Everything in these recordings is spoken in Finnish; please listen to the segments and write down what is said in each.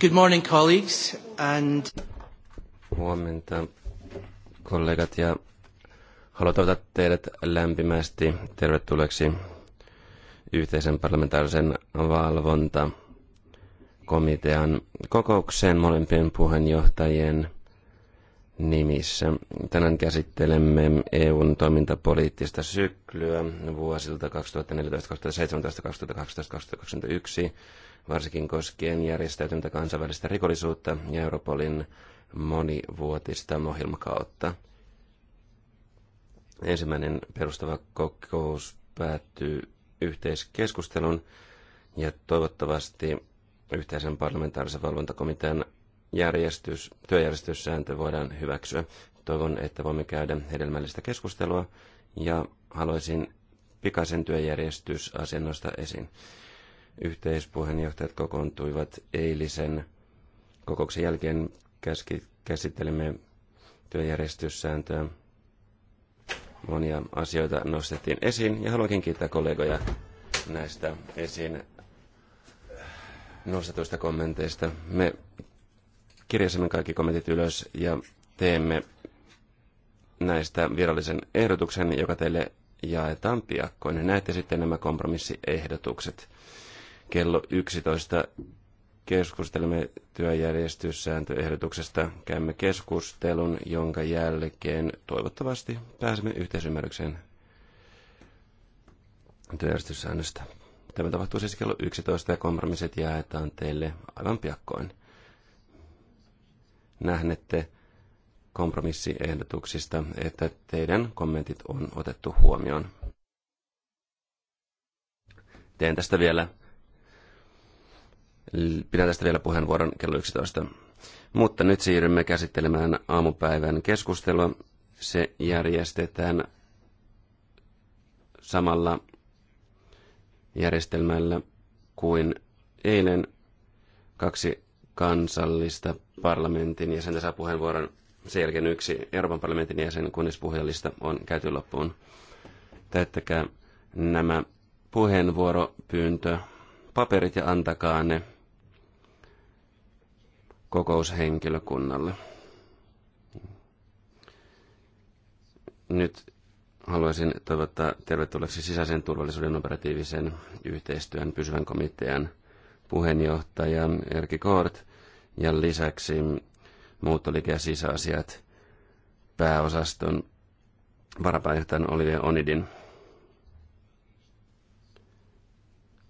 Good morning, colleagues, and... Huomenta, kollegat, ja haluan toivottaa teidät lämpimästi tervetulleeksi yhteisen parlamentaarisen valvontakomitean kokoukseen molempien puheenjohtajien nimissä. Tänään käsittelemme EUn toimintapoliittista syklyä vuosilta 2014, 2017, 2018, 2021 varsinkin koskien järjestäytynyttä kansainvälistä rikollisuutta ja Europolin monivuotista ohjelmakautta. Ensimmäinen perustava kokous päättyy yhteiskeskustelun ja toivottavasti yhteisen parlamentaarisen valvontakomitean järjestys, työjärjestyssääntö voidaan hyväksyä. Toivon, että voimme käydä hedelmällistä keskustelua ja haluaisin pikaisen työjärjestysasennosta esiin. Yhteispuheenjohtajat kokoontuivat eilisen kokouksen jälkeen käsittelimme työjärjestyssääntöä. Monia asioita nostettiin esiin ja haluankin kiittää kollegoja näistä esiin nostetuista kommenteista. Me kirjasimme kaikki kommentit ylös ja teemme näistä virallisen ehdotuksen, joka teille jaetaan piakkoin. Näette sitten nämä kompromissiehdotukset kello 11 keskustelemme työjärjestyssääntöehdotuksesta. Käymme keskustelun, jonka jälkeen toivottavasti pääsemme yhteisymmärrykseen työjärjestyssäännöstä. Tämä tapahtuu siis kello 11 ja kompromissit jaetaan teille aivan piakkoin. Nähnette kompromissiehdotuksista, että teidän kommentit on otettu huomioon. Teen tästä vielä Pidän tästä vielä puheenvuoron kello 11. Mutta nyt siirrymme käsittelemään aamupäivän keskustelua. Se järjestetään samalla järjestelmällä kuin eilen kaksi kansallista parlamentin jäsentä saa puheenvuoron. Sen jälkeen yksi Euroopan parlamentin jäsen, kunnes puhujalista on käyty loppuun. Täyttäkää nämä puheenvuoropyyntö paperit ja antakaa ne kokoushenkilökunnalle. Nyt haluaisin toivottaa tervetulleeksi sisäisen turvallisuuden operatiivisen yhteistyön pysyvän komitean puheenjohtaja Erki Kort ja lisäksi muuttoliike- ja sisäasiat pääosaston varapääjohtajan Olivia Onidin.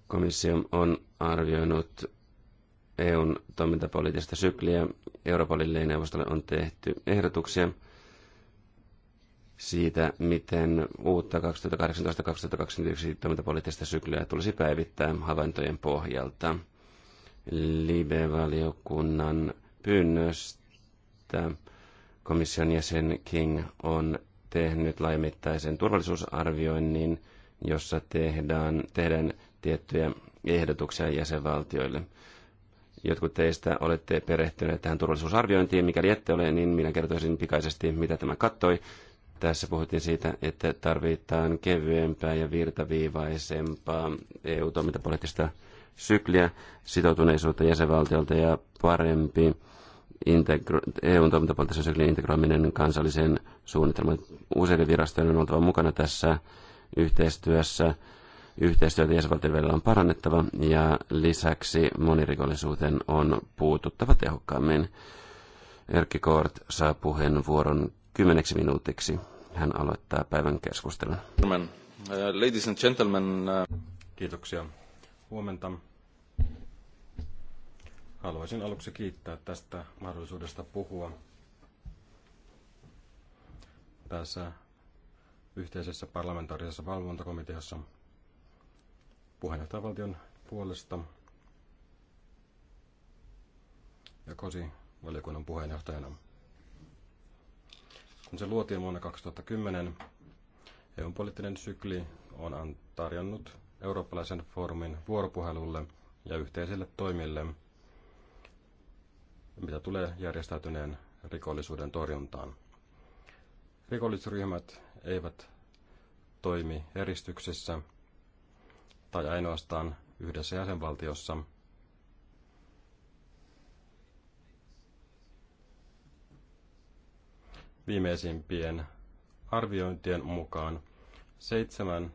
Komissio on arvioinut EUn toimintapoliittista sykliä. Euroopan ja neuvostolle on tehty ehdotuksia siitä, miten uutta 2018-2021 toimintapoliittista sykliä tulisi päivittää havaintojen pohjalta. Libe-valiokunnan pyynnöstä komission jäsen King on tehnyt laimittaisen turvallisuusarvioinnin, jossa tehdään, tehdään tiettyjä ehdotuksia jäsenvaltioille. Jotkut teistä olette perehtyneet tähän turvallisuusarviointiin. Mikäli ette ole, niin minä kertoisin pikaisesti, mitä tämä kattoi. Tässä puhuttiin siitä, että tarvitaan kevyempää ja virtaviivaisempaa EU-toimintapoliittista sykliä, sitoutuneisuutta jäsenvaltiolta ja parempi integro- EUn toimintapoliittisen syklin integroiminen kansalliseen suunnitelmaan. Useiden virastojen on oltava mukana tässä yhteistyössä Yhteistyötä jäsenvaltioiden välillä on parannettava ja lisäksi monirikollisuuteen on puututtava tehokkaammin. Erkki Koort saa puheenvuoron kymmeneksi minuutiksi. Hän aloittaa päivän keskustelun. Ladies and gentlemen. Uh, Kiitoksia. Huomenta. Haluaisin aluksi kiittää tästä mahdollisuudesta puhua tässä yhteisessä parlamentaarisessa valvontakomiteassa puheenjohtajavaltion puolesta ja Kosi valiokunnan puheenjohtajana. Kun se luotiin vuonna 2010, EUn poliittinen sykli on tarjonnut eurooppalaisen foorumin vuoropuhelulle ja yhteisille toimille, mitä tulee järjestäytyneen rikollisuuden torjuntaan. Rikollisryhmät eivät toimi eristyksissä – tai ainoastaan yhdessä jäsenvaltiossa. Viimeisimpien arviointien mukaan seitsemän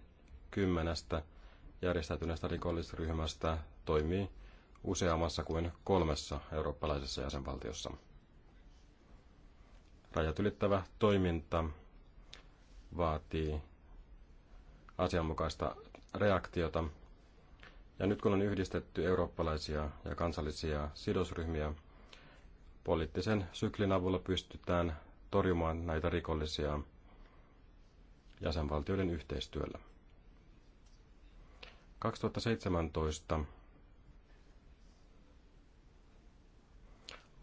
kymmenestä järjestäytyneestä rikollisryhmästä toimii useammassa kuin kolmessa eurooppalaisessa jäsenvaltiossa. Rajat ylittävä toiminta vaatii asianmukaista reaktiota. Ja nyt kun on yhdistetty eurooppalaisia ja kansallisia sidosryhmiä, poliittisen syklin avulla pystytään torjumaan näitä rikollisia jäsenvaltioiden yhteistyöllä. 2017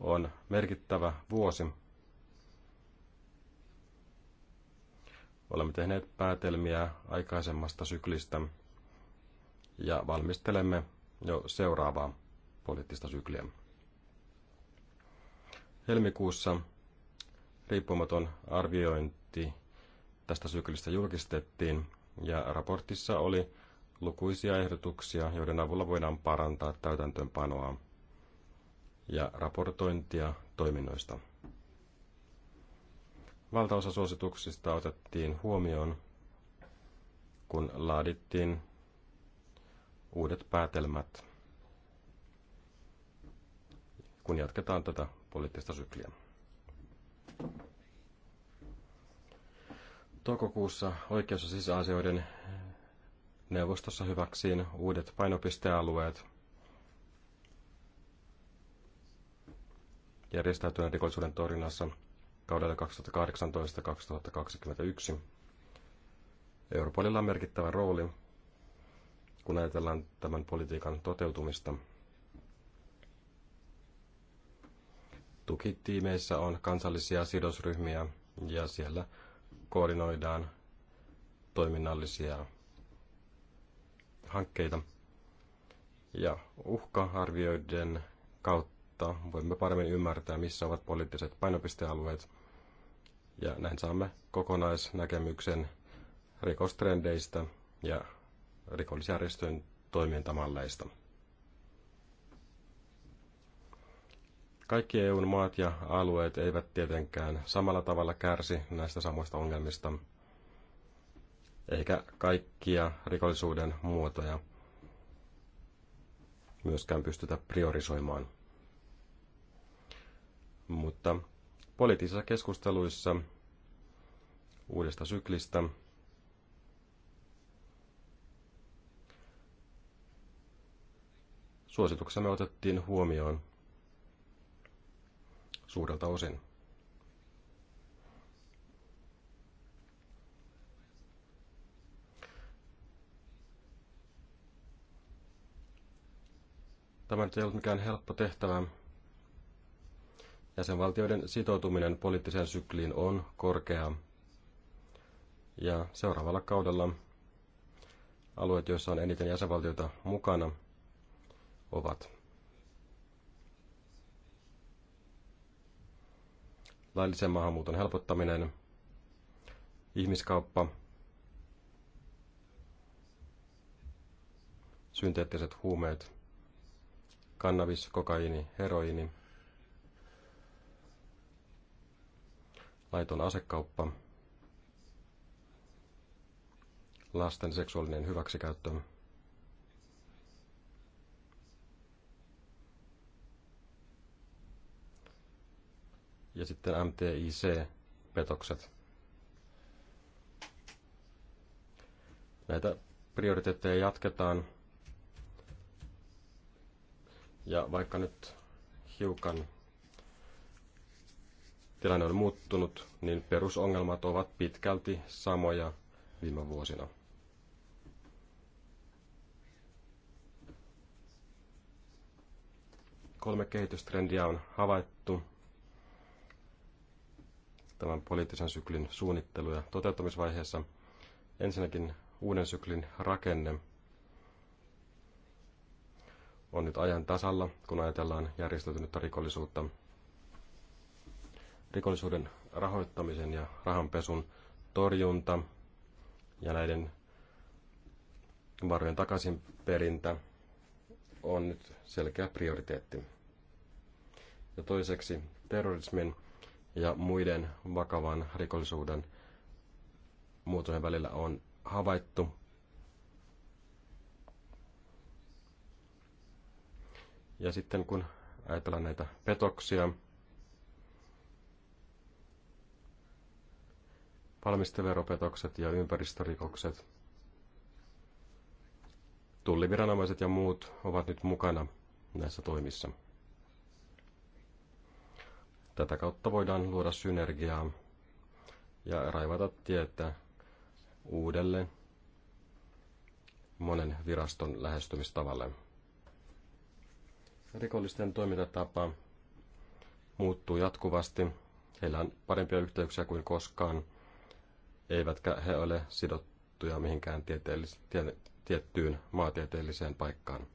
on merkittävä vuosi. Olemme tehneet päätelmiä aikaisemmasta syklistä – ja valmistelemme jo seuraavaa poliittista sykliä. Helmikuussa riippumaton arviointi tästä syklistä julkistettiin ja raportissa oli lukuisia ehdotuksia, joiden avulla voidaan parantaa täytäntöönpanoa ja raportointia toiminnoista. Valtaosa suosituksista otettiin huomioon, kun laadittiin uudet päätelmät, kun jatketaan tätä poliittista sykliä. Toukokuussa oikeus- ja sisäasioiden neuvostossa hyväksiin uudet painopistealueet järjestäytyneen rikollisuuden torjunnassa kaudella 2018-2021. Europolilla on merkittävä rooli kun ajatellaan tämän politiikan toteutumista. Tukitiimeissä on kansallisia sidosryhmiä ja siellä koordinoidaan toiminnallisia hankkeita. Ja uhka-arvioiden kautta voimme paremmin ymmärtää, missä ovat poliittiset painopistealueet. Ja näin saamme kokonaisnäkemyksen rikostrendeistä ja rikollisjärjestöjen toimintamalleista. Kaikki EUn maat ja alueet eivät tietenkään samalla tavalla kärsi näistä samoista ongelmista, eikä kaikkia rikollisuuden muotoja myöskään pystytä priorisoimaan. Mutta poliittisissa keskusteluissa uudesta syklistä Suosituksemme otettiin huomioon suurelta osin. Tämä ei ollut mikään helppo tehtävä. Jäsenvaltioiden sitoutuminen poliittiseen sykliin on korkea. Ja seuraavalla kaudella alueet, joissa on eniten jäsenvaltioita mukana – ovat. Laillisen maahanmuuton helpottaminen, ihmiskauppa, synteettiset huumeet, kannabis, kokaini, heroini, laiton asekauppa, lasten seksuaalinen hyväksikäyttö, ja sitten MTIC-petokset. Näitä prioriteetteja jatketaan. Ja vaikka nyt hiukan tilanne on muuttunut, niin perusongelmat ovat pitkälti samoja viime vuosina. Kolme kehitystrendiä on havaittu tämän poliittisen syklin suunnittelu- ja toteuttamisvaiheessa. Ensinnäkin uuden syklin rakenne on nyt ajan tasalla, kun ajatellaan järjestäytynyttä rikollisuutta. Rikollisuuden rahoittamisen ja rahanpesun torjunta ja näiden varojen takaisinperintä on nyt selkeä prioriteetti. Ja toiseksi terrorismin ja muiden vakavan rikollisuuden muotojen välillä on havaittu. Ja sitten kun ajatellaan näitä petoksia, valmisteveropetokset ja ympäristörikokset, tulliviranomaiset ja muut ovat nyt mukana näissä toimissa. Tätä kautta voidaan luoda synergiaa ja raivata tietä uudelle monen viraston lähestymistavalle. Rikollisten toimintatapa muuttuu jatkuvasti. Heillä on parempia yhteyksiä kuin koskaan, eivätkä he ole sidottuja mihinkään tieteellis- tie- tiettyyn maatieteelliseen paikkaan.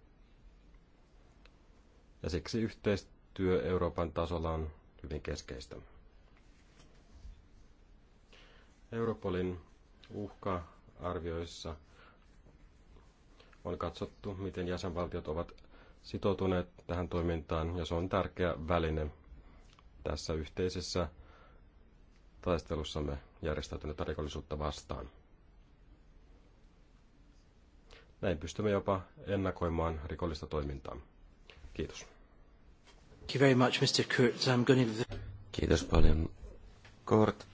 Ja siksi yhteistyö Euroopan tasolla on hyvin keskeistä. Europolin uhka-arvioissa on katsottu, miten jäsenvaltiot ovat sitoutuneet tähän toimintaan, ja se on tärkeä väline tässä yhteisessä taistelussamme järjestäytynyttä rikollisuutta vastaan. Näin pystymme jopa ennakoimaan rikollista toimintaa. Kiitos. Thank you very much, Mr. Kurtz. I'm going to... Kiitos paljon, Kurt.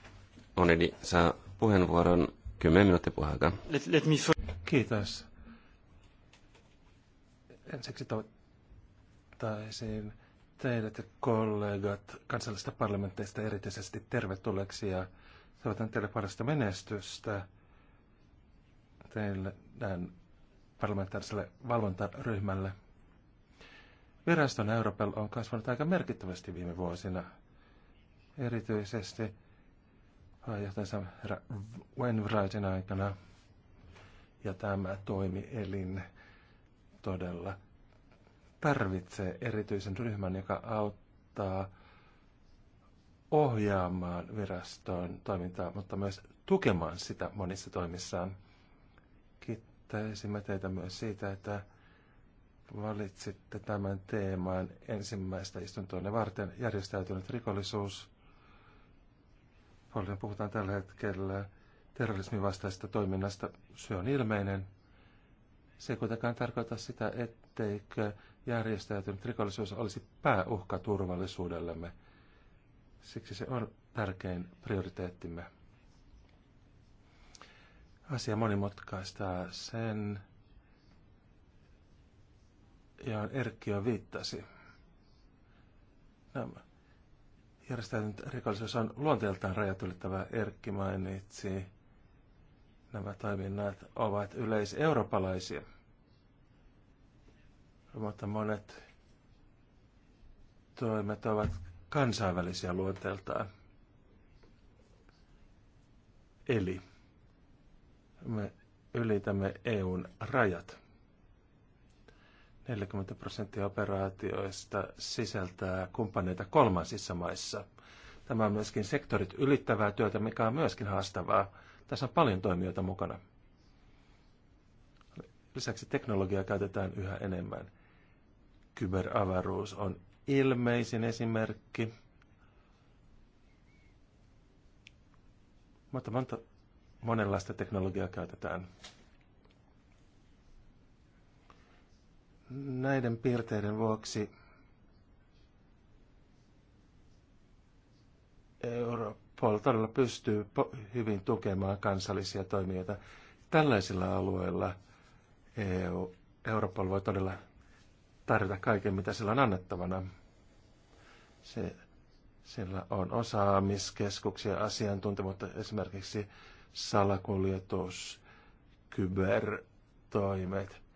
Onedi saa puheenvuoron 10 minuuttia puheaikaa. Let, let me... Kiitos. Ensiksi toivottaisin teidät ja kollegat kansallisista parlamenteista erityisesti tervetulleeksi ja toivotan teille parasta menestystä teille näin parlamentaariselle valvontaryhmälle – Viraston Europel on kasvanut aika merkittävästi viime vuosina. Erityisesti pääjohtajansa herra Wainwrightin aikana. Ja tämä toimielin todella tarvitsee erityisen ryhmän, joka auttaa ohjaamaan viraston toimintaa, mutta myös tukemaan sitä monissa toimissaan. Kiittäisimme teitä myös siitä, että valitsitte tämän teeman ensimmäistä istuntoonne varten. Järjestäytynyt rikollisuus. Paljon puhutaan tällä hetkellä terrorismin vastaisesta toiminnasta. Se on ilmeinen. Se ei kuitenkaan tarkoita sitä, etteikö järjestäytynyt rikollisuus olisi pääuhka turvallisuudellemme. Siksi se on tärkein prioriteettimme. Asia monimutkaistaa sen, johon Erkki jo viittasi. Nämä järjestäytynyt rikollisuus on luonteeltaan rajat ylittävää. Erkki mainitsi, nämä toiminnat ovat yleiseurooppalaisia. Mutta monet toimet ovat kansainvälisiä luonteeltaan. Eli me ylitämme EUn rajat. 40 prosenttia operaatioista sisältää kumppaneita kolmansissa maissa. Tämä on myöskin sektorit ylittävää työtä, mikä on myöskin haastavaa. Tässä on paljon toimijoita mukana. Lisäksi teknologiaa käytetään yhä enemmän. Kyberavaruus on ilmeisin esimerkki. Mutta monta, monenlaista teknologiaa käytetään. näiden piirteiden vuoksi Europol todella pystyy hyvin tukemaan kansallisia toimijoita. Tällaisilla alueilla EU, Europol voi todella tarjota kaiken, mitä sillä on annettavana. Se, sillä on osaamiskeskuksia, asiantuntemusta, esimerkiksi salakuljetus, kybertoimet –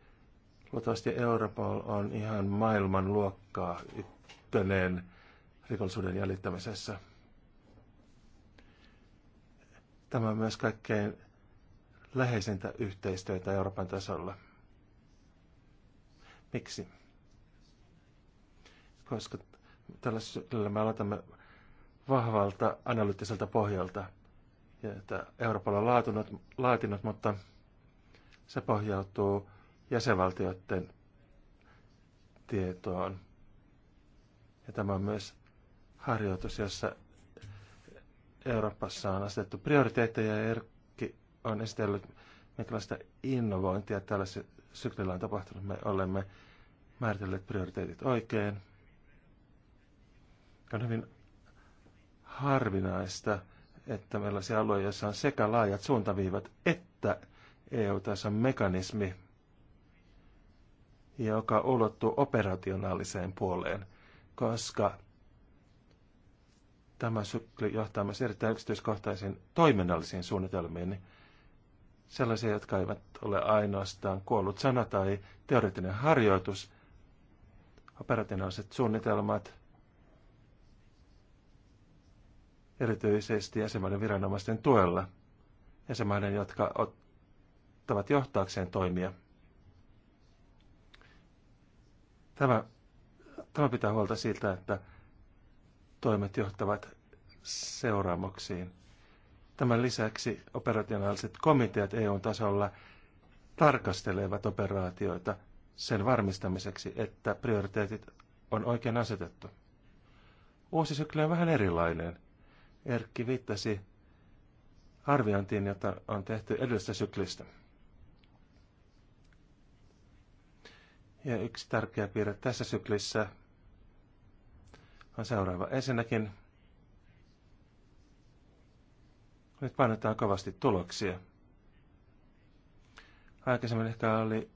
Luultavasti Europol on ihan maailman luokkaa ykkönen rikollisuuden jäljittämisessä. Tämä on myös kaikkein läheisintä yhteistyötä Euroopan tasolla. Miksi? Koska tällä me aloitamme vahvalta analyyttiseltä pohjalta. Ja että Euroopalla on laatinut, mutta se pohjautuu jäsenvaltioiden tietoon. Ja tämä on myös harjoitus, jossa Euroopassa on asetettu prioriteetteja ja Erkki on esitellyt, minkälaista innovointia tällä syklillä on tapahtunut. Me olemme määritelleet prioriteetit oikein. On hyvin harvinaista, että meillä on alueita, joissa on sekä laajat suuntaviivat että EU-tason mekanismi, joka ulottuu operationaaliseen puoleen, koska tämä sykli johtaa myös erittäin yksityiskohtaisiin toiminnallisiin suunnitelmiin, sellaisia, jotka eivät ole ainoastaan kuollut sana tai teoreettinen harjoitus, operationaaliset suunnitelmat, erityisesti jäsenmaiden viranomaisten tuella, jäsenmaiden, jotka ottavat johtaakseen toimia – Tämä, tämä pitää huolta siitä, että toimet johtavat seuraamuksiin. Tämän lisäksi operationaaliset komiteat EU-tasolla tarkastelevat operaatioita sen varmistamiseksi, että prioriteetit on oikein asetettu. Uusi sykli on vähän erilainen. Erkki viittasi arviointiin, jota on tehty edellisestä syklistä. Ja yksi tärkeä piirre tässä syklissä on seuraava. Ensinnäkin nyt painetaan kovasti tuloksia. Aikaisemmin ehkä oli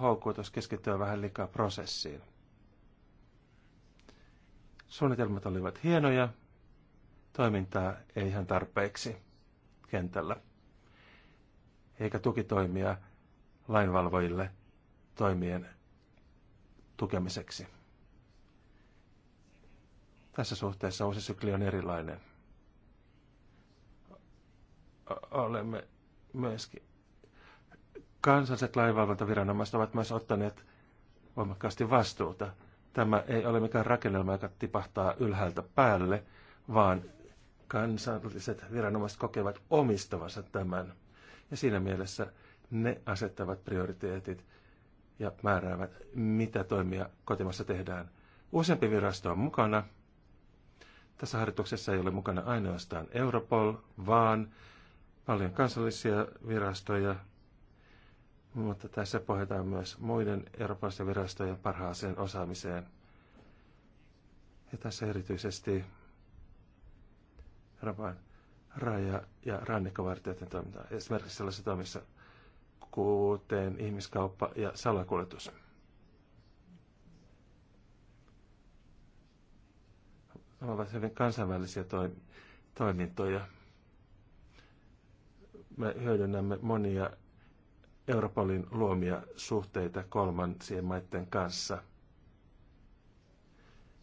houkutus keskittyä vähän liikaa prosessiin. Suunnitelmat olivat hienoja, toimintaa ei ihan tarpeeksi kentällä. Eikä tukitoimia lainvalvojille toimien tukemiseksi. Tässä suhteessa uusi sykli on erilainen. Olemme myöskin kansalliset laivalvontaviranomaiset ovat myös ottaneet voimakkaasti vastuuta. Tämä ei ole mikään rakennelma, joka tipahtaa ylhäältä päälle, vaan kansalliset viranomaiset kokevat omistavansa tämän. Ja siinä mielessä ne asettavat prioriteetit ja määräävät, mitä toimia kotimassa tehdään. Useampi virasto on mukana. Tässä harjoituksessa ei ole mukana ainoastaan Europol, vaan paljon kansallisia virastoja, mutta tässä pohjataan myös muiden eurooppalaisten virastojen parhaaseen osaamiseen. Ja tässä erityisesti Euroopan raja- ja rannikkovartijoiden toimintaa, esimerkiksi sellaisissa toimissa, kuten ihmiskauppa ja salakuljetus. Nämä ovat hyvin kansainvälisiä toi- toimintoja. Me hyödynnämme monia Europolin luomia suhteita kolmansien maiden kanssa.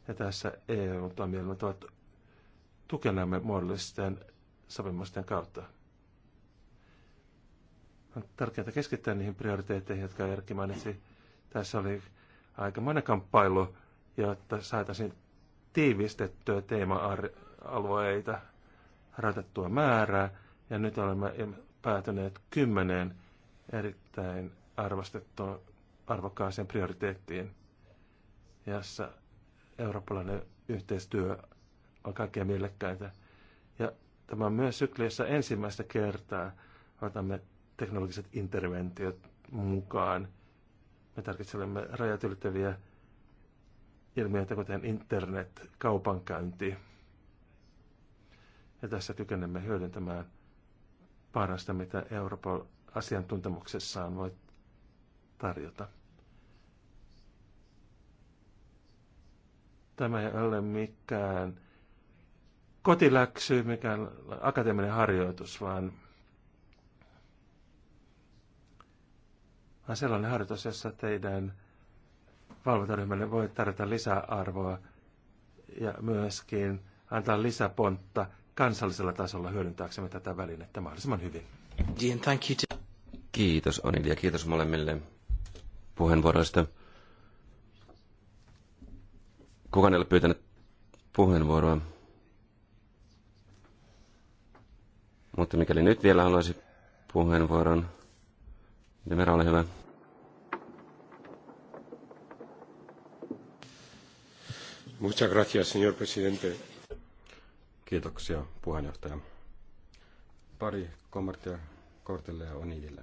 Ja tässä EU-toimielimet ovat tukenamme muodollisten sopimusten kautta. On tärkeää keskittää niihin prioriteetteihin, jotka Erkki mainitsi. Tässä oli aikamoinen kamppailu, jotta saataisiin tiivistettyä teema-alueita, rajoitettua määrää, ja nyt olemme päätyneet kymmeneen erittäin arvostettuun arvokkaaseen prioriteettiin, jossa eurooppalainen yhteistyö on kaikkea mielekkäitä. Ja tämä on myös sykliessä ensimmäistä kertaa otamme teknologiset interventiot mukaan. Me tarvitsemme rajat ylittäviä ilmiöitä, kuten internet, kaupankäynti. Ja tässä kykenemme hyödyntämään parasta, mitä Euroopan asiantuntemuksessaan voi tarjota. Tämä ei ole mikään kotiläksy, mikään akateeminen harjoitus, vaan on sellainen harjoitus, jossa teidän valvontaryhmälle voi tarjota lisäarvoa ja myöskin antaa lisäpontta kansallisella tasolla hyödyntääksemme tätä välinettä mahdollisimman hyvin. Kiitos Onil ja kiitos molemmille puheenvuoroista. Kukaan ei ole pyytänyt puheenvuoroa. Mutta mikäli nyt vielä haluaisi puheenvuoron, Demera, ole hyvä. Muchas gracias, señor presidente. Kiitoksia, puheenjohtaja. Pari kommenttia Kortille ja Onidille.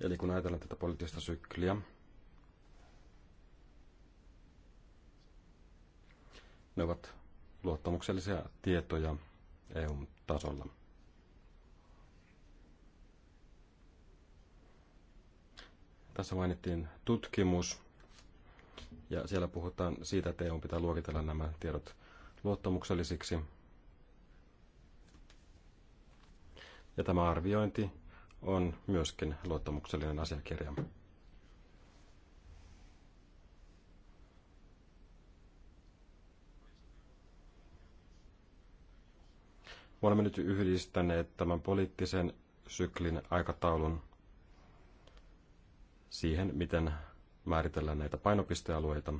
Eli kun ajatellaan tätä poliittista sykliä, ne ovat luottamuksellisia tietoja EU-tasolla. Tässä mainittiin tutkimus, ja siellä puhutaan siitä, että EU pitää luokitella nämä tiedot luottamuksellisiksi. Ja tämä arviointi on myöskin luottamuksellinen asiakirja. olemme nyt yhdistäneet tämän poliittisen syklin aikataulun siihen, miten määritellään näitä painopistealueita.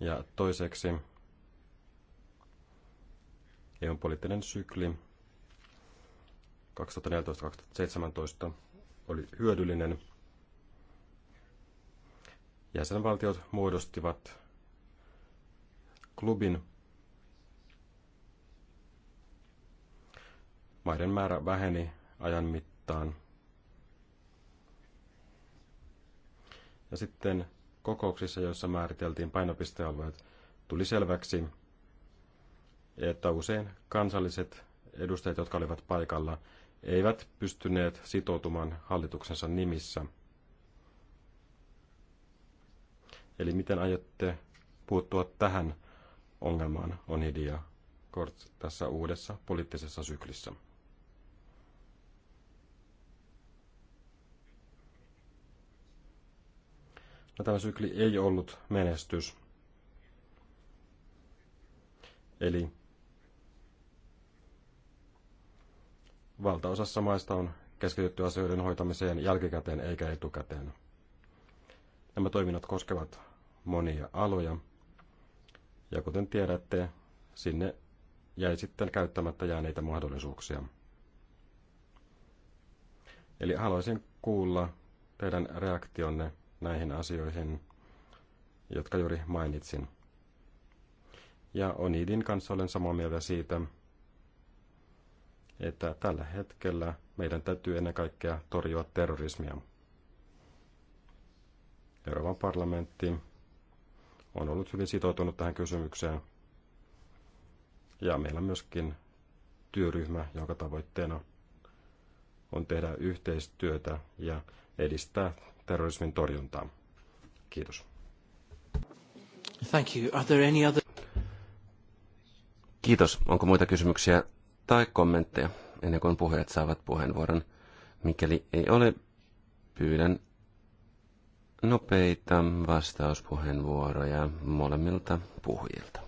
Ja toiseksi EUn poliittinen sykli 2014-2017 oli hyödyllinen. Jäsenvaltiot muodostivat klubin. Maiden määrä väheni ajan mittaan – Ja sitten kokouksissa, joissa määriteltiin painopistealueet, tuli selväksi, että usein kansalliset edustajat, jotka olivat paikalla, eivät pystyneet sitoutumaan hallituksensa nimissä. Eli miten aiotte puuttua tähän ongelmaan on ja Kort tässä uudessa poliittisessa syklissä? Ja tämä sykli ei ollut menestys. Eli valtaosassa maista on keskitytty asioiden hoitamiseen jälkikäteen eikä etukäteen. Nämä toiminnot koskevat monia aloja. Ja kuten tiedätte, sinne jäi sitten käyttämättä jääneitä mahdollisuuksia. Eli haluaisin kuulla teidän reaktionne näihin asioihin, jotka juuri mainitsin. Ja Onidin kanssa olen samaa mieltä siitä, että tällä hetkellä meidän täytyy ennen kaikkea torjua terrorismia. Euroopan parlamentti on ollut hyvin sitoutunut tähän kysymykseen. Ja meillä on myöskin työryhmä, jonka tavoitteena on tehdä yhteistyötä ja edistää terrorismin torjuntaan. Kiitos. Thank you. Are there any other... Kiitos. Onko muita kysymyksiä tai kommentteja ennen kuin puhujat saavat puheenvuoron? Mikäli ei ole, pyydän nopeita vastauspuheenvuoroja molemmilta puhujilta.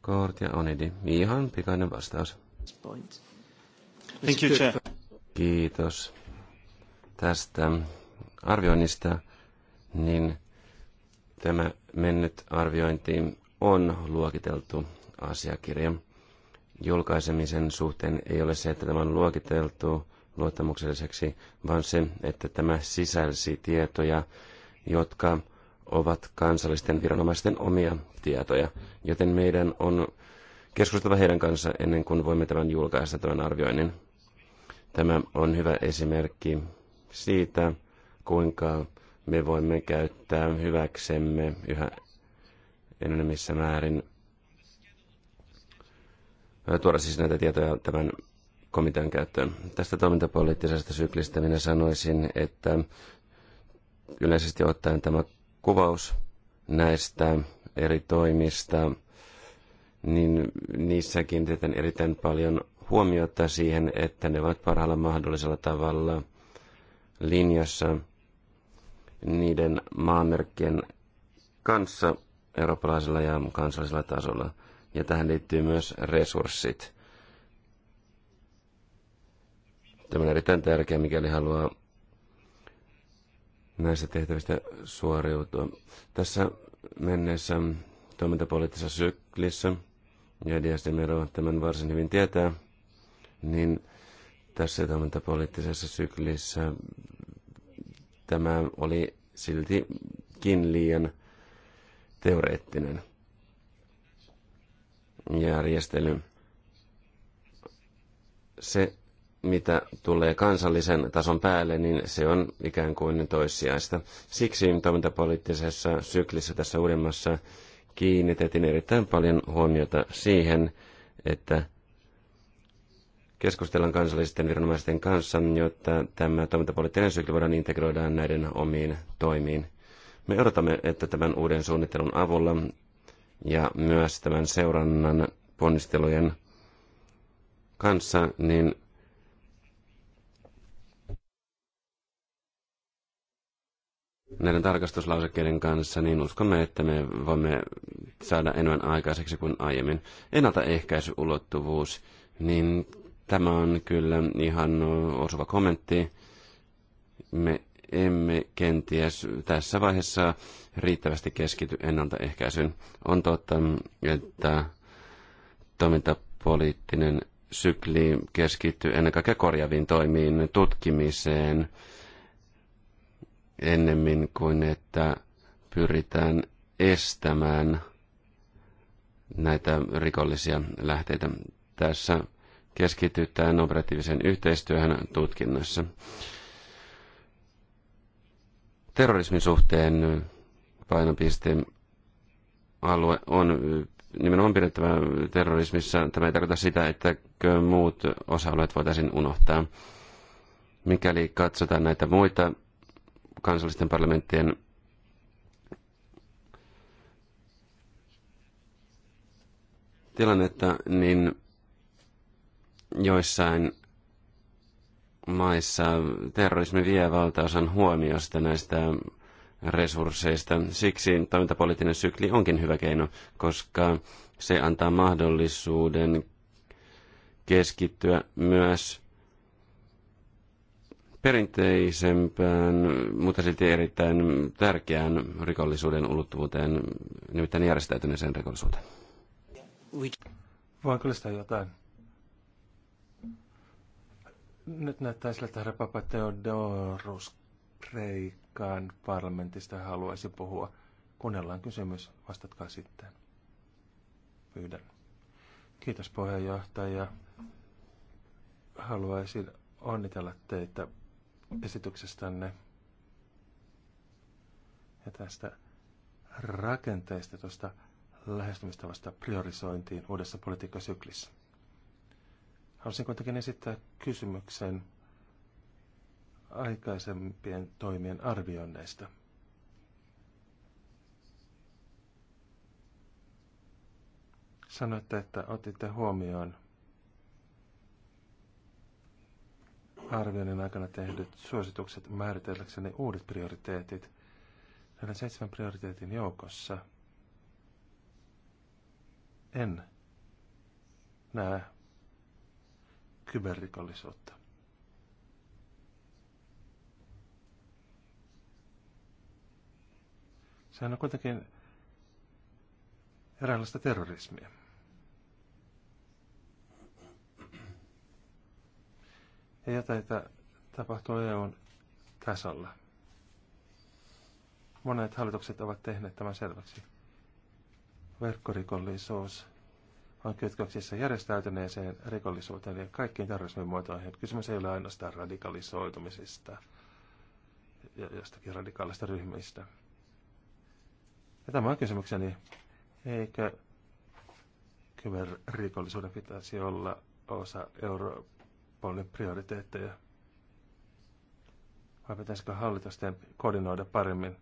Kort ja Onidi, ihan pikainen vastaus. Thank you, Chair. Kiitos tästä arvioinnista, niin tämä mennyt arviointi on luokiteltu asiakirja. Julkaisemisen suhteen ei ole se, että tämä on luokiteltu luottamukselliseksi, vaan se, että tämä sisälsi tietoja, jotka ovat kansallisten viranomaisten omia tietoja, joten meidän on keskusteltava heidän kanssa ennen kuin voimme tämän julkaista tämän arvioinnin. Tämä on hyvä esimerkki siitä, kuinka me voimme käyttää hyväksemme yhä enemmissä määrin tuoda siis näitä tietoja tämän komitean käyttöön. Tästä toimintapoliittisesta syklistä minä sanoisin, että yleisesti ottaen tämä kuvaus näistä eri toimista, niin niissäkin kiinnitetään erittäin paljon huomiota siihen, että ne ovat parhaalla mahdollisella tavalla linjassa niiden maamerkkien kanssa eurooppalaisella ja kansallisella tasolla. Ja tähän liittyy myös resurssit. Tämä on erittäin tärkeä, mikäli haluaa näistä tehtävistä suoriutua. Tässä menneessä toimintapoliittisessa syklissä, ja Diasti Mero tämän varsin hyvin tietää, niin tässä toimintapoliittisessa syklissä Tämä oli siltikin liian teoreettinen järjestely. Se, mitä tulee kansallisen tason päälle, niin se on ikään kuin toissijaista. Siksi toimintapoliittisessa syklissä tässä uudemmassa kiinnitettiin erittäin paljon huomiota siihen, että keskustellaan kansallisten viranomaisten kanssa, jotta tämä toimintapoliittinen sykli voidaan integroida näiden omiin toimiin. Me odotamme, että tämän uuden suunnittelun avulla ja myös tämän seurannan ponnistelujen kanssa, niin näiden tarkastuslausekkeiden kanssa, niin uskomme, että me voimme saada enemmän aikaiseksi kuin aiemmin. Ennaltaehkäisyulottuvuus, niin Tämä on kyllä ihan osuva kommentti. Me emme kenties tässä vaiheessa riittävästi keskity ennaltaehkäisyyn. On totta, että toimintapoliittinen sykli keskittyy ennen kaikkea korjaviin toimiin, tutkimiseen, ennemmin kuin että pyritään estämään näitä rikollisia lähteitä. Tässä keskitytään operatiiviseen yhteistyöhön tutkinnassa. Terrorismin suhteen painopisteen alue on nimenomaan pidettävä terrorismissa. Tämä ei tarkoita sitä, että muut osa-alueet voitaisiin unohtaa. Mikäli katsotaan näitä muita kansallisten parlamenttien tilannetta, niin joissain maissa terrorismi vie valtaosan huomiosta näistä resursseista. Siksi toimintapoliittinen sykli onkin hyvä keino, koska se antaa mahdollisuuden keskittyä myös perinteisempään, mutta silti erittäin tärkeään rikollisuuden ulottuvuuteen, nimittäin järjestäytyneeseen rikollisuuteen. Voinko sitä jotain? Nyt näyttää siltä, että herra Papa Theodorus Kreikan parlamentista haluaisi puhua. Kuunnellaan kysymys, vastatkaa sitten. Pyydän. Kiitos puheenjohtaja. Haluaisin onnitella teitä esityksestänne ja tästä rakenteesta, tuosta lähestymistavasta priorisointiin uudessa politiikkasyklissä. Haluaisin kuitenkin esittää kysymyksen aikaisempien toimien arvioinneista. Sanoitte, että otitte huomioon arvioinnin aikana tehdyt suositukset määritelläkseni uudet prioriteetit näiden seitsemän prioriteetin joukossa. En näe kyberrikollisuutta. Sehän on kuitenkin eräänlaista terrorismia. Ja jotain tapahtuu EUn tasolla. Monet hallitukset ovat tehneet tämän selväksi. Verkkorikollisuus on kytköksissä järjestäytyneeseen rikollisuuteen ja kaikkiin terrorismin muotoihin. Kysymys ei ole ainoastaan radikalisoitumisista ja jostakin radikaalista ryhmistä. Ja tämä on kysymykseni. Eikö kyberrikollisuuden pitäisi olla osa Europolin prioriteetteja? Vai pitäisikö hallitusten koordinoida paremmin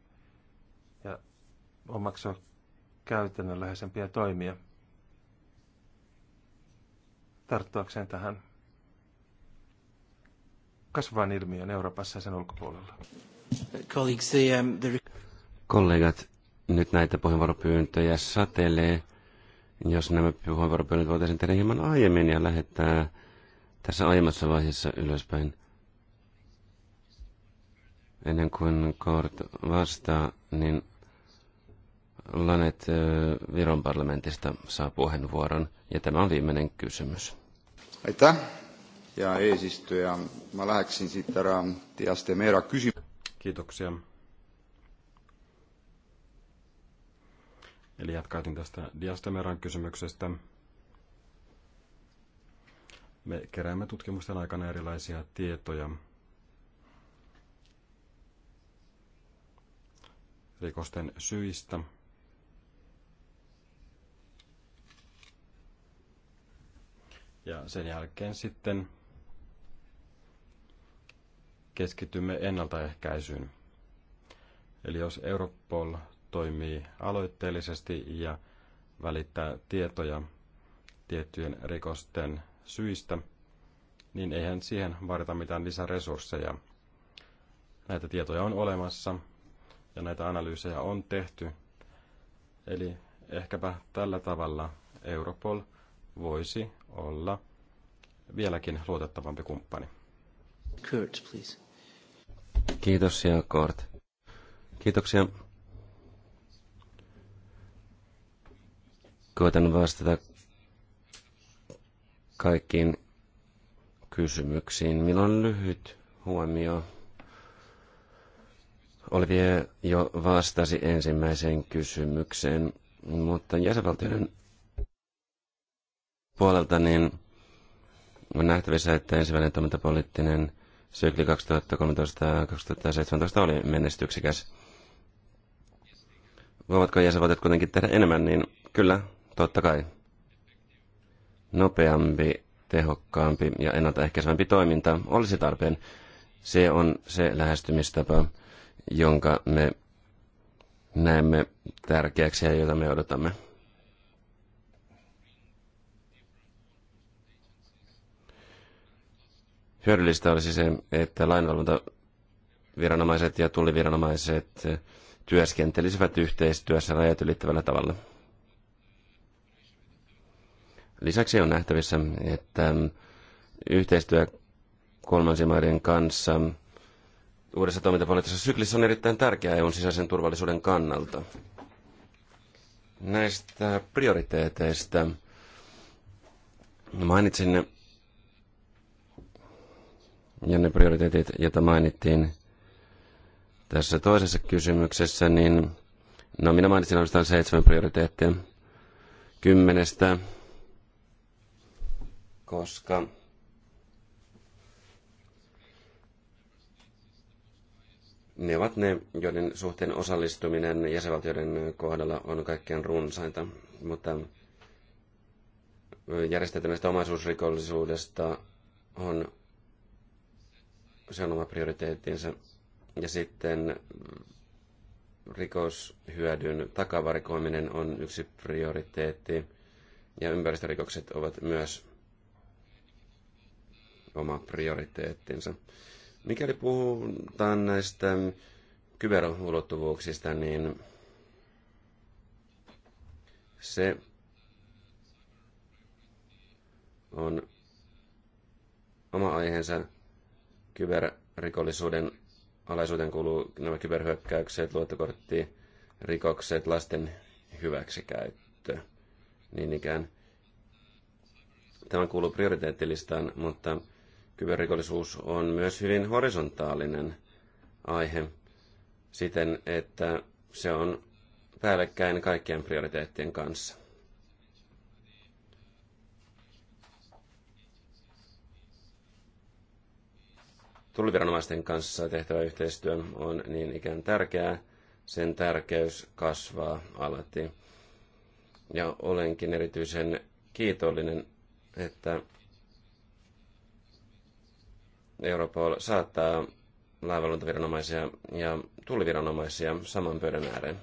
ja omaksua käytännönläheisempiä toimia? tarttuakseen tähän kasvavaan ilmiön Euroopassa ja sen ulkopuolella. Um, Kollegat, nyt näitä puheenvuoropyyntöjä satelee. Jos nämä puheenvuoropyynnöt voitaisiin tehdä hieman aiemmin ja lähettää tässä aiemmassa vaiheessa ylöspäin. Ennen kuin Kort vastaa, niin Lanet Viron parlamentista saa puheenvuoron, ja tämä on viimeinen kysymys. Aitäh, ja eesistyjä. Mä läheksin siit ära Tiaste Meera kysymään. Kiitoksia. Eli jatkaisin tästä Diastemeran kysymyksestä. Me keräämme tutkimusten aikana erilaisia tietoja rikosten syistä – Ja sen jälkeen sitten keskitymme ennaltaehkäisyyn. Eli jos Europol toimii aloitteellisesti ja välittää tietoja tiettyjen rikosten syistä, niin eihän siihen varita mitään lisäresursseja. Näitä tietoja on olemassa ja näitä analyysejä on tehty. Eli ehkäpä tällä tavalla Europol voisi olla vieläkin luotettavampi kumppani. Kurt, please. Kiitos ja Kurt. Kiitoksia. Koitan vastata kaikkiin kysymyksiin. Minulla on lyhyt huomio. Olivia jo vastasi ensimmäiseen kysymykseen, mutta jäsenvaltioiden puolelta, niin on nähtävissä, että ensimmäinen toimintapoliittinen sykli 2013-2017 oli menestyksikäs. Voivatko jäsenvaltiot kuitenkin tehdä enemmän, niin kyllä, totta kai. Nopeampi, tehokkaampi ja ennaltaehkäisevämpi toiminta olisi tarpeen. Se on se lähestymistapa, jonka me näemme tärkeäksi ja jota me odotamme. Hyödyllistä olisi se, että lainvalvontaviranomaiset ja tulliviranomaiset työskentelisivät yhteistyössä rajat ylittävällä tavalla. Lisäksi on nähtävissä, että yhteistyö kolmansien maiden kanssa uudessa toimintapoliittisessa syklissä on erittäin tärkeää EUn sisäisen turvallisuuden kannalta. Näistä prioriteeteista mainitsin ja ne prioriteetit, joita mainittiin tässä toisessa kysymyksessä, niin no minä mainitsin oikeastaan seitsemän prioriteettia kymmenestä, koska ne ovat ne, joiden suhteen osallistuminen jäsenvaltioiden kohdalla on kaikkein runsainta, mutta järjestäytyneestä omaisuusrikollisuudesta on se on oma prioriteettinsa. Ja sitten rikoshyödyn takavarikoiminen on yksi prioriteetti. Ja ympäristörikokset ovat myös oma prioriteettinsa. Mikäli puhutaan näistä kyberulottuvuuksista, niin se on oma aiheensa – Kyberrikollisuuden alaisuuteen kuuluu nämä kyberhyökkäykset, luottokortti, rikokset, lasten hyväksikäyttö, niin ikään. Tämä kuuluu prioriteettilistaan, mutta kyberrikollisuus on myös hyvin horisontaalinen aihe siten, että se on päällekkäin kaikkien prioriteettien kanssa. Tulliviranomaisten kanssa tehtävä yhteistyö on niin ikään tärkeää. Sen tärkeys kasvaa alati. Ja olenkin erityisen kiitollinen, että Europol saattaa laivalvontaviranomaisia ja tulliviranomaisia saman pöydän ääreen.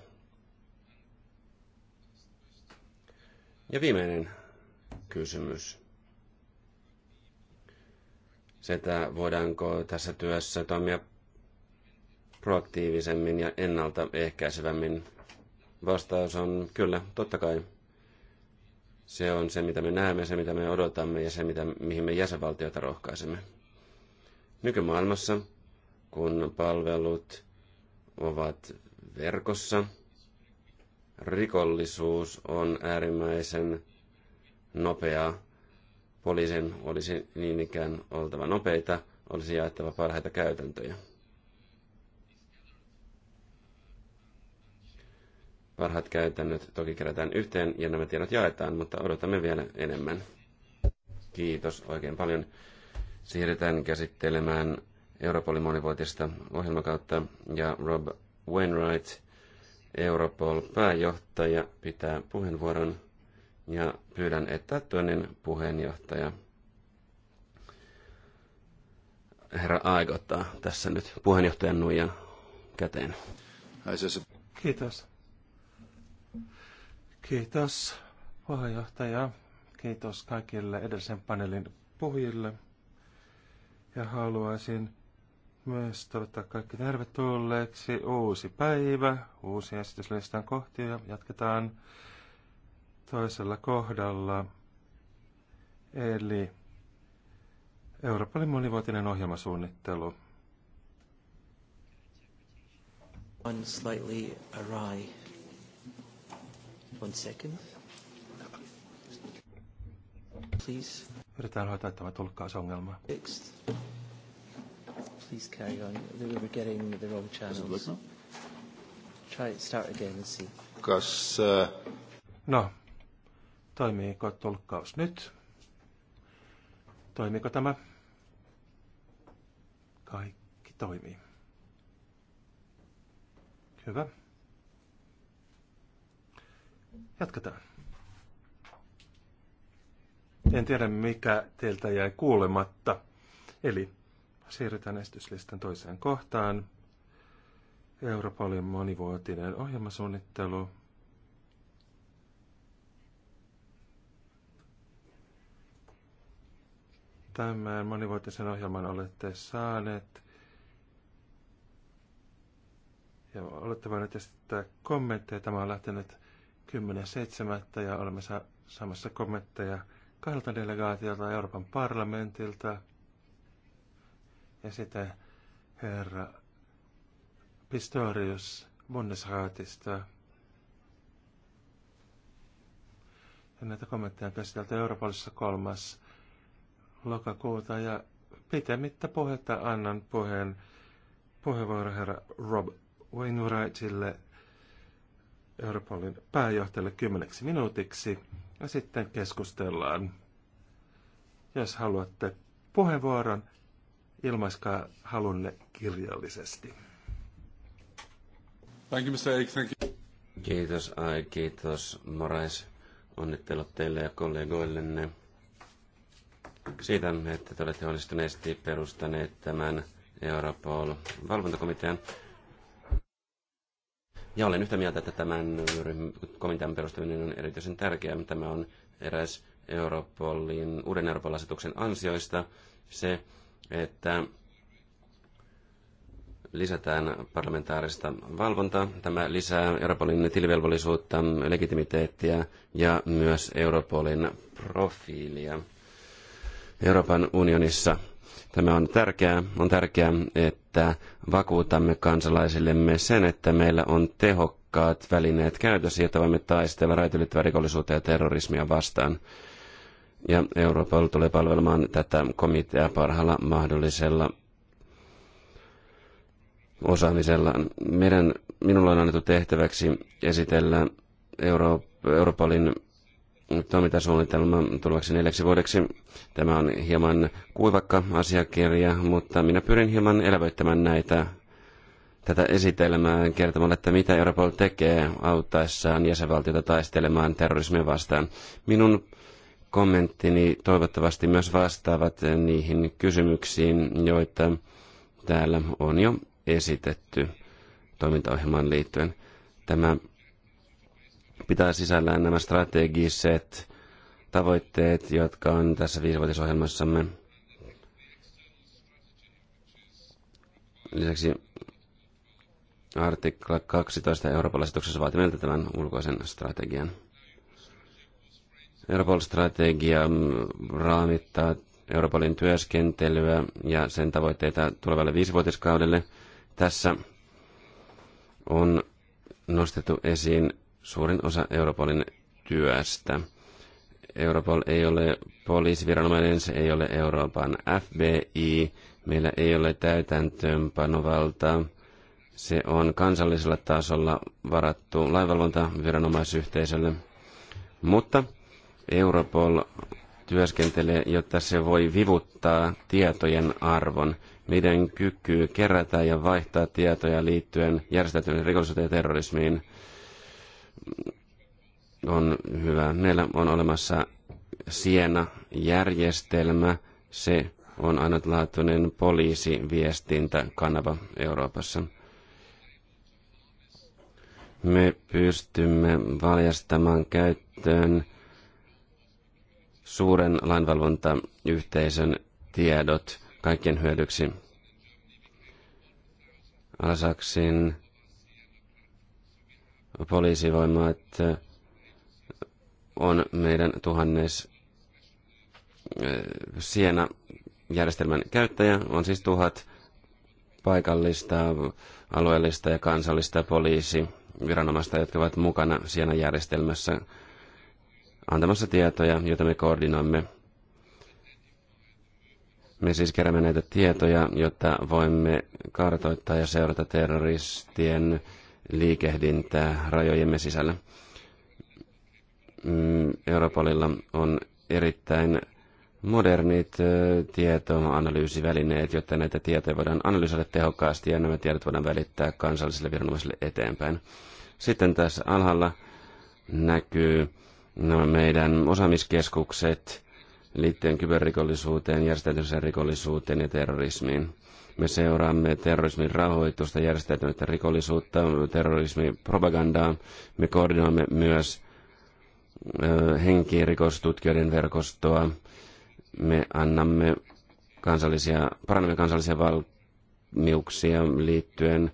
Ja viimeinen kysymys sitä, voidaanko tässä työssä toimia proaktiivisemmin ja ennaltaehkäisevämmin. Vastaus on kyllä, totta kai. Se on se, mitä me näemme, se, mitä me odotamme ja se, mitä, mihin me jäsenvaltiota rohkaisemme. Nykymaailmassa, kun palvelut ovat verkossa, rikollisuus on äärimmäisen nopeaa Poliisin olisi niin ikään oltava nopeita, olisi jaettava parhaita käytäntöjä. Parhaat käytännöt toki kerätään yhteen ja nämä tiedot jaetaan, mutta odotamme vielä enemmän. Kiitos oikein paljon. Siirrytään käsittelemään Europolin monivuotista ohjelmakautta ja Rob Wainwright, Europol pääjohtaja, pitää puheenvuoron ja pyydän, että tuonnin puheenjohtaja herra Aik tässä nyt puheenjohtajan nuijan käteen. Kiitos. Kiitos puheenjohtaja. Kiitos kaikille edellisen paneelin puhujille. Ja haluaisin myös toivottaa kaikki tervetulleeksi. Uusi päivä, uusi esityslistan kohti ja jatketaan toisella kohdalla, eli Euroopan monivuotinen ohjelmasuunnittelu. One slightly awry. One second. Please. Yritetään hoitaa tämä tulkkausongelma. Fixed. Please carry on. We were getting the wrong channels. Try it, start again and see. Because, uh... No, Toimiiko tulkkaus nyt? Toimiiko tämä? Kaikki toimii. Hyvä. Jatketaan. En tiedä, mikä teiltä jäi kuulematta. Eli siirrytään esityslistan toiseen kohtaan. Europolin monivuotinen ohjelmasuunnittelu Tämän monivuotisen ohjelman olette saaneet. Ja olette voineet esittää kommentteja. Tämä on lähtenyt 10.7. ja olemme sa- saamassa kommentteja kahdelta delegaatiolta Euroopan parlamentilta. Ja sitten herra Pistorius Bundesratista. Ja näitä kommentteja on käsitelty Euroopassa kolmas lokakuuta ja pitemmittä puhetta annan puheen puheenvuoro herra Rob Wainwrightille, Europolin pääjohtajalle kymmeneksi minuutiksi ja sitten keskustellaan. Jos haluatte puheenvuoron, ilmaiskaa halunne kirjallisesti. Thank you, Mr. Ake. Thank you. Kiitos, ai, kiitos, Morais. Onnittelut teille ja kollegoillenne siitä, että te olette onnistuneesti perustaneet tämän Europol-valvontakomitean. Ja olen yhtä mieltä, että tämän komitean perustaminen on erityisen tärkeää. Tämä on eräs Europolin, uuden Europol-asetuksen ansioista se, että lisätään parlamentaarista valvontaa. Tämä lisää Europolin tilivelvollisuutta, legitimiteettiä ja myös Europolin profiilia. Euroopan unionissa. Tämä on tärkeää. On tärkeää, että vakuutamme kansalaisillemme sen, että meillä on tehokkaat välineet käytössä, jotta voimme taistella raitoliittyvää rikollisuutta ja terrorismia vastaan. Ja Europol tulee palvelemaan tätä komiteaa parhaalla mahdollisella osaamisellaan. Meidän, minulla on annettu tehtäväksi esitellä Euroopan Europolin toimintasuunnitelma tulevaksi neljäksi vuodeksi. Tämä on hieman kuivakka asiakirja, mutta minä pyrin hieman elävöittämään näitä tätä esitelmää kertomalla, että mitä Europol tekee auttaessaan jäsenvaltiota taistelemaan terrorismia vastaan. Minun kommenttini toivottavasti myös vastaavat niihin kysymyksiin, joita täällä on jo esitetty toimintaohjelmaan liittyen. Tämä pitää sisällään nämä strategiset tavoitteet, jotka on tässä viisivuotisohjelmassamme. Lisäksi artikla 12 Euroopan asetuksessa vaati meiltä tämän ulkoisen strategian. Euroopan strategia raamittaa Euroopan työskentelyä ja sen tavoitteita tulevalle viisivuotiskaudelle. Tässä on nostettu esiin suurin osa Europolin työstä. Europol ei ole poliisiviranomainen, se ei ole Euroopan FBI, meillä ei ole täytäntöönpanovaltaa. Se on kansallisella tasolla varattu lainvalvontaviranomaisyhteisölle. Mutta Europol työskentelee, jotta se voi vivuttaa tietojen arvon. meidän kyky kerätä ja vaihtaa tietoja liittyen järjestäytyneen rikollisuuteen ja terrorismiin – on hyvä. Meillä on olemassa Siena-järjestelmä. Se on ainutlaatuinen poliisiviestintäkanava Euroopassa. Me pystymme valjastamaan käyttöön suuren lainvalvontayhteisön tiedot kaikkien hyödyksi. Alasaksin että on meidän tuhannes siena järjestelmän käyttäjä, on siis tuhat paikallista, alueellista ja kansallista viranomaista, jotka ovat mukana siena järjestelmässä antamassa tietoja, joita me koordinoimme. Me siis keräämme näitä tietoja, jotta voimme kartoittaa ja seurata terroristien liikehdintää rajojemme sisällä. Mm, Europolilla on erittäin modernit tietoanalyysivälineet, jotta näitä tietoja voidaan analysoida tehokkaasti ja nämä tiedot voidaan välittää kansallisille viranomaisille eteenpäin. Sitten tässä alhaalla näkyy no, meidän osaamiskeskukset liittyen kyberrikollisuuteen, järjestäytymisen rikollisuuteen ja terrorismiin. Me seuraamme terrorismin rahoitusta, järjestäytynyttä rikollisuutta, terrorismipropagandaa. Me koordinoimme myös henkirikostutkijoiden verkostoa. Me annamme kansallisia, parannamme kansallisia valmiuksia liittyen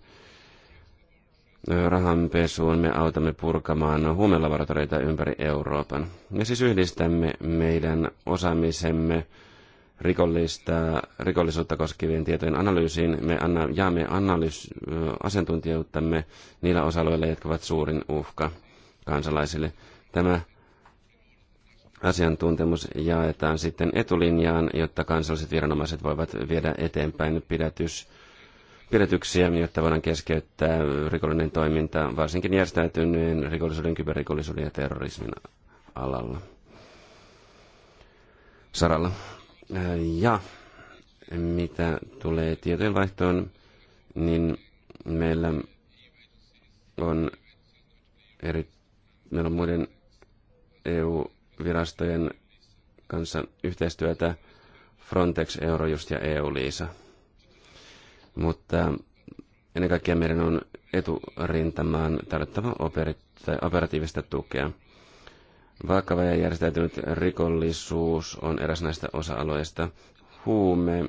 rahanpesuun. Me autamme purkamaan huumelaboratorioita ympäri Euroopan. Me siis yhdistämme meidän osaamisemme rikollista, rikollisuutta koskevien tietojen analyysiin. Me anna, jaamme analyys, asiantuntijuuttamme niillä osa-alueilla, jotka ovat suurin uhka kansalaisille. Tämä asiantuntemus jaetaan sitten etulinjaan, jotta kansalliset viranomaiset voivat viedä eteenpäin pidätys, pidätyksiä, jotta voidaan keskeyttää rikollinen toiminta, varsinkin järjestäytyneen rikollisuuden, kyberrikollisuuden ja terrorismin alalla. Saralla. Ja mitä tulee tietojenvaihtoon, niin meillä on eri, meillä on muiden EU-virastojen kanssa yhteistyötä Frontex, Eurojust ja EU-Liisa. Mutta ennen kaikkea meidän on eturintamaan tarjottava operatiivista tukea. Vakava ja järjestäytynyt rikollisuus on eräs näistä osa-alueista. Huume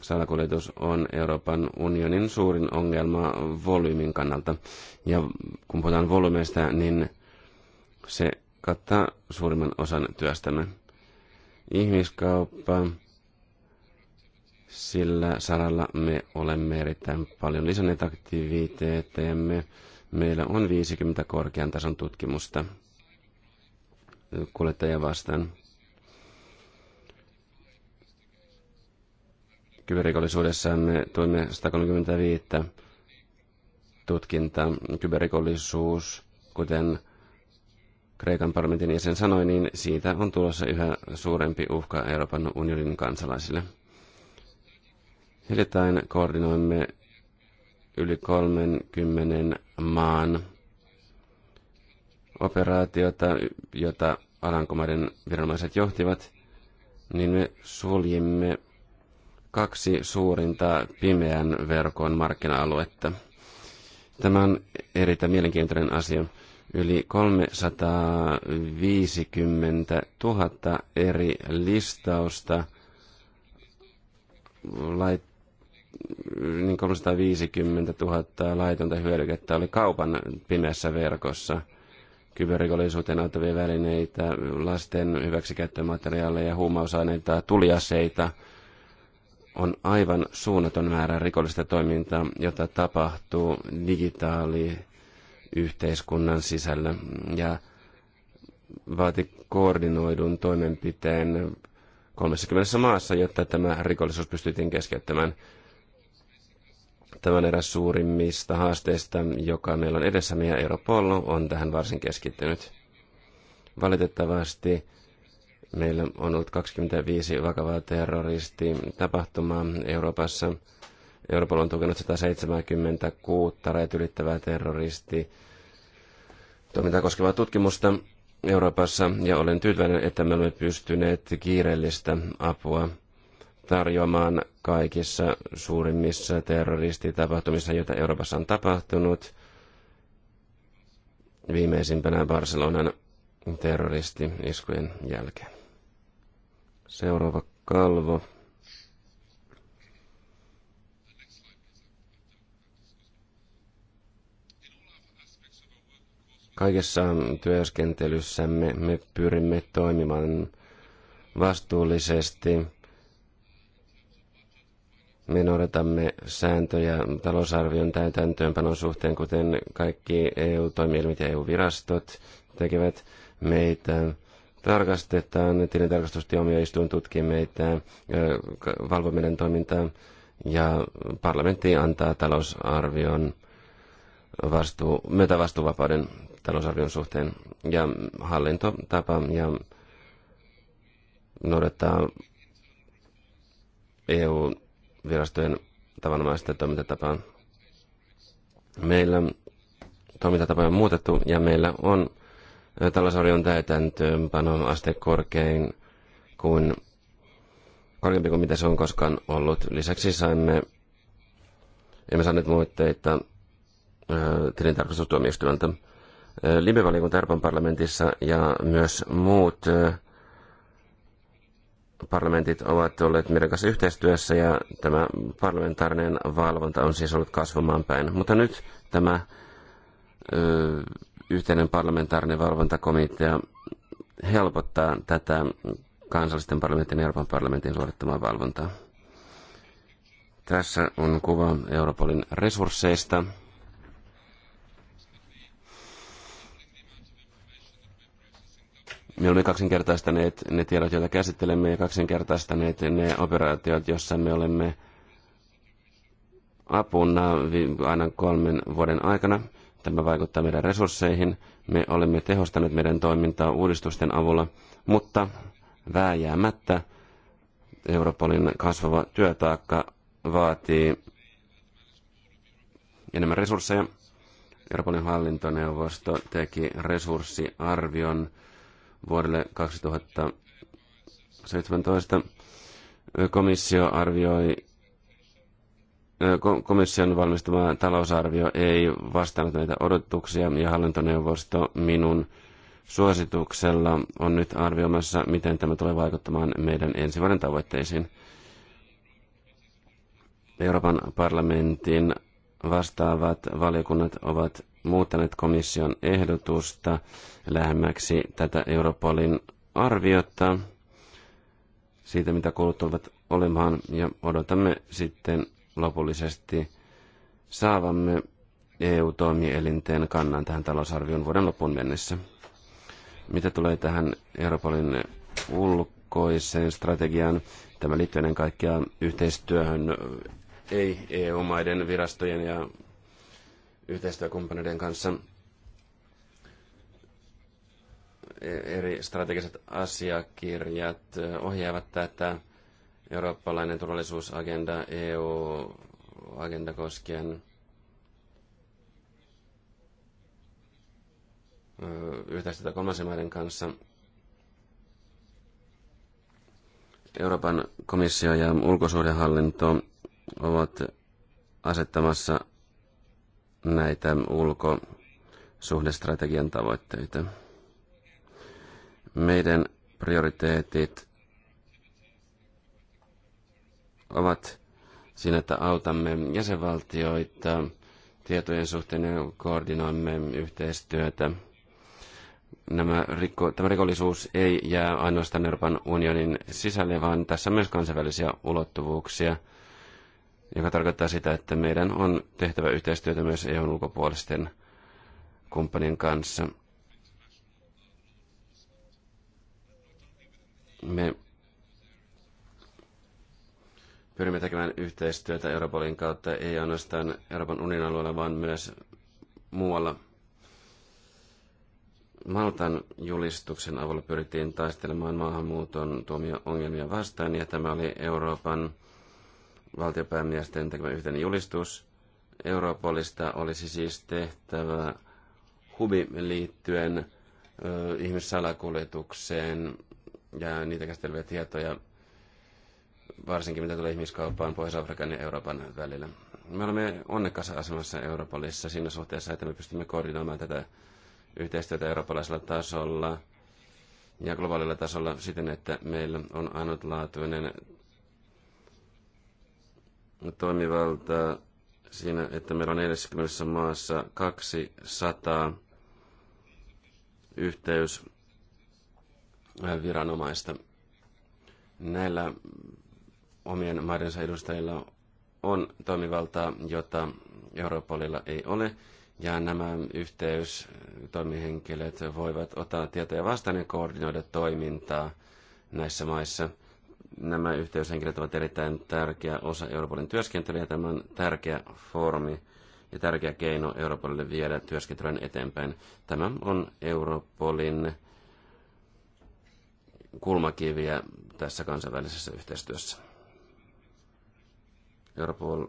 salakuljetus on Euroopan unionin suurin ongelma volyymin kannalta. Ja kun puhutaan volyymeista, niin se kattaa suurimman osan työstämme. Ihmiskauppa, sillä saralla me olemme erittäin paljon lisänneet aktiviteetteemme. Meillä on 50 korkean tason tutkimusta kuljettajia vastaan. Kyberrikollisuudessa me tuimme 135 tutkintaa. Kyberrikollisuus, kuten Kreikan parlamentin jäsen sanoi, niin siitä on tulossa yhä suurempi uhka Euroopan unionin kansalaisille. Hiljattain koordinoimme yli 30 maan operaatiota, jota Alankomaiden viranomaiset johtivat, niin me suljimme kaksi suurinta pimeän verkon markkina-aluetta. Tämä on erittäin mielenkiintoinen asia. Yli 350 000 eri listausta, lait, niin 350 000 laitonta hyödykettä oli kaupan pimeässä verkossa – kyberrikollisuuteen auttavia välineitä, lasten hyväksikäyttömateriaaleja, huumausaineita, tuliaseita. On aivan suunnaton määrä rikollista toimintaa, jota tapahtuu digitaali yhteiskunnan sisällä ja vaati koordinoidun toimenpiteen 30 maassa, jotta tämä rikollisuus pystyttiin keskeyttämään. Tämä on eräs suurimmista haasteista, joka meillä on edessämme ja Europol on tähän varsin keskittynyt. Valitettavasti meillä on ollut 25 vakavaa terroristi tapahtumaa Euroopassa. Europol on tukenut 176 rajat ylittävää terroristi toimintaa koskevaa tutkimusta Euroopassa ja olen tyytyväinen, että me olemme pystyneet kiireellistä apua tarjoamaan kaikissa suurimmissa terroristitapahtumissa, joita Euroopassa on tapahtunut. Viimeisimpänä Barcelonan terroristi-iskujen jälkeen. Seuraava kalvo. Kaikessa työskentelyssämme me pyrimme toimimaan vastuullisesti – me noudatamme sääntöjä talousarvion täytäntöönpanon suhteen, kuten kaikki EU-toimielimet ja EU-virastot tekevät meitä. Tarkastetaan, tilintarkastustuomioistuin tutkii meitä, valvoo meidän toimintaa ja parlamentti antaa talousarvion vastuu, myötävastuuvapauden talousarvion suhteen. Ja hallintotapa ja noudattaa EU virastojen tavanomaisten toimintatapaan. Meillä toimintatapa on muutettu ja meillä on talousarvion täytäntöönpano aste korkein kuin korkeampi kuin mitä se on koskaan ollut. Lisäksi saimme, emme saaneet muitteita tilintarkastustuomioistuimelta. Libyvaliokunta Euroopan parlamentissa ja myös muut ö, parlamentit ovat olleet meidän kanssa yhteistyössä ja tämä parlamentaarinen valvonta on siis ollut kasvamaan päin. Mutta nyt tämä ö, yhteinen parlamentaarinen valvontakomitea helpottaa tätä kansallisten parlamentin ja Euroopan parlamentin suorittamaa valvontaa. Tässä on kuva Europolin resursseista. me olemme kaksinkertaistaneet ne tiedot, joita käsittelemme, ja kaksinkertaistaneet ne operaatiot, joissa me olemme apuna aina kolmen vuoden aikana. Tämä vaikuttaa meidän resursseihin. Me olemme tehostaneet meidän toimintaa uudistusten avulla, mutta vääjäämättä Europolin kasvava työtaakka vaatii enemmän resursseja. Europolin hallintoneuvosto teki resurssiarvion vuodelle 2017. Komissio arvioi komission valmistuma talousarvio ei vastannut näitä odotuksia ja hallintoneuvosto minun suosituksella on nyt arvioimassa, miten tämä tulee vaikuttamaan meidän ensi vuoden tavoitteisiin. Euroopan parlamentin vastaavat valiokunnat ovat muuttaneet komission ehdotusta lähemmäksi tätä Europolin arviota siitä, mitä kulut tulevat olemaan, ja odotamme sitten lopullisesti saavamme EU-toimielinten kannan tähän talousarvion vuoden lopun mennessä. Mitä tulee tähän Europolin ulkoiseen strategiaan, tämä liittyy ennen kaikkea yhteistyöhön ei-EU-maiden virastojen ja yhteistyökumppaneiden kanssa eri strategiset asiakirjat ohjaavat tätä eurooppalainen turvallisuusagenda, EU-agenda koskien yhteistyötä kolmansien maiden kanssa. Euroopan komissio ja ulkosuhdehallinto ovat asettamassa näitä ulkosuhdestrategian tavoitteita. Meidän prioriteetit ovat siinä, että autamme jäsenvaltioita tietojen suhteen ja koordinoimme yhteistyötä. Nämä rikko, tämä rikollisuus ei jää ainoastaan Euroopan unionin sisälle, vaan tässä on myös kansainvälisiä ulottuvuuksia – joka tarkoittaa sitä, että meidän on tehtävä yhteistyötä myös EUn ulkopuolisten kumppanien kanssa. Me pyrimme tekemään yhteistyötä Europolin kautta, ei ainoastaan Euroopan unionin alueella, vaan myös muualla. Maltan julistuksen avulla pyrittiin taistelemaan maahanmuuton tuomia ongelmia vastaan, ja tämä oli Euroopan valtiopäämiesten tekemä yhteinen julistus. Europolista olisi siis tehtävä hubi liittyen ö, ihmissalakuljetukseen ja niitä käsitteleviä tietoja, varsinkin mitä tulee ihmiskauppaan Pohjois-Afrikan ja Euroopan välillä. Me olemme onnekkaassa asemassa Europolissa siinä suhteessa, että me pystymme koordinoimaan tätä yhteistyötä eurooppalaisella tasolla ja globaalilla tasolla siten, että meillä on ainutlaatuinen toimivaltaa siinä, että meillä on 40 maassa 200 yhteysviranomaista. Näillä omien maidensa edustajilla on toimivaltaa, jota Europolilla ei ole, ja nämä yhteystoimihenkilöt voivat ottaa tietoja vastaan ja koordinoida toimintaa näissä maissa – Nämä yhteyshenkilöt ovat erittäin tärkeä osa Europolin työskentelyä ja tämä on tärkeä foorumi ja tärkeä keino Europolille viedä työskentelyn eteenpäin. Tämä on Europolin kulmakiviä tässä kansainvälisessä yhteistyössä. Europol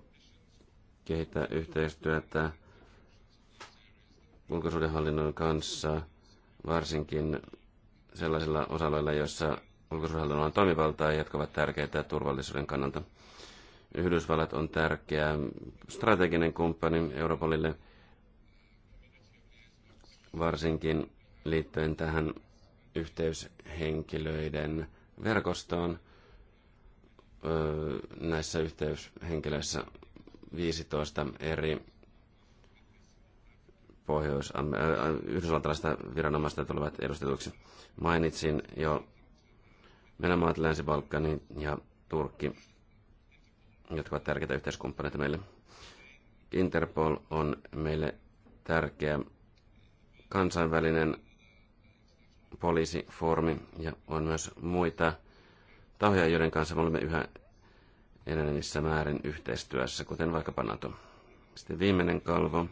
kehittää yhteistyötä ulkosuudenhallinnon kanssa, varsinkin sellaisilla osaloilla, joissa ulkosuhdehallinnon toimivaltaa, jotka ovat tärkeitä turvallisuuden kannalta. Yhdysvallat on tärkeä strateginen kumppani Europolille, varsinkin liittyen tähän yhteyshenkilöiden verkostoon. Näissä yhteyshenkilöissä 15 eri pohjois äh, äh, yhdysvaltalaista viranomaista tulevat edustetuksi. Mainitsin jo Meillä maat Länsi-Balkani ja Turkki, jotka ovat tärkeitä yhteiskumppaneita meille. Interpol on meille tärkeä kansainvälinen poliisiformi ja on myös muita tahoja, joiden kanssa me olemme yhä enenevissä määrin yhteistyössä, kuten vaikkapa NATO. Sitten viimeinen kalvo,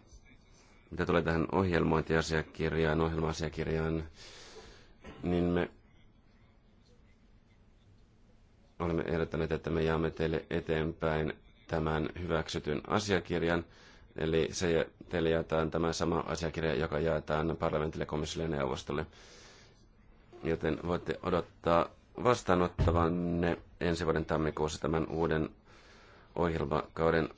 mitä tulee tähän ohjelmointiasiakirjaan, ohjelmaasiakirjaan, niin me olemme ehdottaneet, että me jaamme teille eteenpäin tämän hyväksytyn asiakirjan. Eli se, teille jaetaan tämä sama asiakirja, joka jaetaan parlamentille, komissiolle ja neuvostolle. Joten voitte odottaa vastaanottavanne ensi vuoden tammikuussa tämän uuden ohjelmakauden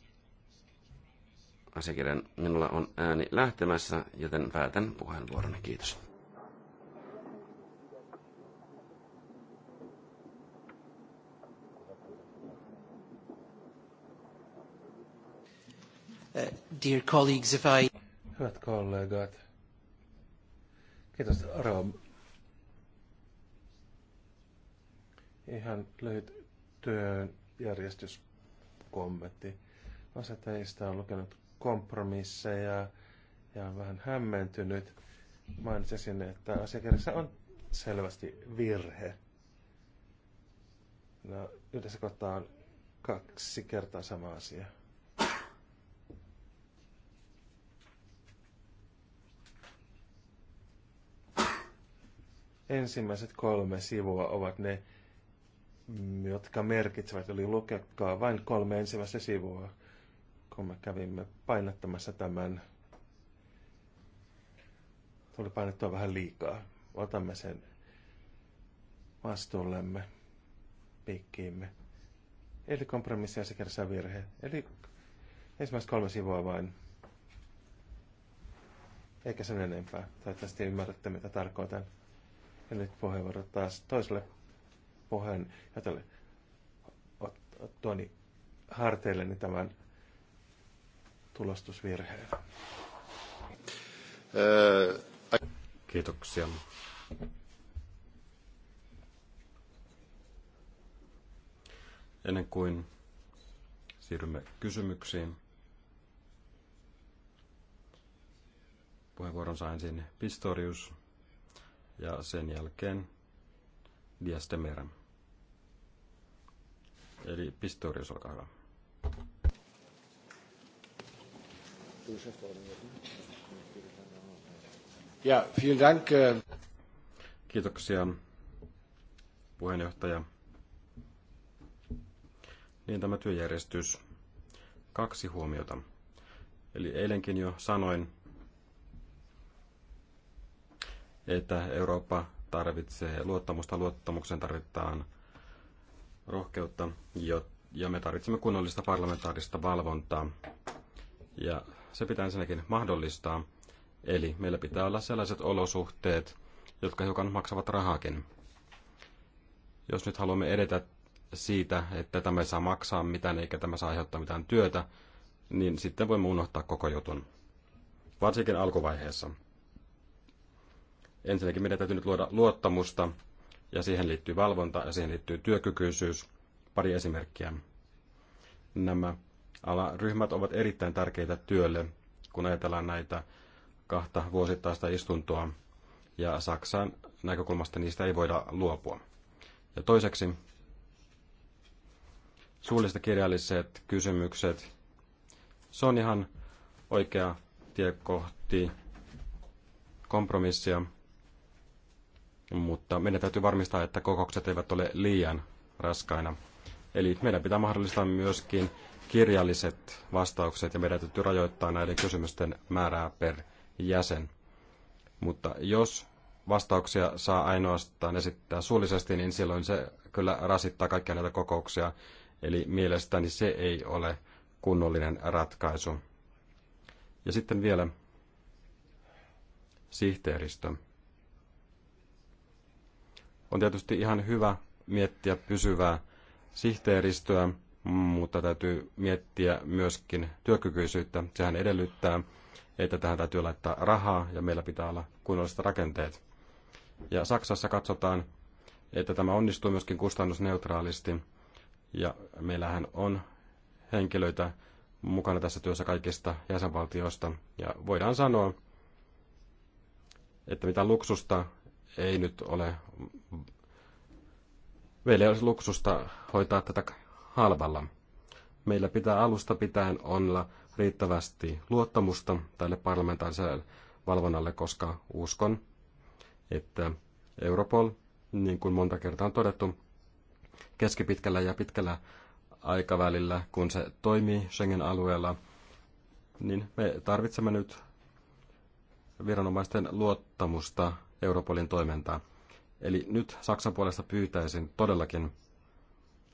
asiakirjan. Minulla on ääni lähtemässä, joten päätän puheenvuoroni. Kiitos. Uh, dear colleagues, if I... Hyvät kollegat. Kiitos, Rob. Ihan lyhyt työjärjestyskommentti. järjestyskommentti. Osa teistä on lukenut kompromisseja ja on vähän hämmentynyt. Mainitsisin, että asiakirjassa on selvästi virhe. No, yhdessä kohtaa on kaksi kertaa sama asia. ensimmäiset kolme sivua ovat ne, jotka merkitsevät, eli lukekaa vain kolme ensimmäistä sivua, kun me kävimme painattamassa tämän. Tuli painettua vähän liikaa. Otamme sen vastuullemme, piikkiimme. Eli kompromissia se kertaa virhe. Eli ensimmäiset kolme sivua vain. Eikä sen enempää. Toivottavasti ymmärrätte, mitä tarkoitan. Eli puheenvuoro taas toiselle puheen ja tälle Toni harteilleni niin tämän tulostusvirheen. Ää... Äh, Kiitoksia. Ennen kuin siirrymme kysymyksiin, puheenvuoron saa ensin Pistorius ja sen jälkeen Diastemera. Eli Pistorius, olkaa hyvä. Ja, vielen Dank. Äh. Kiitoksia, puheenjohtaja. Niin tämä työjärjestys. Kaksi huomiota. Eli eilenkin jo sanoin, että Eurooppa tarvitsee luottamusta. Luottamuksen tarvitaan rohkeutta ja me tarvitsemme kunnollista parlamentaarista valvontaa. Ja se pitää ensinnäkin mahdollistaa. Eli meillä pitää olla sellaiset olosuhteet, jotka hiukan maksavat rahakin. Jos nyt haluamme edetä siitä, että tämä ei saa maksaa mitään eikä tämä saa aiheuttaa mitään työtä, niin sitten voimme unohtaa koko jutun. Varsinkin alkuvaiheessa. Ensinnäkin meidän täytyy nyt luoda luottamusta, ja siihen liittyy valvonta, ja siihen liittyy työkykyisyys. Pari esimerkkiä. Nämä alaryhmät ovat erittäin tärkeitä työlle, kun ajatellaan näitä kahta vuosittaista istuntoa, ja Saksan näkökulmasta niistä ei voida luopua. Ja toiseksi suulliset kirjalliset kysymykset. Se on ihan oikea tie kohti kompromissia mutta meidän täytyy varmistaa, että kokoukset eivät ole liian raskaina. Eli meidän pitää mahdollistaa myöskin kirjalliset vastaukset ja meidän täytyy rajoittaa näiden kysymysten määrää per jäsen. Mutta jos vastauksia saa ainoastaan esittää suullisesti, niin silloin se kyllä rasittaa kaikkia näitä kokouksia. Eli mielestäni se ei ole kunnollinen ratkaisu. Ja sitten vielä sihteeristö. On tietysti ihan hyvä miettiä pysyvää sihteeristöä, mutta täytyy miettiä myöskin työkykyisyyttä. Sehän edellyttää, että tähän täytyy laittaa rahaa ja meillä pitää olla kunnolliset rakenteet. Ja Saksassa katsotaan, että tämä onnistuu myöskin kustannusneutraalisti. Ja meillähän on henkilöitä mukana tässä työssä kaikista jäsenvaltioista. Ja voidaan sanoa, että mitä luksusta ei nyt ole, meillä ei olisi luksusta hoitaa tätä halvalla. Meillä pitää alusta pitäen olla riittävästi luottamusta tälle parlamentaariselle valvonnalle, koska uskon, että Europol, niin kuin monta kertaa on todettu, keskipitkällä ja pitkällä aikavälillä, kun se toimii Schengen-alueella, niin me tarvitsemme nyt viranomaisten luottamusta Europolin toimintaa. Eli nyt Saksan puolesta pyytäisin todellakin,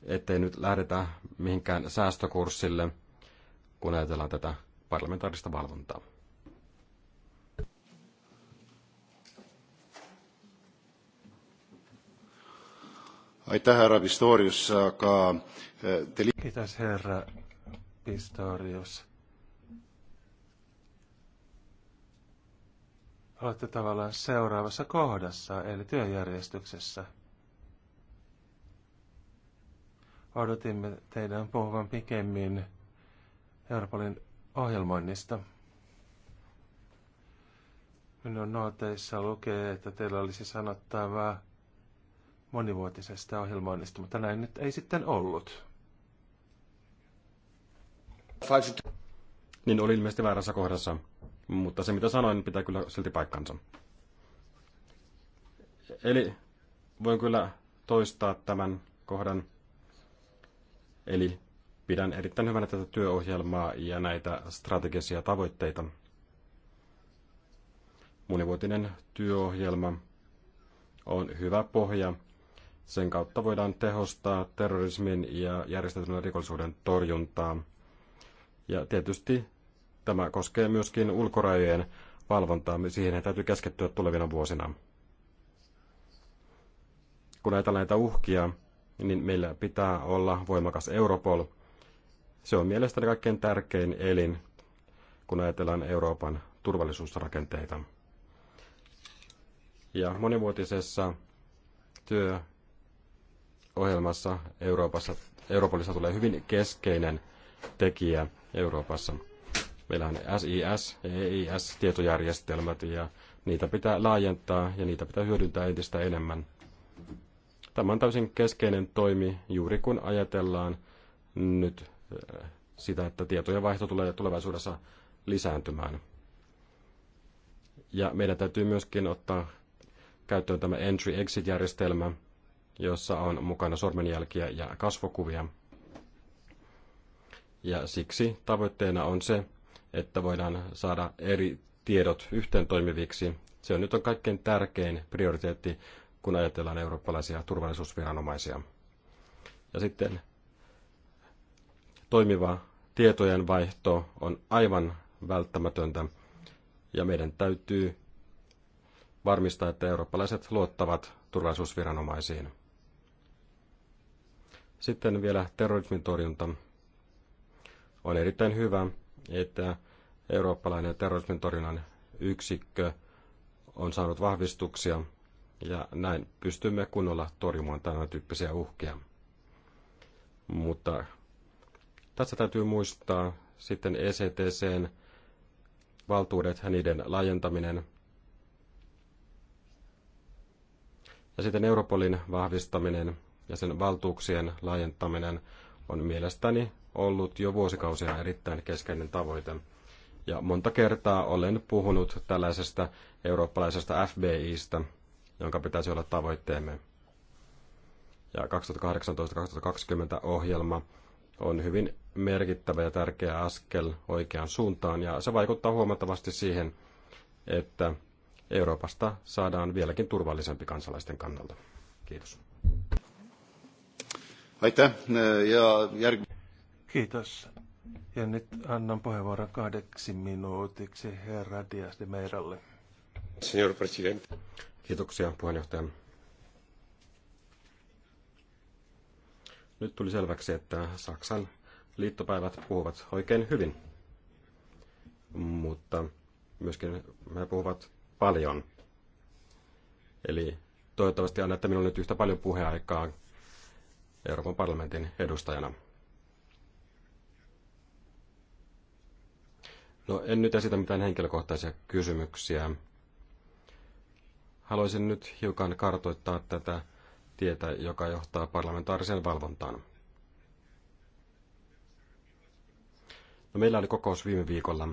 ettei nyt lähdetä mihinkään säästökurssille, kun ajatellaan tätä parlamentaarista valvontaa. Aitäh, herra Pistorius, aga eh, te... Kiitos, herra Pistorius. olette tavallaan seuraavassa kohdassa, eli työjärjestyksessä. Odotimme teidän puhuvan pikemmin Europolin ohjelmoinnista. Minun nooteissa lukee, että teillä olisi sanottavaa monivuotisesta ohjelmoinnista, mutta näin nyt ei sitten ollut. Niin oli ilmeisesti väärässä kohdassa. Mutta se mitä sanoin pitää kyllä silti paikkansa. Eli voin kyllä toistaa tämän kohdan. Eli pidän erittäin hyvänä tätä työohjelmaa ja näitä strategisia tavoitteita. Monivuotinen työohjelma on hyvä pohja. Sen kautta voidaan tehostaa terrorismin ja järjestetyn rikollisuuden torjuntaa. Ja tietysti Tämä koskee myöskin ulkorajojen valvontaa. Siihen täytyy keskittyä tulevina vuosina. Kun ajatellaan näitä uhkia, niin meillä pitää olla voimakas Europol. Se on mielestäni kaikkein tärkein elin, kun ajatellaan Euroopan turvallisuusrakenteita. Ja monivuotisessa työohjelmassa Euroopassa, Europolissa tulee hyvin keskeinen tekijä Euroopassa – Meillähän on SIS ja EIS-tietojärjestelmät ja niitä pitää laajentaa ja niitä pitää hyödyntää entistä enemmän. Tämä on täysin keskeinen toimi juuri kun ajatellaan nyt äh, sitä, että tietojen vaihto tulee tulevaisuudessa lisääntymään. Ja meidän täytyy myöskin ottaa käyttöön tämä entry-exit-järjestelmä, jossa on mukana sormenjälkiä ja kasvokuvia. Ja siksi tavoitteena on se, että voidaan saada eri tiedot yhteen toimiviksi. Se on nyt on kaikkein tärkein prioriteetti, kun ajatellaan eurooppalaisia turvallisuusviranomaisia. Ja sitten toimiva tietojen vaihto on aivan välttämätöntä, ja meidän täytyy varmistaa, että eurooppalaiset luottavat turvallisuusviranomaisiin. Sitten vielä terrorismin torjunta. On erittäin hyvä, että eurooppalainen terrorismin torjunnan yksikkö on saanut vahvistuksia ja näin pystymme kunnolla torjumaan tämän tyyppisiä uhkia. Mutta tässä täytyy muistaa sitten ECTCn valtuudet ja niiden laajentaminen. Ja sitten Europolin vahvistaminen ja sen valtuuksien laajentaminen on mielestäni ollut jo vuosikausia erittäin keskeinen tavoite. Ja monta kertaa olen puhunut tällaisesta eurooppalaisesta FBIstä, jonka pitäisi olla tavoitteemme. Ja 2018-2020 ohjelma on hyvin merkittävä ja tärkeä askel oikeaan suuntaan, ja se vaikuttaa huomattavasti siihen, että Euroopasta saadaan vieläkin turvallisempi kansalaisten kannalta. Kiitos. Aitäh ja järg... Kiitos. Ja nyt annan puheenvuoron kahdeksi minuutiksi herra Dias de Meiralle. Senor president. Kiitoksia puheenjohtaja. Nyt tuli selväksi, että Saksan liittopäivät puhuvat oikein hyvin, mutta myöskin he puhuvat paljon. Eli toivottavasti annatte minulle nyt yhtä paljon puheaikaa Euroopan parlamentin edustajana. No en nyt esitä mitään henkilökohtaisia kysymyksiä. Haluaisin nyt hiukan kartoittaa tätä tietä, joka johtaa parlamentaariseen valvontaan. No, meillä oli kokous viime viikolla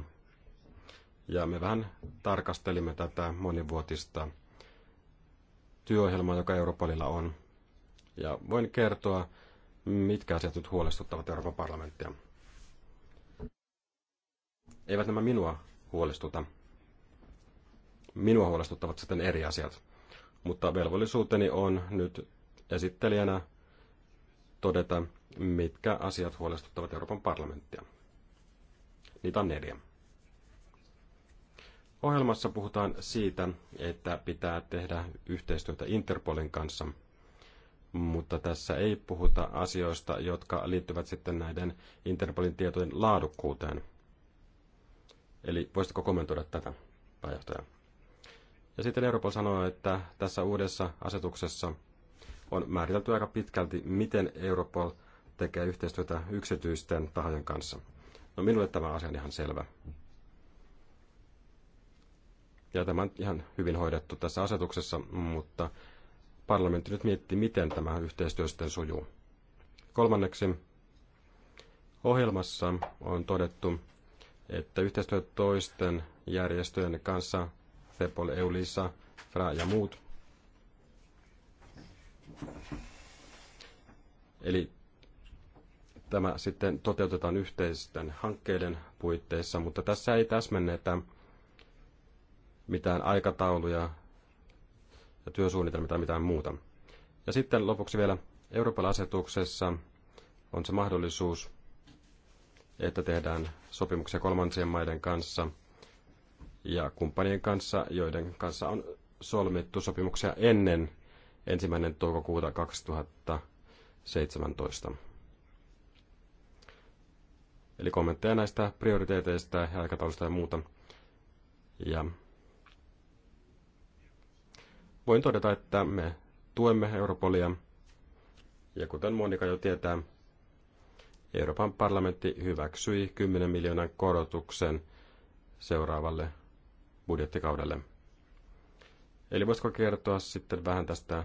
ja me vähän tarkastelimme tätä monivuotista työohjelmaa, joka Euroopalilla on – ja voin kertoa, mitkä asiat nyt huolestuttavat Euroopan parlamenttia. Eivät nämä minua huolestuta. Minua huolestuttavat sitten eri asiat. Mutta velvollisuuteni on nyt esittelijänä todeta, mitkä asiat huolestuttavat Euroopan parlamenttia. Niitä on neljä. Ohjelmassa puhutaan siitä, että pitää tehdä yhteistyötä Interpolin kanssa – mutta tässä ei puhuta asioista, jotka liittyvät sitten näiden Interpolin tietojen laadukkuuteen. Eli voisitko kommentoida tätä, pääjohtaja? Ja sitten Europol sanoo, että tässä uudessa asetuksessa on määritelty aika pitkälti, miten Europol tekee yhteistyötä yksityisten tahojen kanssa. No minulle tämä asia on ihan selvä. Ja tämä on ihan hyvin hoidettu tässä asetuksessa, mutta parlamentti nyt miettii, miten tämä yhteistyö sitten sujuu. Kolmanneksi ohjelmassa on todettu, että yhteistyö toisten järjestöjen kanssa, FEPOL, Eulisa, FRA ja muut, eli tämä sitten toteutetaan yhteisten hankkeiden puitteissa, mutta tässä ei täsmennetä mitään aikatauluja ja työsuunnitelmia tai mitään muuta. Ja sitten lopuksi vielä Euroopan asetuksessa on se mahdollisuus, että tehdään sopimuksia kolmansien maiden kanssa ja kumppanien kanssa, joiden kanssa on solmittu sopimuksia ennen ensimmäinen toukokuuta 2017. Eli kommentteja näistä prioriteeteista ja aikataulusta ja muuta. Ja voin todeta, että me tuemme Europolia. Ja kuten Monika jo tietää, Euroopan parlamentti hyväksyi 10 miljoonan korotuksen seuraavalle budjettikaudelle. Eli voisiko kertoa sitten vähän tästä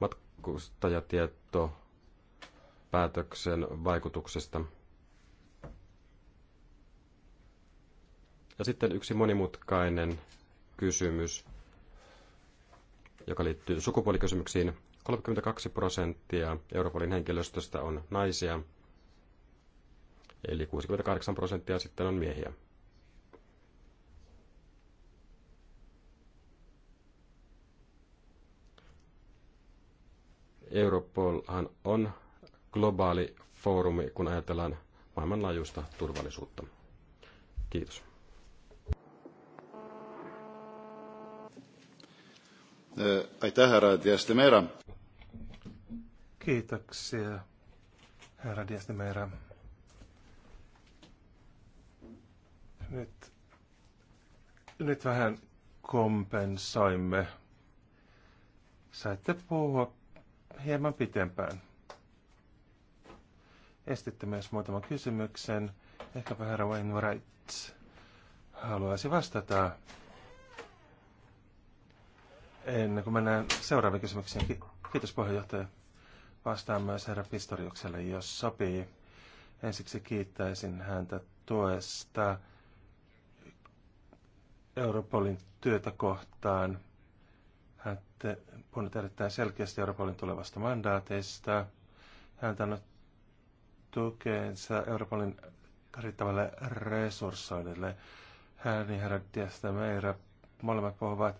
matkustajatietopäätöksen vaikutuksesta? Ja sitten yksi monimutkainen kysymys joka liittyy sukupuolikysymyksiin. 32 prosenttia Europolin henkilöstöstä on naisia, eli 68 prosenttia sitten on miehiä. Europolhan on globaali foorumi, kun ajatellaan maailmanlaajuista turvallisuutta. Kiitos. Äh, aitäh, herra Diastemera. Kiitoksia, herra Diastemera. Nyt, nyt vähän kompensoimme. Saitte puhua hieman pitempään. Estitte myös muutaman kysymyksen. Ehkäpä herra Wainwright haluaisi vastata Ennen kuin mennään seuraaviin kysymyksiin, kiitos puheenjohtaja. Vastaan myös herra Pistoriukselle, jos sopii. Ensiksi kiittäisin häntä tuesta Europolin työtä kohtaan. Hän on puhunut erittäin selkeästi Europolin tulevasta mandaateista. Hän on tukeensa Europolin riittävälle resurssoinnille. Hän ja herra Diasta Meira molemmat puhuvat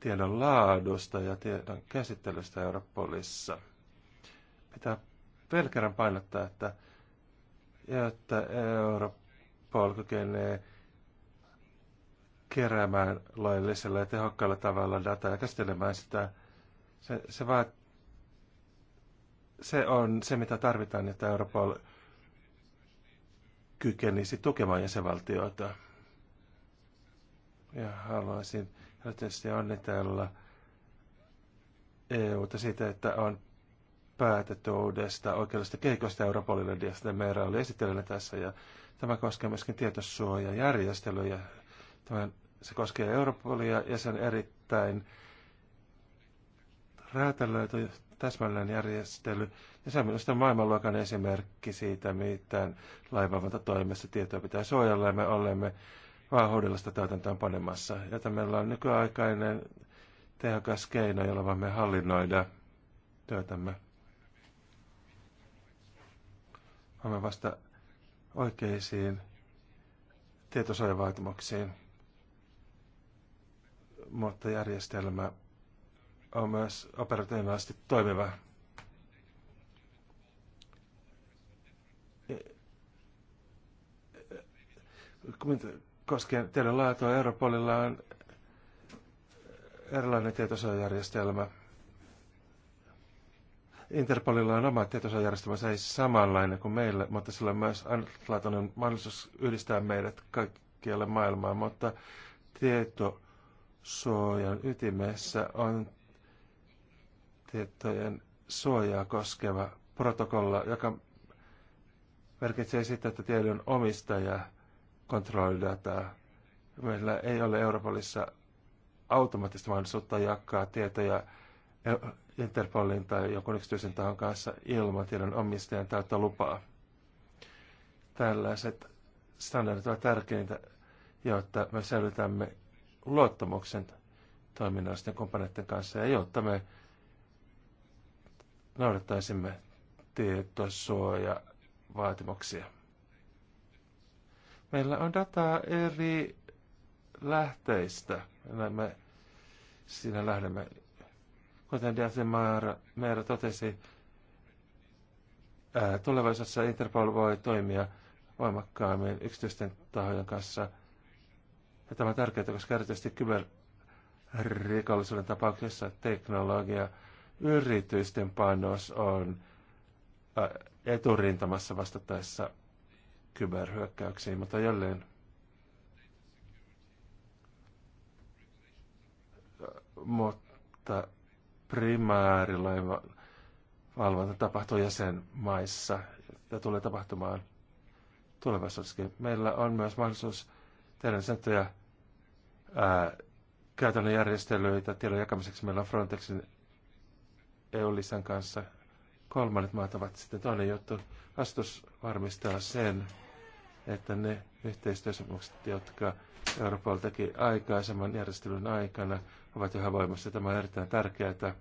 tiedon laadusta ja tiedon käsittelystä Europolissa. Pitää vielä kerran painottaa, että että Europol kykenee keräämään laillisella ja tehokkaalla tavalla dataa ja käsittelemään sitä, se, se, vaat, se on se, mitä tarvitaan, että Europol kykenisi tukemaan jäsenvaltioita. Ja haluaisin tietysti onnitella EUta siitä, että on päätetty uudesta oikeudellisesta keikosta Europolille ja Meera oli esittelyllä tässä. Ja tämä koskee myöskin tietosuojajärjestelyjä. Tämän, se koskee Europolia ja sen erittäin räätälöity täsmällinen järjestely. Ja se on minusta maailmanluokan esimerkki siitä, miten laivavalta toimessa tietoa pitää suojella. Ja me olemme vaahoudellista täytäntöön panemassa, jota meillä on nykyaikainen tehokas keino, jolla voimme hallinnoida työtämme. Olemme vasta oikeisiin tietosuojavaatimuksiin, mutta järjestelmä on myös operatiivisesti toimiva koskien teille laatua Europolilla on erilainen tietosuojajärjestelmä. Interpolilla on oma se ei samanlainen kuin meillä, mutta sillä on myös ainutlaatuinen mahdollisuus yhdistää meidät kaikkialle maailmaan, mutta tietosuojan ytimessä on tietojen suojaa koskeva protokolla, joka merkitsee sitä, että tiedon omistaja – kontrollidataa. Meillä ei ole Europolissa automaattista mahdollisuutta jakaa tietoja e- Interpolin tai jonkun yksityisen tahon kanssa ilman tiedon omistajan täyttä lupaa. Tällaiset standardit ovat tärkeintä, jotta me säilytämme luottamuksen toiminnallisten kumppaneiden kanssa ja jotta me noudattaisimme tietosuoja vaatimuksia. Meillä on dataa eri lähteistä. Me siinä lähdemme, kuten Diasemaara Meera totesi, tulevaisuudessa Interpol voi toimia voimakkaammin yksityisten tahojen kanssa. Ja tämä on tärkeää, koska erityisesti kyberrikollisuuden tapauksessa teknologia yritysten panos on eturintamassa vastattaessa kyberhyökkäyksiin, mutta jälleen mutta valvonta tapahtuu jäsenmaissa ja tulee tapahtumaan tulevaisuudessakin. Meillä on myös mahdollisuus tehdä sääntöjä käytännön järjestelyitä tiedon jakamiseksi. Meillä on Frontexin EU-lisän kanssa. Kolmannet maat ovat sitten toinen juttu. Vastus varmistaa sen, että ne yhteistyösopimukset, jotka Europol teki aikaisemman järjestelyn aikana, ovat yhä voimassa. Tämä on erittäin tärkeää,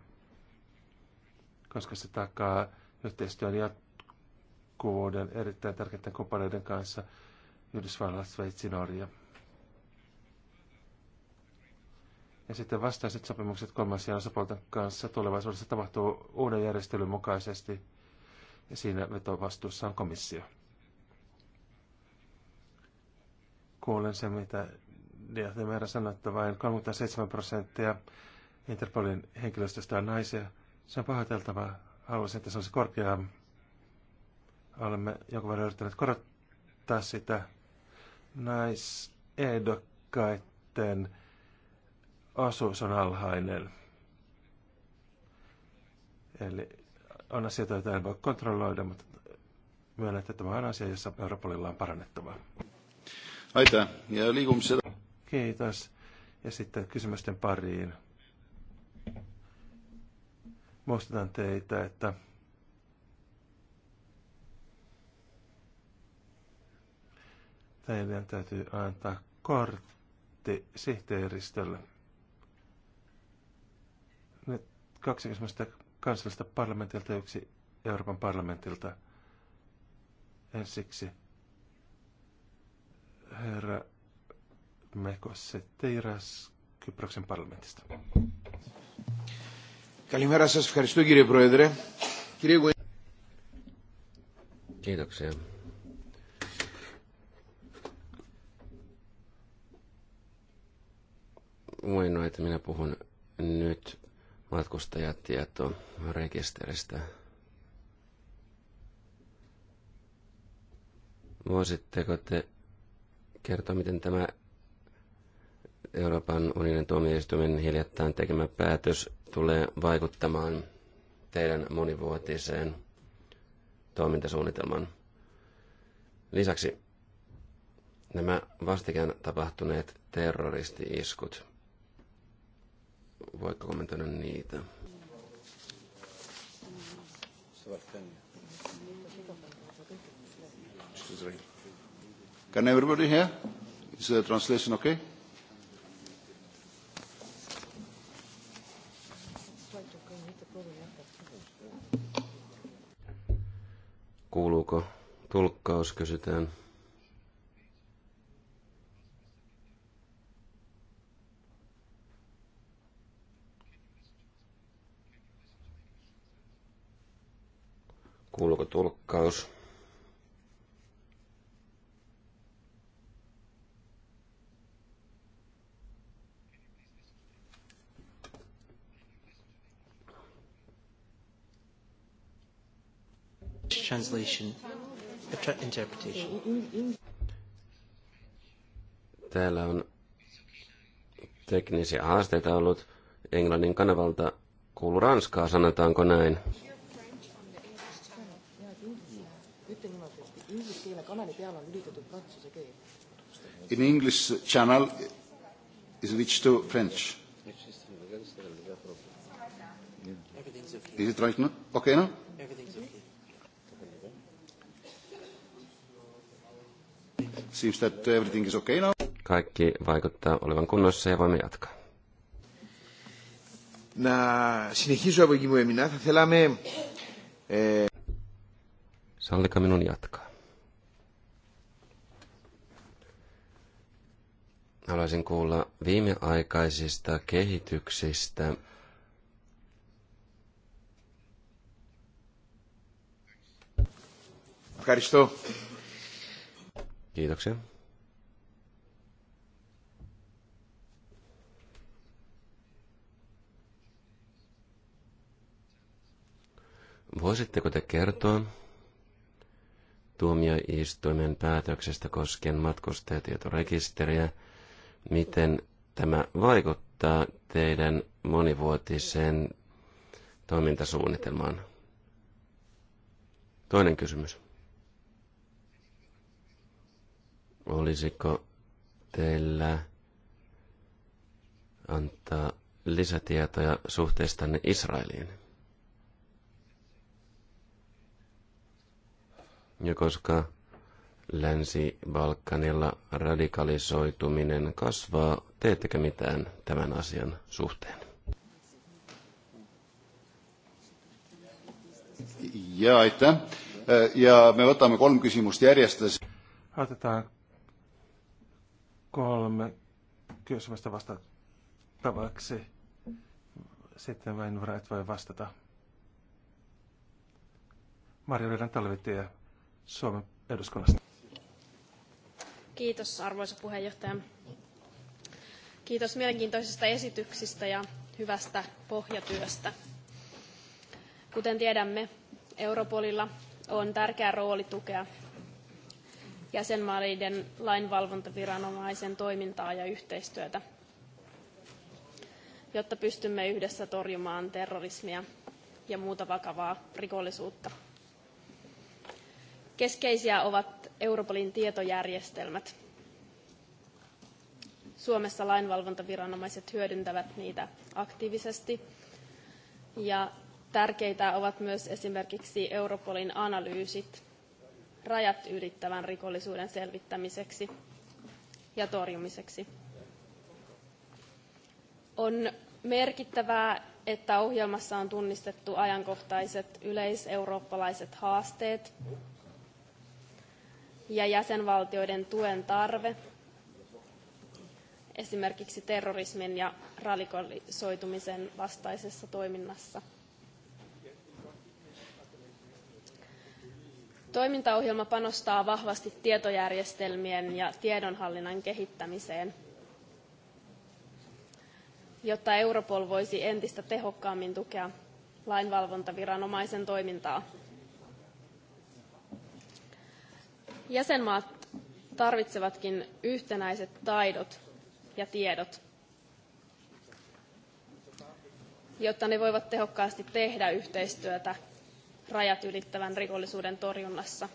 koska se takaa yhteistyön jatkuvuuden erittäin tärkeiden kumppaneiden kanssa Yhdysvallat, Sveitsi, Norja. Ja sitten vastaiset sopimukset kolmansien osapuolten kanssa tulevaisuudessa tapahtuu uuden järjestelyn mukaisesti. Ja siinä vetovastuussa on komissio. kuulen sen, mitä Diatemera sanoi, että vain 37 prosenttia Interpolin henkilöstöstä on naisia. Se on pahoiteltava. Haluaisin, että se olisi korkea. Olemme jonkun verran yrittäneet korottaa sitä naisehdokkaiden osuus on alhainen. Eli on asioita, joita en voi kontrolloida, mutta myönnän, että tämä on asia, jossa Europolilla on parannettavaa. Aitäh. Ja liikumme Kiitos. Ja sitten kysymysten pariin. Muistutan teitä, että teidän täytyy antaa kortti sihteeristölle. Nyt kaksi kysymystä kansallista parlamentilta yksi Euroopan parlamentilta. Ensiksi herra Mekosse Teiras Kyproksen parlamentista. Καλημέρα σας. Ευχαριστώ κύριε Πρόεδρε. Κύριε Kiitoksia. Ueno, että minä puhun nyt matkustajatieto-rekisteristä. Voisitteko te kertoa, miten tämä Euroopan unionin tuomioistuimen hiljattain tekemä päätös tulee vaikuttamaan teidän monivuotiseen toimintasuunnitelmaan. Lisäksi nämä vastikään tapahtuneet terroristi-iskut. Voitko kommentoida niitä? mm Israel. Can everybody hear? Is the translation okay? Kuuluuko tulkkaus, kysytään. Kuuluuko tulkkaus? translation, interpretation. Täällä on teknisiä haasteita ollut. Englannin kanavalta kuuluu Ranskaa, sanotaanko näin? In English channel is reached to French. Is it right now? Okay now? Everything's okay. Seems that everything is okay now. Kaikki vaikuttaa olevan kunnossa ja voimme jatkaa. Να συνεχίσω από εκεί που έμεινα. Θα θέλαμε... Ε... minun jatkaa. Haluaisin kuulla viimeaikaisista kehityksistä Ευχαριστώ. Kiitoksia. Voisitteko te kertoa tuomioistuimen päätöksestä koskien matkustajatietorekisteriä, miten tämä vaikuttaa teidän monivuotiseen toimintasuunnitelmaan? Toinen kysymys. olisiko teillä antaa lisätietoja suhteestanne Israeliin? Ja koska Länsi-Balkanilla radikalisoituminen kasvaa, teettekö mitään tämän asian suhteen? Ja aitäh. Ja me otamme kolme kysymystä järjestäisiin. Otetaan kolme kysymystä vastattavaksi. Sitten vain Wright voi vastata. Marja Ylän talvitie Suomen eduskunnasta. Kiitos arvoisa puheenjohtaja. Kiitos mielenkiintoisista esityksistä ja hyvästä pohjatyöstä. Kuten tiedämme, Europolilla on tärkeä rooli tukea jäsenmaiden lainvalvontaviranomaisen toimintaa ja yhteistyötä, jotta pystymme yhdessä torjumaan terrorismia ja muuta vakavaa rikollisuutta. Keskeisiä ovat Europolin tietojärjestelmät. Suomessa lainvalvontaviranomaiset hyödyntävät niitä aktiivisesti. Ja tärkeitä ovat myös esimerkiksi Europolin analyysit rajat ylittävän rikollisuuden selvittämiseksi ja torjumiseksi. On merkittävää, että ohjelmassa on tunnistettu ajankohtaiset yleiseurooppalaiset haasteet ja jäsenvaltioiden tuen tarve esimerkiksi terrorismin ja radikalisoitumisen vastaisessa toiminnassa. Toimintaohjelma panostaa vahvasti tietojärjestelmien ja tiedonhallinnan kehittämiseen, jotta Europol voisi entistä tehokkaammin tukea lainvalvontaviranomaisen toimintaa. Jäsenmaat tarvitsevatkin yhtenäiset taidot ja tiedot, jotta ne voivat tehokkaasti tehdä yhteistyötä rajat ylittävän rikollisuuden torjunnassa.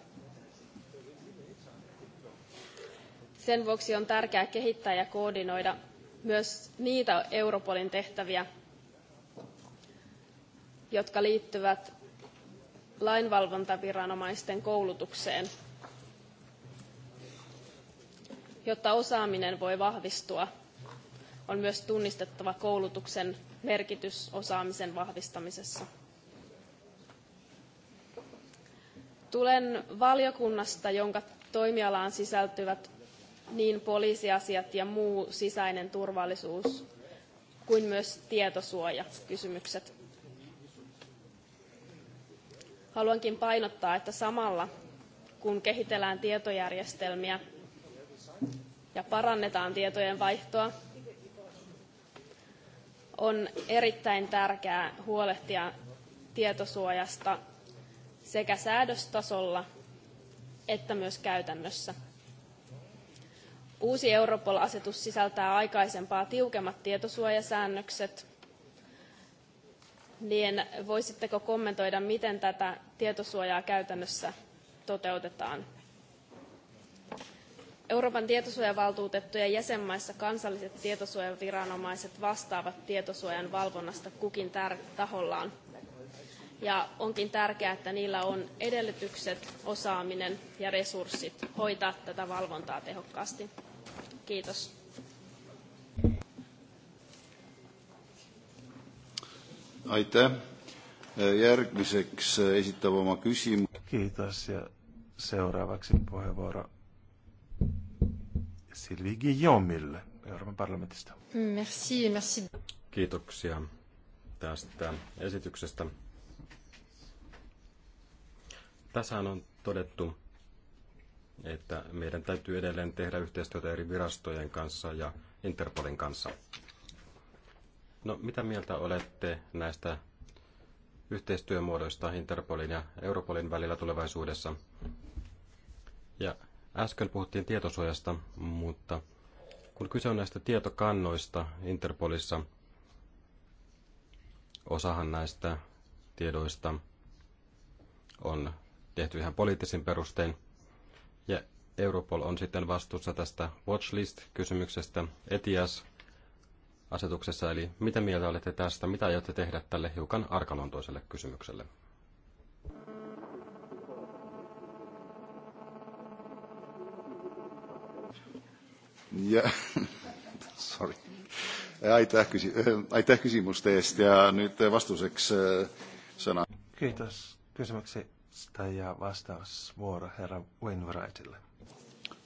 Sen vuoksi on tärkeää kehittää ja koordinoida myös niitä Europolin tehtäviä, jotka liittyvät lainvalvontaviranomaisten koulutukseen, jotta osaaminen voi vahvistua. On myös tunnistettava koulutuksen merkitys osaamisen vahvistamisessa. Tulen valiokunnasta, jonka toimialaan sisältyvät niin poliisiasiat ja muu sisäinen turvallisuus kuin myös tietosuojakysymykset. Haluankin painottaa, että samalla kun kehitellään tietojärjestelmiä ja parannetaan tietojen vaihtoa, on erittäin tärkeää huolehtia tietosuojasta sekä säädöstasolla että myös käytännössä. Uusi Europol-asetus sisältää aikaisempaa tiukemmat tietosuojasäännökset. Niin voisitteko kommentoida, miten tätä tietosuojaa käytännössä toteutetaan? Euroopan tietosuojavaltuutettujen jäsenmaissa kansalliset tietosuojaviranomaiset vastaavat tietosuojan valvonnasta kukin tär- tahollaan ja onkin tärkeää, että niillä on edellytykset, osaaminen ja resurssit hoitaa tätä valvontaa tehokkaasti. Kiitos. Aitäh. Järgmiseksi äh, esittävä oma kysymys. Kiitos ja seuraavaksi puheenvuoro Silvi Guillaumille Euroopan parlamentista. Merci, merci. Kiitoksia tästä esityksestä. Tässähän on todettu, että meidän täytyy edelleen tehdä yhteistyötä eri virastojen kanssa ja Interpolin kanssa. No, mitä mieltä olette näistä yhteistyömuodoista Interpolin ja Europolin välillä tulevaisuudessa? Ja äsken puhuttiin tietosuojasta, mutta kun kyse on näistä tietokannoista Interpolissa, osahan näistä tiedoista on tehty ihan poliittisin perustein. Ja Europol on sitten vastuussa tästä watchlist-kysymyksestä ETIAS asetuksessa, eli mitä mieltä olette tästä, mitä aiotte tehdä tälle hiukan arkaluontoiselle kysymykselle? Ja, sorry. Aitäh, kysy- äh, aitäh kysymystä ja nyt vastuuseksi äh, sana. Kiitos kysymyksiä kysymystä ja vastausvuoro herra Wainwrightille.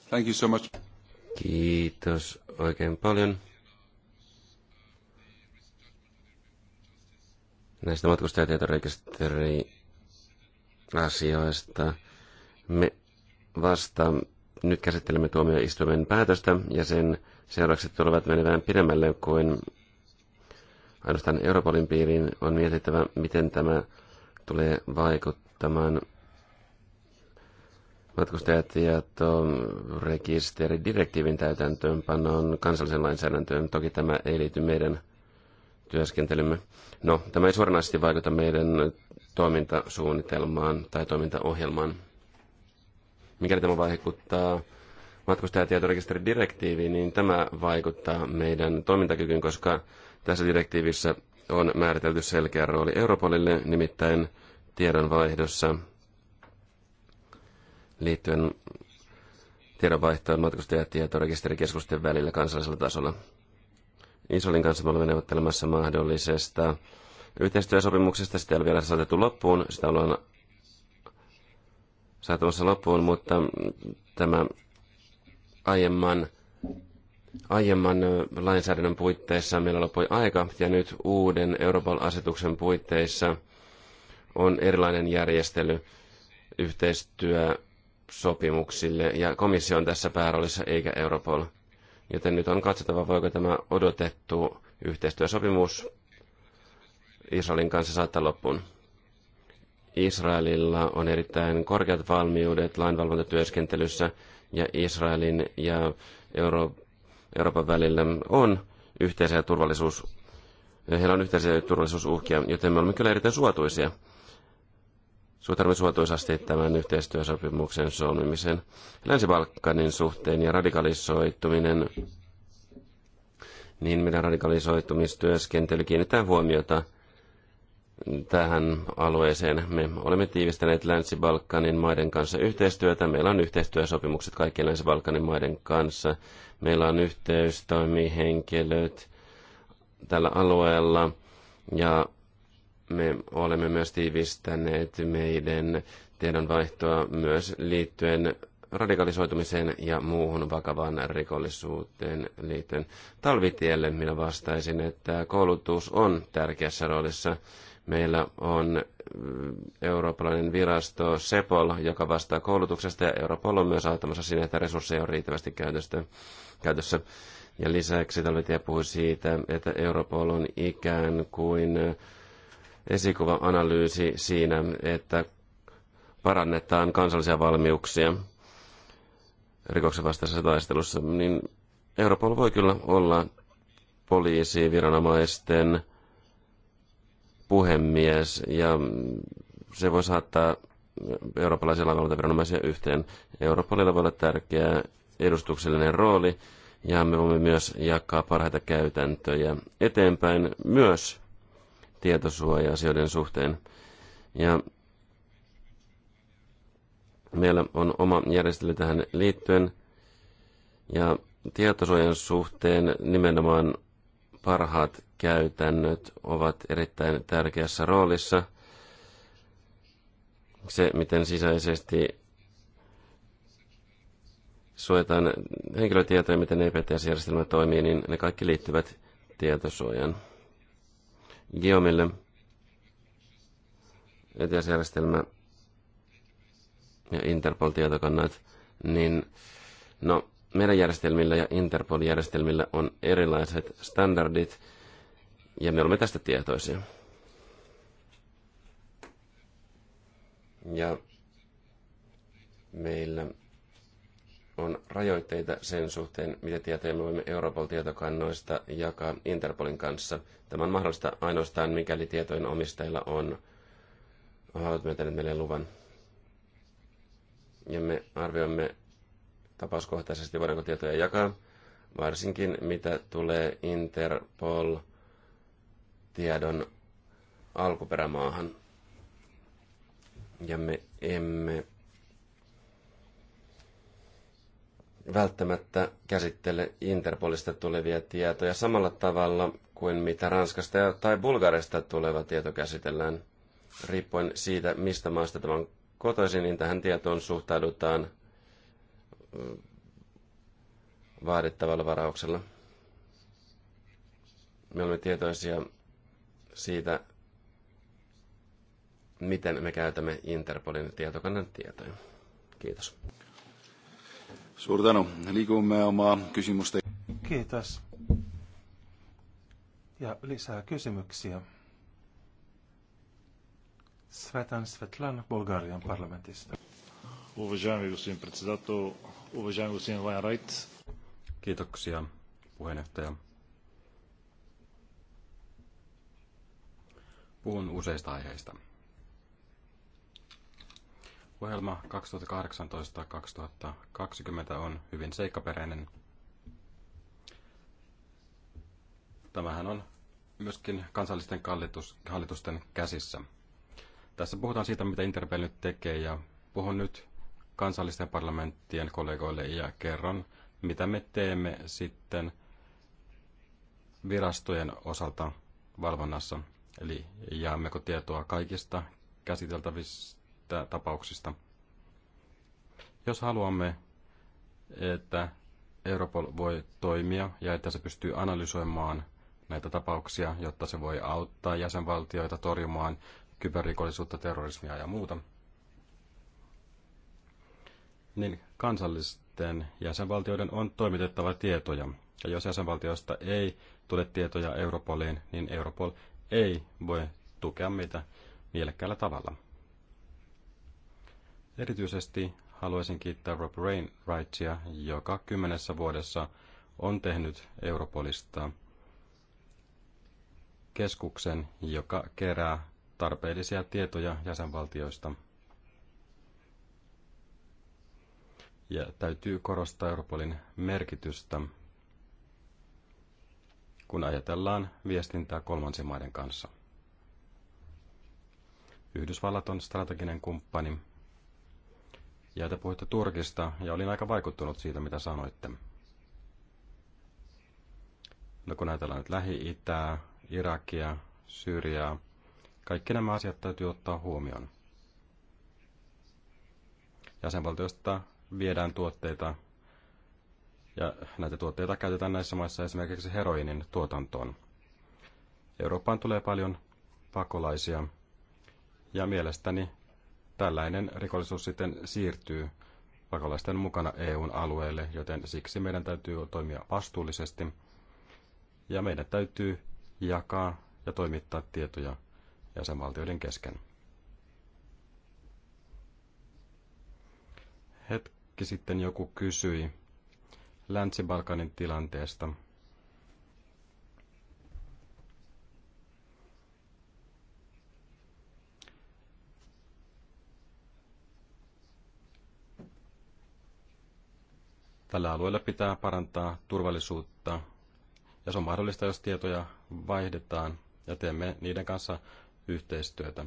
Thank you so much. Kiitos oikein paljon. Näistä matkustajatietorekisteriasioista me vasta nyt käsittelemme tuomioistuimen päätöstä ja sen seuraukset tulevat menevään pidemmälle kuin ainoastaan Europolin piiriin. On mietittävä, miten tämä tulee vaikuttaa tämän matkustajatietorekisteridirektiivin täytäntöönpanon kansallisen lainsäädäntöön. Toki tämä ei liity meidän työskentelymme. No, tämä ei suoranaisesti vaikuta meidän toimintasuunnitelmaan tai toimintaohjelmaan. Mikäli tämä vaikuttaa matkustajatietorekisteridirektiiviin, niin tämä vaikuttaa meidän toimintakykyyn, koska tässä direktiivissä on määritelty selkeä rooli Europolille, nimittäin – tiedonvaihdossa liittyen tiedonvaihtoon matkustajatietorekisterikeskusten välillä kansallisella tasolla. Isolin kanssa me olemme neuvottelemassa mahdollisesta yhteistyösopimuksesta. Sitä ei ole vielä saatettu loppuun. Sitä ollaan saatamassa loppuun, mutta tämä aiemman, aiemman lainsäädännön puitteissa meillä loppui aika, ja nyt uuden Euroopan asetuksen puitteissa – on erilainen järjestely yhteistyösopimuksille, ja komissio on tässä pääroolissa eikä Europol. Joten nyt on katsottava, voiko tämä odotettu yhteistyösopimus Israelin kanssa saattaa loppuun. Israelilla on erittäin korkeat valmiudet lainvalvontatyöskentelyssä, ja Israelin ja Euro- Euroopan välillä on yhteisiä turvallisuus, heillä on yhteisiä turvallisuusuhkia, joten me olemme kyllä erittäin suotuisia suhtaudumme suotuisasti tämän yhteistyösopimuksen solmimisen. Länsi-Balkanin suhteen ja radikalisoituminen, niin meidän radikalisoitumistyöskentely kiinnittää huomiota tähän alueeseen. Me olemme tiivistäneet Länsi-Balkanin maiden kanssa yhteistyötä. Meillä on yhteistyösopimukset kaikkien Länsi-Balkanin maiden kanssa. Meillä on yhteystoimihenkilöt tällä alueella ja me olemme myös tiivistäneet meidän tiedonvaihtoa myös liittyen radikalisoitumiseen ja muuhun vakavaan rikollisuuteen liittyen. Talvitielle minä vastaisin, että koulutus on tärkeässä roolissa. Meillä on mm, eurooppalainen virasto Sepol, joka vastaa koulutuksesta, ja Europol on myös auttamassa siinä, että resursseja on riittävästi käytöstä, käytössä. Ja lisäksi Talvitie puhui siitä, että Europol on ikään kuin esikuva-analyysi siinä, että parannetaan kansallisia valmiuksia rikoksen vastaisessa taistelussa, niin Europol voi kyllä olla poliisi viranomaisten puhemies ja se voi saattaa eurooppalaisia viranomaisia yhteen. Europolilla voi olla tärkeä edustuksellinen rooli ja me voimme myös jakaa parhaita käytäntöjä eteenpäin myös tietosuoja-asioiden suhteen. Ja meillä on oma järjestely tähän liittyen. Ja tietosuojan suhteen nimenomaan parhaat käytännöt ovat erittäin tärkeässä roolissa. Se, miten sisäisesti suojataan henkilötietoja, miten EPTS-järjestelmä toimii, niin ne kaikki liittyvät tietosuojan Giomille ETS-järjestelmä ja Interpol-tietokannat, niin no, meidän järjestelmillä ja Interpol-järjestelmillä on erilaiset standardit, ja me olemme tästä tietoisia. Ja meillä on rajoitteita sen suhteen, mitä tietoja me voimme Europol-tietokannoista jakaa Interpolin kanssa. Tämä on mahdollista ainoastaan, mikäli tietojen omistajilla on haluat myöntäneet meille luvan. Ja me arvioimme tapauskohtaisesti, voidaanko tietoja jakaa, varsinkin mitä tulee Interpol-tiedon alkuperämaahan. Ja me emme välttämättä käsittele Interpolista tulevia tietoja samalla tavalla kuin mitä Ranskasta tai Bulgarista tuleva tieto käsitellään. Riippuen siitä, mistä maasta tämä on kotoisin, niin tähän tietoon suhtaudutaan mm, vaadittavalla varauksella. Me olemme tietoisia siitä, miten me käytämme Interpolin tietokannan tietoja. Kiitos. Suur tänu. Liigumme oma kysymysten... Kiitos. Ja lisää kysymyksiä. Svetan Svetlan Bulgarian parlamentista. Уважаеми господин председател, уважаеми господин Вайнрайт. Kiitoksia, puheenjohtaja. Puhun useista aiheista. Ohjelma 2018-2020 on hyvin seikkaperäinen. Tämähän on myöskin kansallisten hallitusten käsissä. Tässä puhutaan siitä, mitä Interpel nyt tekee ja puhun nyt kansallisten parlamenttien kollegoille ja kerron, mitä me teemme sitten virastojen osalta valvonnassa. Eli jaammeko tietoa kaikista käsiteltävistä tapauksista. Jos haluamme, että Europol voi toimia ja että se pystyy analysoimaan näitä tapauksia, jotta se voi auttaa jäsenvaltioita torjumaan kyberrikollisuutta, terrorismia ja muuta, niin kansallisten jäsenvaltioiden on toimitettava tietoja. Ja jos jäsenvaltioista ei tule tietoja Europoliin, niin Europol ei voi tukea meitä mielekkäällä tavalla. Erityisesti haluaisin kiittää Rob Rainwrightia, joka kymmenessä vuodessa on tehnyt Europolista keskuksen, joka kerää tarpeellisia tietoja jäsenvaltioista. Ja täytyy korostaa Europolin merkitystä, kun ajatellaan viestintää kolmansien maiden kanssa. Yhdysvallat on strateginen kumppani ja te puhuitte Turkista, ja olin aika vaikuttunut siitä, mitä sanoitte. No kun ajatellaan nyt Lähi-Itää, Irakia, Syyriaa, kaikki nämä asiat täytyy ottaa huomioon. Jäsenvaltiosta viedään tuotteita, ja näitä tuotteita käytetään näissä maissa esimerkiksi heroinin tuotantoon. Eurooppaan tulee paljon pakolaisia, ja mielestäni tällainen rikollisuus sitten siirtyy pakolaisten mukana EUn alueelle, joten siksi meidän täytyy toimia vastuullisesti ja meidän täytyy jakaa ja toimittaa tietoja jäsenvaltioiden kesken. Hetki sitten joku kysyi Länsi-Balkanin tilanteesta – Tällä alueella pitää parantaa turvallisuutta ja se on mahdollista, jos tietoja vaihdetaan ja teemme niiden kanssa yhteistyötä.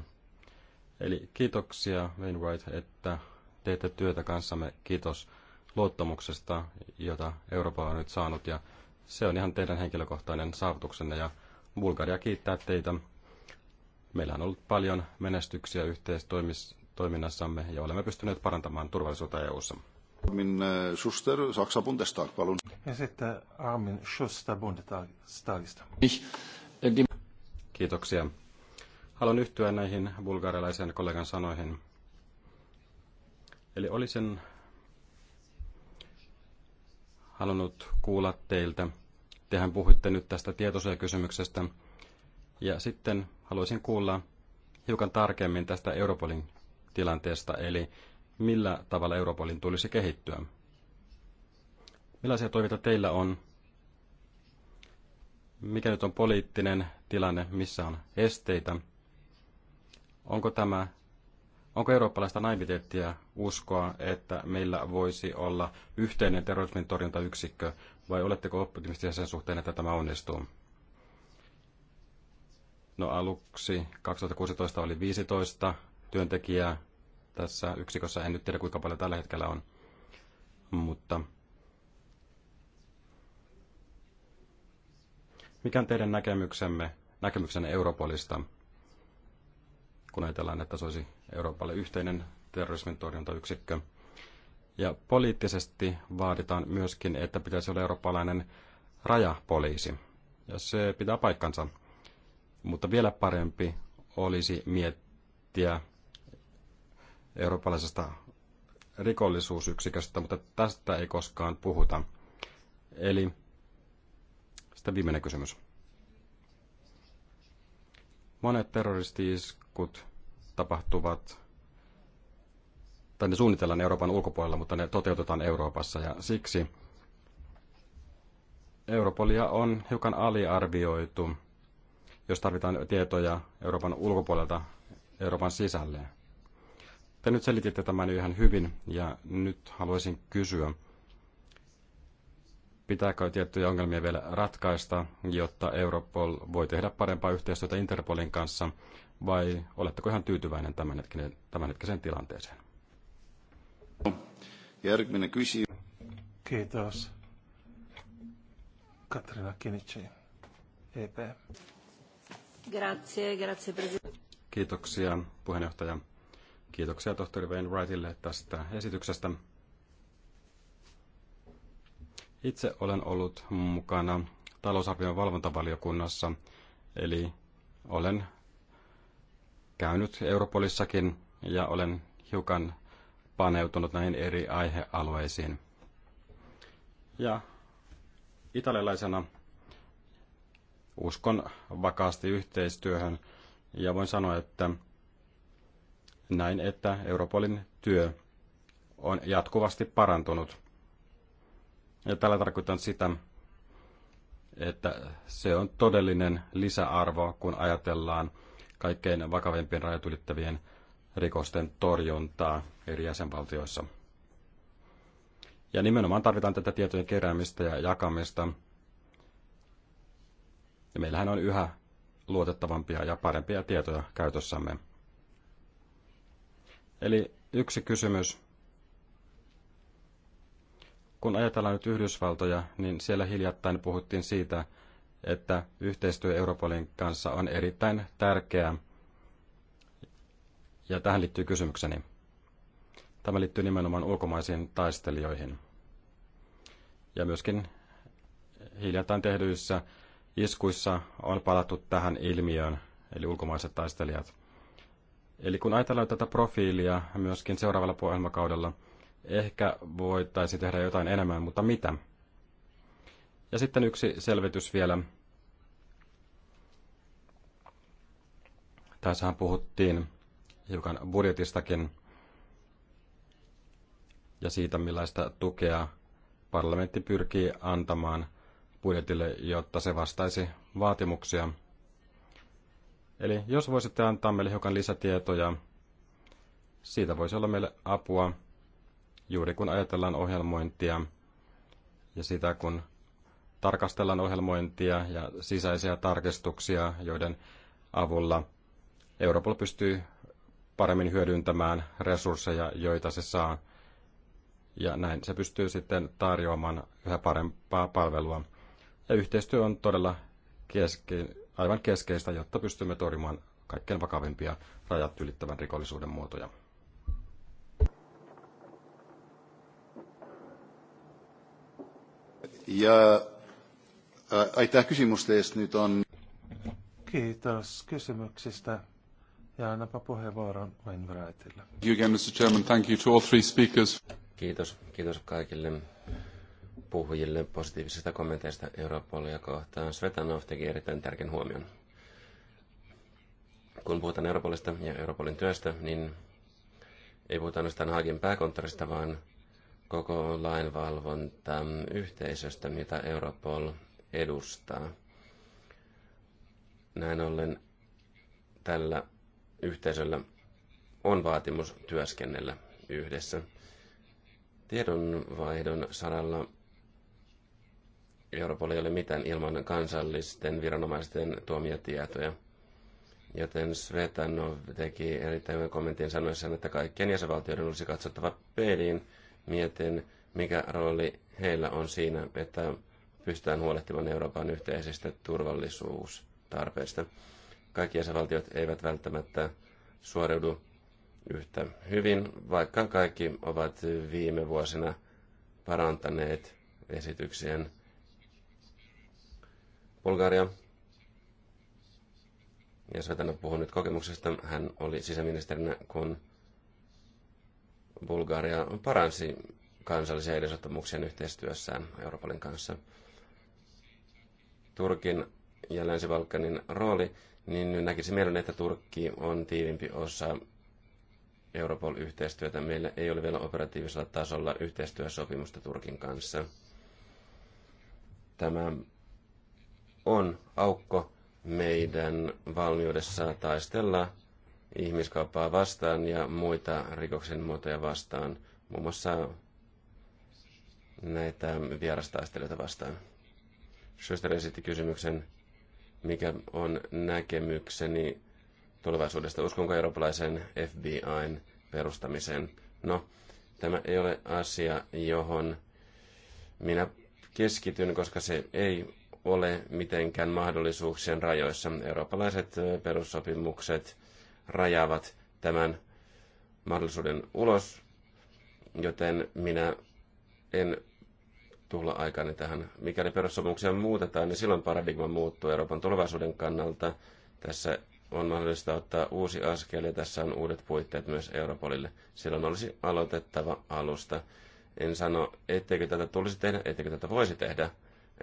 Eli kiitoksia Wainwright, että teette työtä kanssamme. Kiitos luottamuksesta, jota Eurooppa on nyt saanut ja se on ihan teidän henkilökohtainen saavutuksenne ja Bulgaria kiittää teitä. Meillä on ollut paljon menestyksiä yhteistoiminnassamme ja olemme pystyneet parantamaan turvallisuutta EU:ssa. Armin äh, Schuster, Saksa Bundestag, palun. Ja sitten Armin Schuster Bundestagista. Äh, Kiitoksia. Haluan yhtyä näihin bulgarialaisen kollegan sanoihin. Eli olisin halunnut kuulla teiltä. Tehän puhuitte nyt tästä tietosuojakysymyksestä. Ja sitten haluaisin kuulla hiukan tarkemmin tästä Europolin tilanteesta, eli millä tavalla Europolin tulisi kehittyä. Millaisia toiveita teillä on? Mikä nyt on poliittinen tilanne, missä on esteitä? Onko tämä Onko eurooppalaista naiviteettiä uskoa, että meillä voisi olla yhteinen terrorismin torjuntayksikkö, vai oletteko optimistisia sen suhteen, että tämä onnistuu? No aluksi 2016 oli 15 työntekijää tässä yksikössä. En nyt tiedä, kuinka paljon tällä hetkellä on, mutta mikä on teidän näkemyksemme, näkemyksenne Europolista, kun ajatellaan, että se olisi Euroopalle yhteinen terrorismin torjuntayksikkö? Ja poliittisesti vaaditaan myöskin, että pitäisi olla eurooppalainen rajapoliisi. Ja se pitää paikkansa. Mutta vielä parempi olisi miettiä eurooppalaisesta rikollisuusyksiköstä, mutta tästä ei koskaan puhuta. Eli sitten viimeinen kysymys. Monet terroristiiskut tapahtuvat, tai ne suunnitellaan Euroopan ulkopuolella, mutta ne toteutetaan Euroopassa, ja siksi Europolia on hiukan aliarvioitu, jos tarvitaan tietoja Euroopan ulkopuolelta Euroopan sisälle. Te nyt selititte tämän ihan hyvin ja nyt haluaisin kysyä, pitääkö tiettyjä ongelmia vielä ratkaista, jotta Europol voi tehdä parempaa yhteistyötä Interpolin kanssa, vai oletteko ihan tyytyväinen tämänhetkiseen, tämänhetkiseen tilanteeseen? Järkminen kysyy. Kiitos. Katrina Kinici, EP. Grazie, grazie presidente. Kiitoksia puheenjohtaja. Kiitoksia tohtori Wainwrightille tästä esityksestä. Itse olen ollut mukana talousarvion valvontavaliokunnassa, eli olen käynyt Europolissakin ja olen hiukan paneutunut näihin eri aihealueisiin. Ja italialaisena uskon vakaasti yhteistyöhön ja voin sanoa, että näin, että Europolin työ on jatkuvasti parantunut. Ja tällä tarkoitan sitä, että se on todellinen lisäarvo, kun ajatellaan kaikkein vakavimpien rajat ylittävien rikosten torjuntaa eri jäsenvaltioissa. Ja nimenomaan tarvitaan tätä tietojen keräämistä ja jakamista. Ja meillähän on yhä luotettavampia ja parempia tietoja käytössämme. Eli yksi kysymys. Kun ajatellaan nyt Yhdysvaltoja, niin siellä hiljattain puhuttiin siitä, että yhteistyö Europolin kanssa on erittäin tärkeää. Ja tähän liittyy kysymykseni. Tämä liittyy nimenomaan ulkomaisiin taistelijoihin. Ja myöskin hiljattain tehdyissä iskuissa on palattu tähän ilmiöön, eli ulkomaiset taistelijat. Eli kun ajatellaan tätä profiilia myöskin seuraavalla ohjelmakaudella, ehkä voitaisiin tehdä jotain enemmän, mutta mitä? Ja sitten yksi selvitys vielä. Tässähän puhuttiin hiukan budjetistakin ja siitä, millaista tukea parlamentti pyrkii antamaan budjetille, jotta se vastaisi vaatimuksia – Eli jos voisitte antaa meille hiukan lisätietoja, siitä voisi olla meille apua juuri kun ajatellaan ohjelmointia ja sitä kun tarkastellaan ohjelmointia ja sisäisiä tarkistuksia, joiden avulla Europol pystyy paremmin hyödyntämään resursseja, joita se saa. Ja näin se pystyy sitten tarjoamaan yhä parempaa palvelua. Ja yhteistyö on todella keski, aivan keskeistä, jotta pystymme torjumaan kaikkein vakavimpia rajat ylittävän rikollisuuden muotoja. Ja äh, aitäh kysymysteistä nyt on... Kiitos kysymyksistä. Ja annapa puheenvuoron Wainwrightille. Again, Mr. Chairman, thank you to all three speakers. Kiitos, kiitos kaikille puhujille positiivisista kommenteista Europolia kohtaan. Svetanov teki erittäin tärkeän huomion. Kun puhutaan Europolista ja Europolin työstä, niin ei puhuta ainoastaan Haagin pääkonttorista, vaan koko lainvalvonta yhteisöstä, mitä Europol edustaa. Näin ollen tällä yhteisöllä on vaatimus työskennellä yhdessä. Tiedonvaihdon saralla Europol ei ole mitään ilman kansallisten viranomaisten tuomia tietoja. Joten Svetanov teki erittäin hyvän kommentin sanoessaan, että kaikkien jäsenvaltioiden olisi katsottava peliin, mietin mikä rooli heillä on siinä, että pystytään huolehtimaan Euroopan yhteisistä turvallisuustarpeista. Kaikki jäsenvaltiot eivät välttämättä suoriudu yhtä hyvin, vaikka kaikki ovat viime vuosina parantaneet esityksien Bulgaria. Ja Svetana puhuu nyt kokemuksesta. Hän oli sisäministerinä, kun Bulgaria paransi kansallisia edesottamuksia yhteistyössään Euroopan kanssa. Turkin ja Länsi-Balkanin rooli, niin nyt näkisi mielen, että Turkki on tiivimpi osa Europol-yhteistyötä. Meillä ei ole vielä operatiivisella tasolla yhteistyösopimusta Turkin kanssa. Tämä on aukko meidän valmiudessa taistella ihmiskauppaa vastaan ja muita rikoksen muotoja vastaan, muun muassa näitä vierastaistelijoita vastaan. Schuster esitti kysymyksen, mikä on näkemykseni tulevaisuudesta. Uskonko eurooppalaisen FBIn perustamiseen? No, tämä ei ole asia, johon minä keskityn, koska se ei ole mitenkään mahdollisuuksien rajoissa. Eurooppalaiset perussopimukset rajaavat tämän mahdollisuuden ulos, joten minä en tulla aikani tähän. Mikäli perussopimuksia muutetaan, niin silloin paradigma muuttuu Euroopan tulevaisuuden kannalta. Tässä on mahdollista ottaa uusi askel ja tässä on uudet puitteet myös Europolille. Silloin olisi aloitettava alusta. En sano, etteikö tätä tulisi tehdä, etteikö tätä voisi tehdä,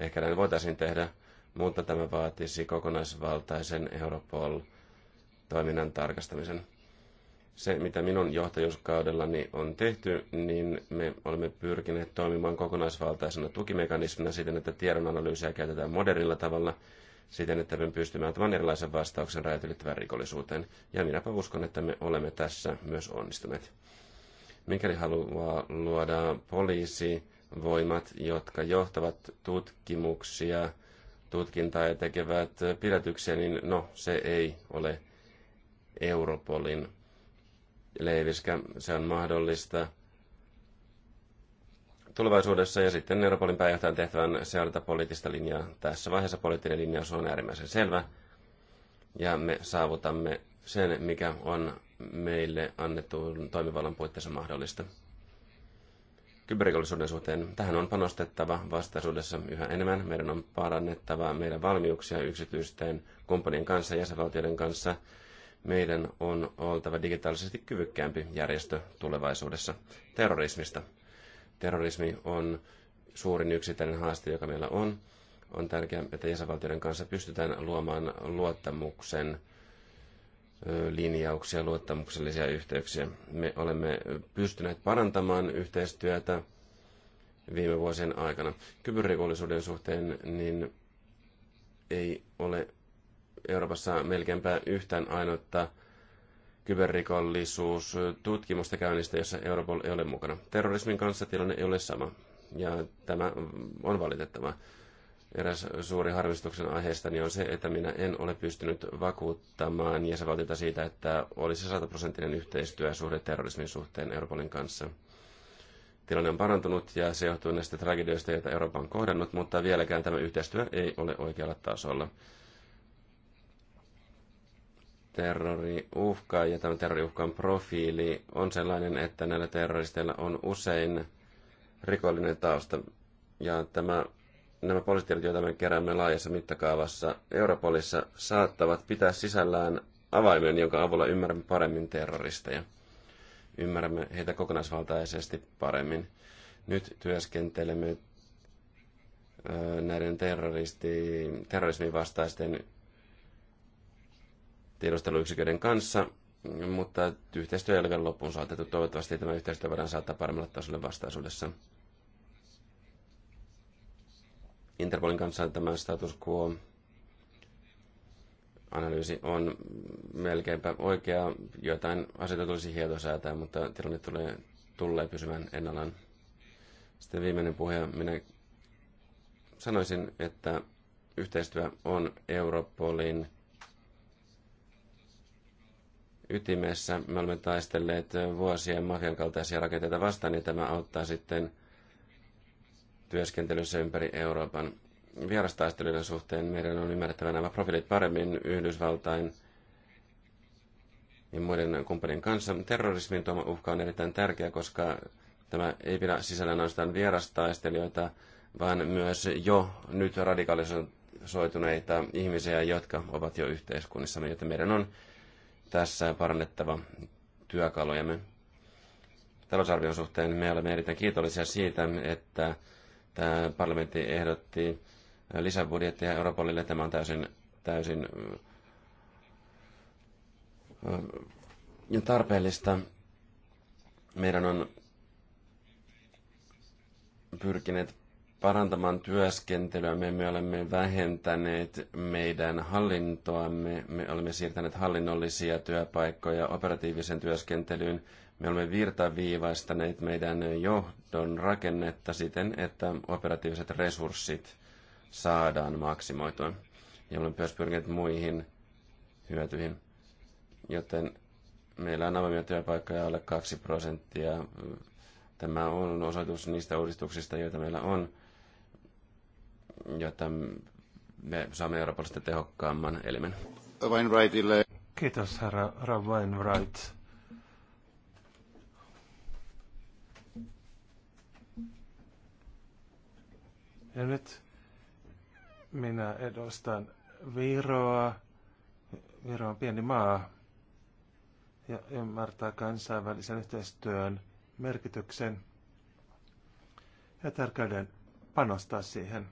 Ehkä näin voitaisiin tehdä, mutta tämä vaatisi kokonaisvaltaisen Europol-toiminnan tarkastamisen. Se, mitä minun johtajuuskaudellani on tehty, niin me olemme pyrkineet toimimaan kokonaisvaltaisena tukimekanismina siten, että tiedonanalyysiä käytetään modernilla tavalla siten, että me pystymme antamaan erilaisen vastauksen rajat ylittävään rikollisuuteen. Ja minäpä uskon, että me olemme tässä myös onnistuneet. Mikäli haluaa luoda poliisi, voimat, jotka johtavat tutkimuksia, tutkintaa ja tekevät pidätyksiä, niin no, se ei ole Europolin leiviskä. Se on mahdollista tulevaisuudessa ja sitten Europolin pääjohtajan tehtävän seurata poliittista linjaa. Tässä vaiheessa poliittinen linjaus on äärimmäisen selvä ja me saavutamme sen, mikä on meille annettu toimivallan puitteissa mahdollista kyberrikollisuuden suhteen. Tähän on panostettava vastaisuudessa yhä enemmän. Meidän on parannettava meidän valmiuksia yksityisten kumppanien kanssa, ja jäsenvaltioiden kanssa. Meidän on oltava digitaalisesti kyvykkäämpi järjestö tulevaisuudessa. Terrorismista. Terrorismi on suurin yksittäinen haaste, joka meillä on. On tärkeää, että jäsenvaltioiden kanssa pystytään luomaan luottamuksen linjauksia, luottamuksellisia yhteyksiä. Me olemme pystyneet parantamaan yhteistyötä viime vuosien aikana. Kyberrikollisuuden suhteen niin ei ole Euroopassa melkeinpä yhtään ainoutta kyberrikollisuus tutkimusta käynnistä, jossa Europol ei ole mukana. Terrorismin kanssa tilanne ei ole sama, ja tämä on valitettava eräs suuri harvistuksen aiheesta niin on se, että minä en ole pystynyt vakuuttamaan jäsenvaltiota siitä, että olisi sataprosenttinen suhde terrorismin suhteen Euroopan kanssa. Tilanne on parantunut ja se johtuu näistä tragedioista, joita Eurooppa on kohdannut, mutta vieläkään tämä yhteistyö ei ole oikealla tasolla. Terroriuhka ja tämän terroriuhkan profiili on sellainen, että näillä terroristeilla on usein rikollinen tausta. Ja tämä nämä poliisitiedot, joita me keräämme laajassa mittakaavassa Europolissa, saattavat pitää sisällään avaimen, jonka avulla ymmärrämme paremmin terroristeja. Ymmärrämme heitä kokonaisvaltaisesti paremmin. Nyt työskentelemme näiden terroristi, terrorismin vastaisten tiedusteluyksiköiden kanssa, mutta yhteistyö ei ole vielä loppuun saatettu. Toivottavasti tämä yhteistyö voidaan saattaa paremmalle tasolle vastaisuudessa. Interpolin kanssa tämä status quo analyysi on melkeinpä oikea. Jotain asioita tulisi hietosäätää, mutta tilanne tulee, tulee pysymään ennallaan. Sitten viimeinen puhe. Minä sanoisin, että yhteistyö on Europolin ytimessä. Me olemme taistelleet vuosien mafian kaltaisia rakenteita vastaan, ja tämä auttaa sitten – työskentelyssä ympäri Euroopan. Vierastaistelijoiden suhteen meidän on ymmärrettävä nämä profiilit paremmin Yhdysvaltain ja muiden kumppanien kanssa. Terrorismin tuoma uhka on erittäin tärkeä, koska tämä ei pidä sisällään ainoastaan vierastaistelijoita, vaan myös jo nyt radikalisoituneita ihmisiä, jotka ovat jo yhteiskunnissa, joten meidän on tässä parannettava työkalujamme talousarvion suhteen. Me olemme erittäin kiitollisia siitä, että että parlamentti ehdotti lisäbudjettia Europolille. Tämä on täysin, täysin tarpeellista. Meidän on pyrkineet parantamaan työskentelyä. Me olemme vähentäneet meidän hallintoamme. Me olemme siirtäneet hallinnollisia työpaikkoja operatiivisen työskentelyyn me olemme virtaviivaistaneet meidän johdon rakennetta siten, että operatiiviset resurssit saadaan maksimoitua. Ja olemme myös pyrkineet muihin hyötyihin. Joten meillä on avoimia työpaikkoja alle 2 prosenttia. Tämä on osoitus niistä uudistuksista, joita meillä on, jotta me saamme Euroopasta tehokkaamman elimen. Kiitos herra, herra Wainwright. Ja nyt minä edustan Viroa. Viro on pieni maa ja ymmärtää kansainvälisen yhteistyön merkityksen ja tärkeyden panostaa siihen.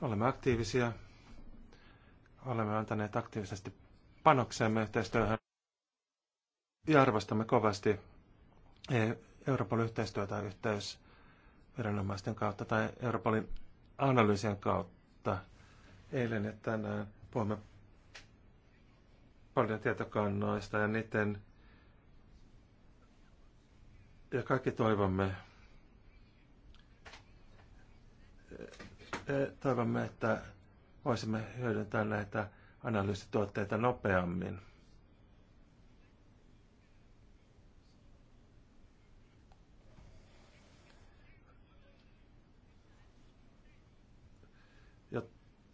Olemme aktiivisia. Olemme antaneet aktiivisesti panoksemme yhteistyöhön ja arvostamme kovasti e- Euroopan yhteistyötä yhteys viranomaisten kautta tai Europolin analyysien kautta. Eilen ja tänään puhumme paljon tietokannoista ja niiden ja kaikki toivomme, e, toivomme, että voisimme hyödyntää näitä analyysituotteita nopeammin.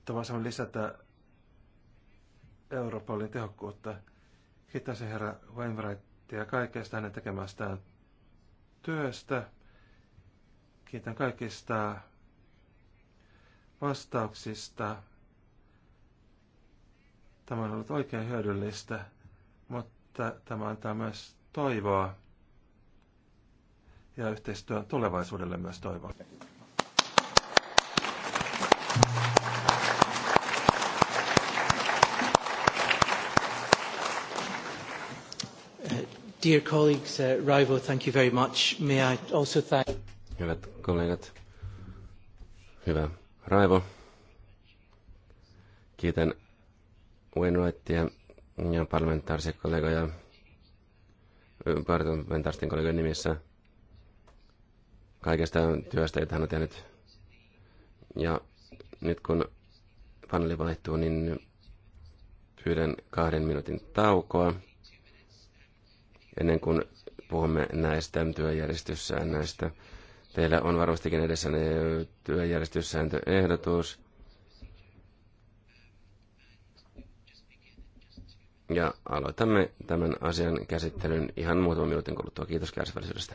että voisimme lisätä Europolin tehokkuutta. se herra Wainwrightia kaikesta hänen tekemästään työstä. Kiitän kaikista vastauksista. Tämä on ollut oikein hyödyllistä, mutta tämä antaa myös toivoa ja yhteistyön tulevaisuudelle myös toivoa. Dear colleagues, uh, Rival, thank you very much. May I also thank... Hyvät kollegat, hyvä Raivo. Kiitän Wainwrightia ja parlamentaarisia kollegoja parlamentaaristen kollegojen nimissä kaikesta työstä, jota hän on tehnyt. Ja nyt kun paneeli vaihtuu, niin pyydän kahden minuutin taukoa ennen kuin puhumme näistä työjärjestyssäännöistä. Teillä on varmastikin edessä työjärjestyssääntöehdotus. Ja aloitamme tämän asian käsittelyn ihan muutaman minuutin kuluttua. Kiitos kärsivällisyydestä.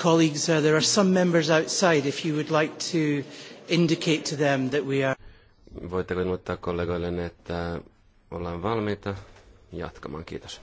Colleagues, uh, there are some members outside if you would like to indicate to them that we are... Voitteko ilmoittaa kollegoille, että ollaan valmiita jatkamaan? Kiitos.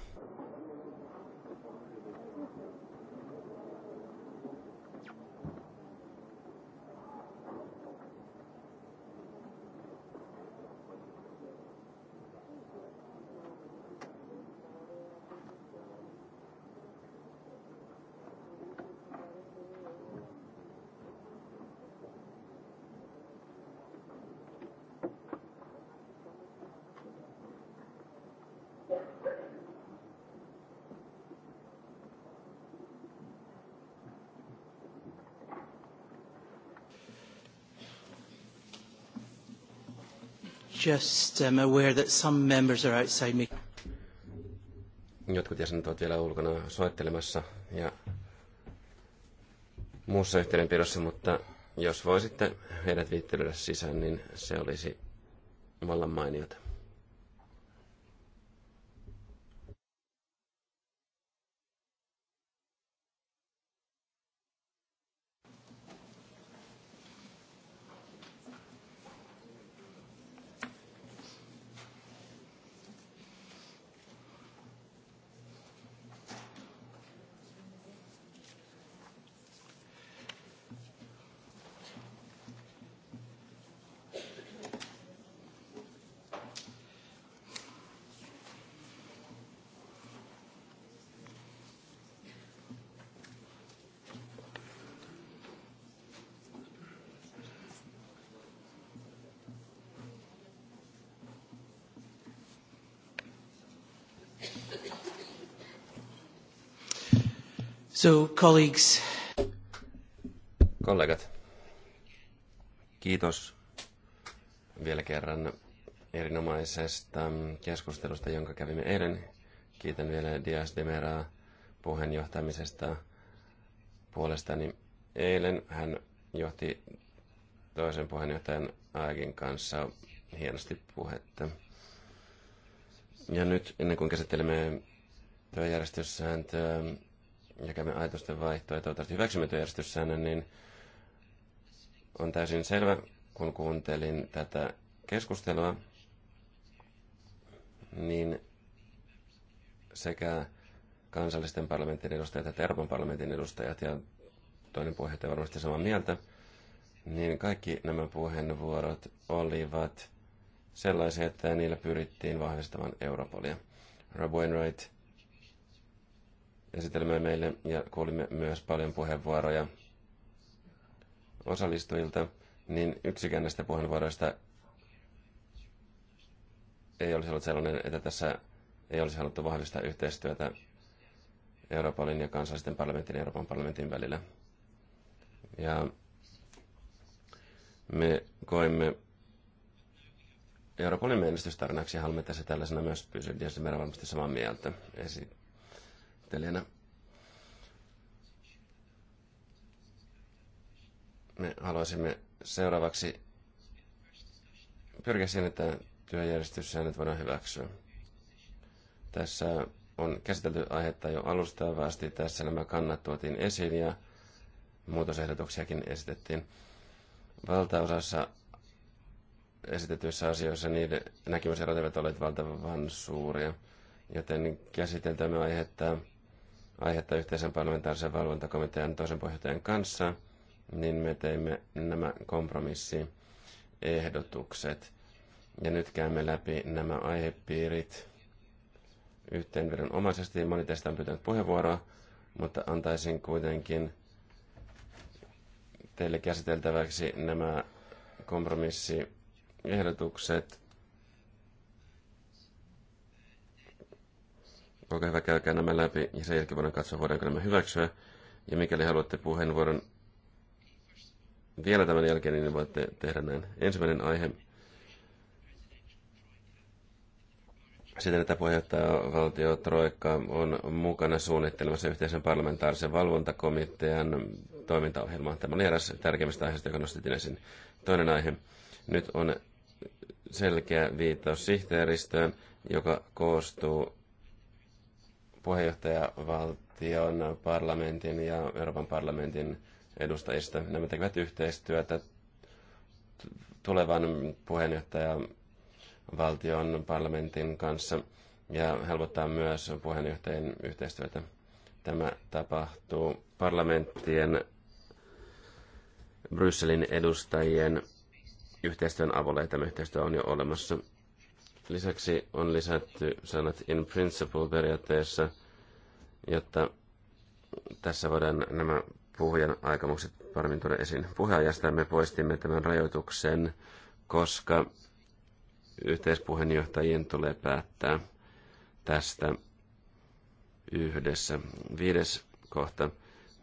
just um, aware that some members are outside me. Jotkut jäsenet ovat vielä ulkona soittelemassa ja muussa yhteydenpidossa, mutta jos voisitte heidät viittelyä sisään, niin se olisi vallan mainiota. So, colleagues. Kollegat, kiitos vielä kerran erinomaisesta keskustelusta, jonka kävimme eilen. Kiitän vielä Dias de Meraa puheenjohtamisesta puolestani. Eilen hän johti toisen puheenjohtajan Aikin kanssa hienosti puhetta. Ja nyt ennen kuin käsittelemme työjärjestyssääntöä, ja kävin ajatusten vaihtoa ja toivottavasti hyväksymätön niin on täysin selvä, kun kuuntelin tätä keskustelua, niin sekä kansallisten parlamentin edustajat että Euroopan parlamentin edustajat ja toinen puheenjohtaja varmasti samaa mieltä, niin kaikki nämä puheenvuorot olivat sellaisia, että niillä pyrittiin vahvistamaan Europolia. Rob Wainwright esitelmöi meille ja kuulimme myös paljon puheenvuoroja osallistujilta, niin yksikään näistä puheenvuoroista ei olisi ollut sellainen, että tässä ei olisi haluttu vahvistaa yhteistyötä Euroopan ja kansallisten parlamentin ja Euroopan parlamentin välillä. Ja me koimme Euroopan menestystarinaksi ja haluamme tässä tällaisena myös pysyä, ja varmasti samaa mieltä. Esi- esittelijänä. Me haluaisimme seuraavaksi pyrkiä siihen, että työjärjestyssäännöt voidaan hyväksyä. Tässä on käsitelty aihetta jo alustavasti. Tässä nämä kannat tuotiin esiin ja muutosehdotuksiakin esitettiin. Valtaosassa esitetyissä asioissa niiden näkemyserot eivät olleet valtavan suuria, joten käsiteltämme aihetta aihetta yhteisen parlamentaarisen valvontakomitean toisen puheenjohtajan kanssa, niin me teimme nämä kompromissiehdotukset. Ja nyt käymme läpi nämä aihepiirit yhteenvedonomaisesti. Moni teistä on pyytänyt puheenvuoroa, mutta antaisin kuitenkin teille käsiteltäväksi nämä kompromissiehdotukset Olkaa hyvä, käykää nämä läpi ja sen jälkeen voidaan katsoa, voidaanko nämä hyväksyä. Ja mikäli haluatte puheenvuoron vielä tämän jälkeen, niin voitte tehdä näin. Ensimmäinen aihe. Sitten, että puheenjohtajavaltio Troikka on mukana suunnittelemassa yhteisen parlamentaarisen valvontakomitean toimintaohjelmaa. Tämä oli eräs tärkeimmistä aiheista, joka nostettiin esiin. Toinen aihe. Nyt on selkeä viittaus sihteeristöön, joka koostuu puheenjohtajavaltion parlamentin ja Euroopan parlamentin edustajista. Nämä tekevät yhteistyötä tulevan puheenjohtajavaltion parlamentin kanssa ja helpottaa myös puheenjohtajien yhteistyötä. Tämä tapahtuu parlamenttien Brysselin edustajien yhteistyön avulla, ja tämä yhteistyö on jo olemassa. Lisäksi on lisätty sanat in principle periaatteessa, jotta tässä voidaan nämä puhujan aikamukset paremmin tuoda esiin. Puheenjohtajasta me poistimme tämän rajoituksen, koska yhteispuheenjohtajien tulee päättää tästä yhdessä. Viides kohta.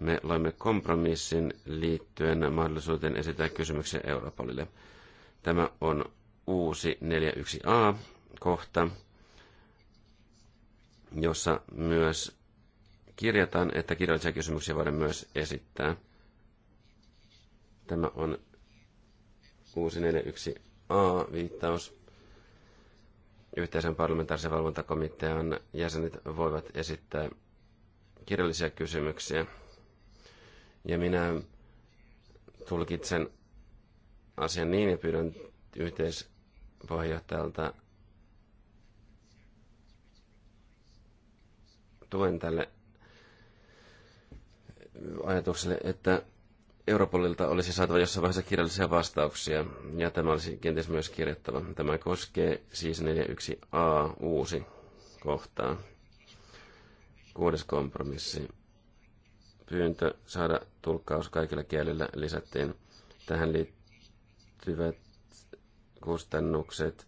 Me loimme kompromissin liittyen mahdollisuuteen esittää kysymyksiä Europolille. Tämä on uusi 41a kohta, jossa myös kirjataan, että kirjallisia kysymyksiä voidaan myös esittää. Tämä on 641a-viittaus. Yhteisen parlamentaarisen valvontakomitean jäsenet voivat esittää kirjallisia kysymyksiä. Ja minä tulkitsen asian niin ja pyydän yhteispohjohtajalta tuen tälle ajatukselle, että Europolilta olisi saatava jossain vaiheessa kirjallisia vastauksia, ja tämä olisi kenties myös kirjattava. Tämä koskee siis 41a uusi kohtaa. Kuudes kompromissi. Pyyntö saada tulkkaus kaikilla kielillä lisättiin. Tähän liittyvät kustannukset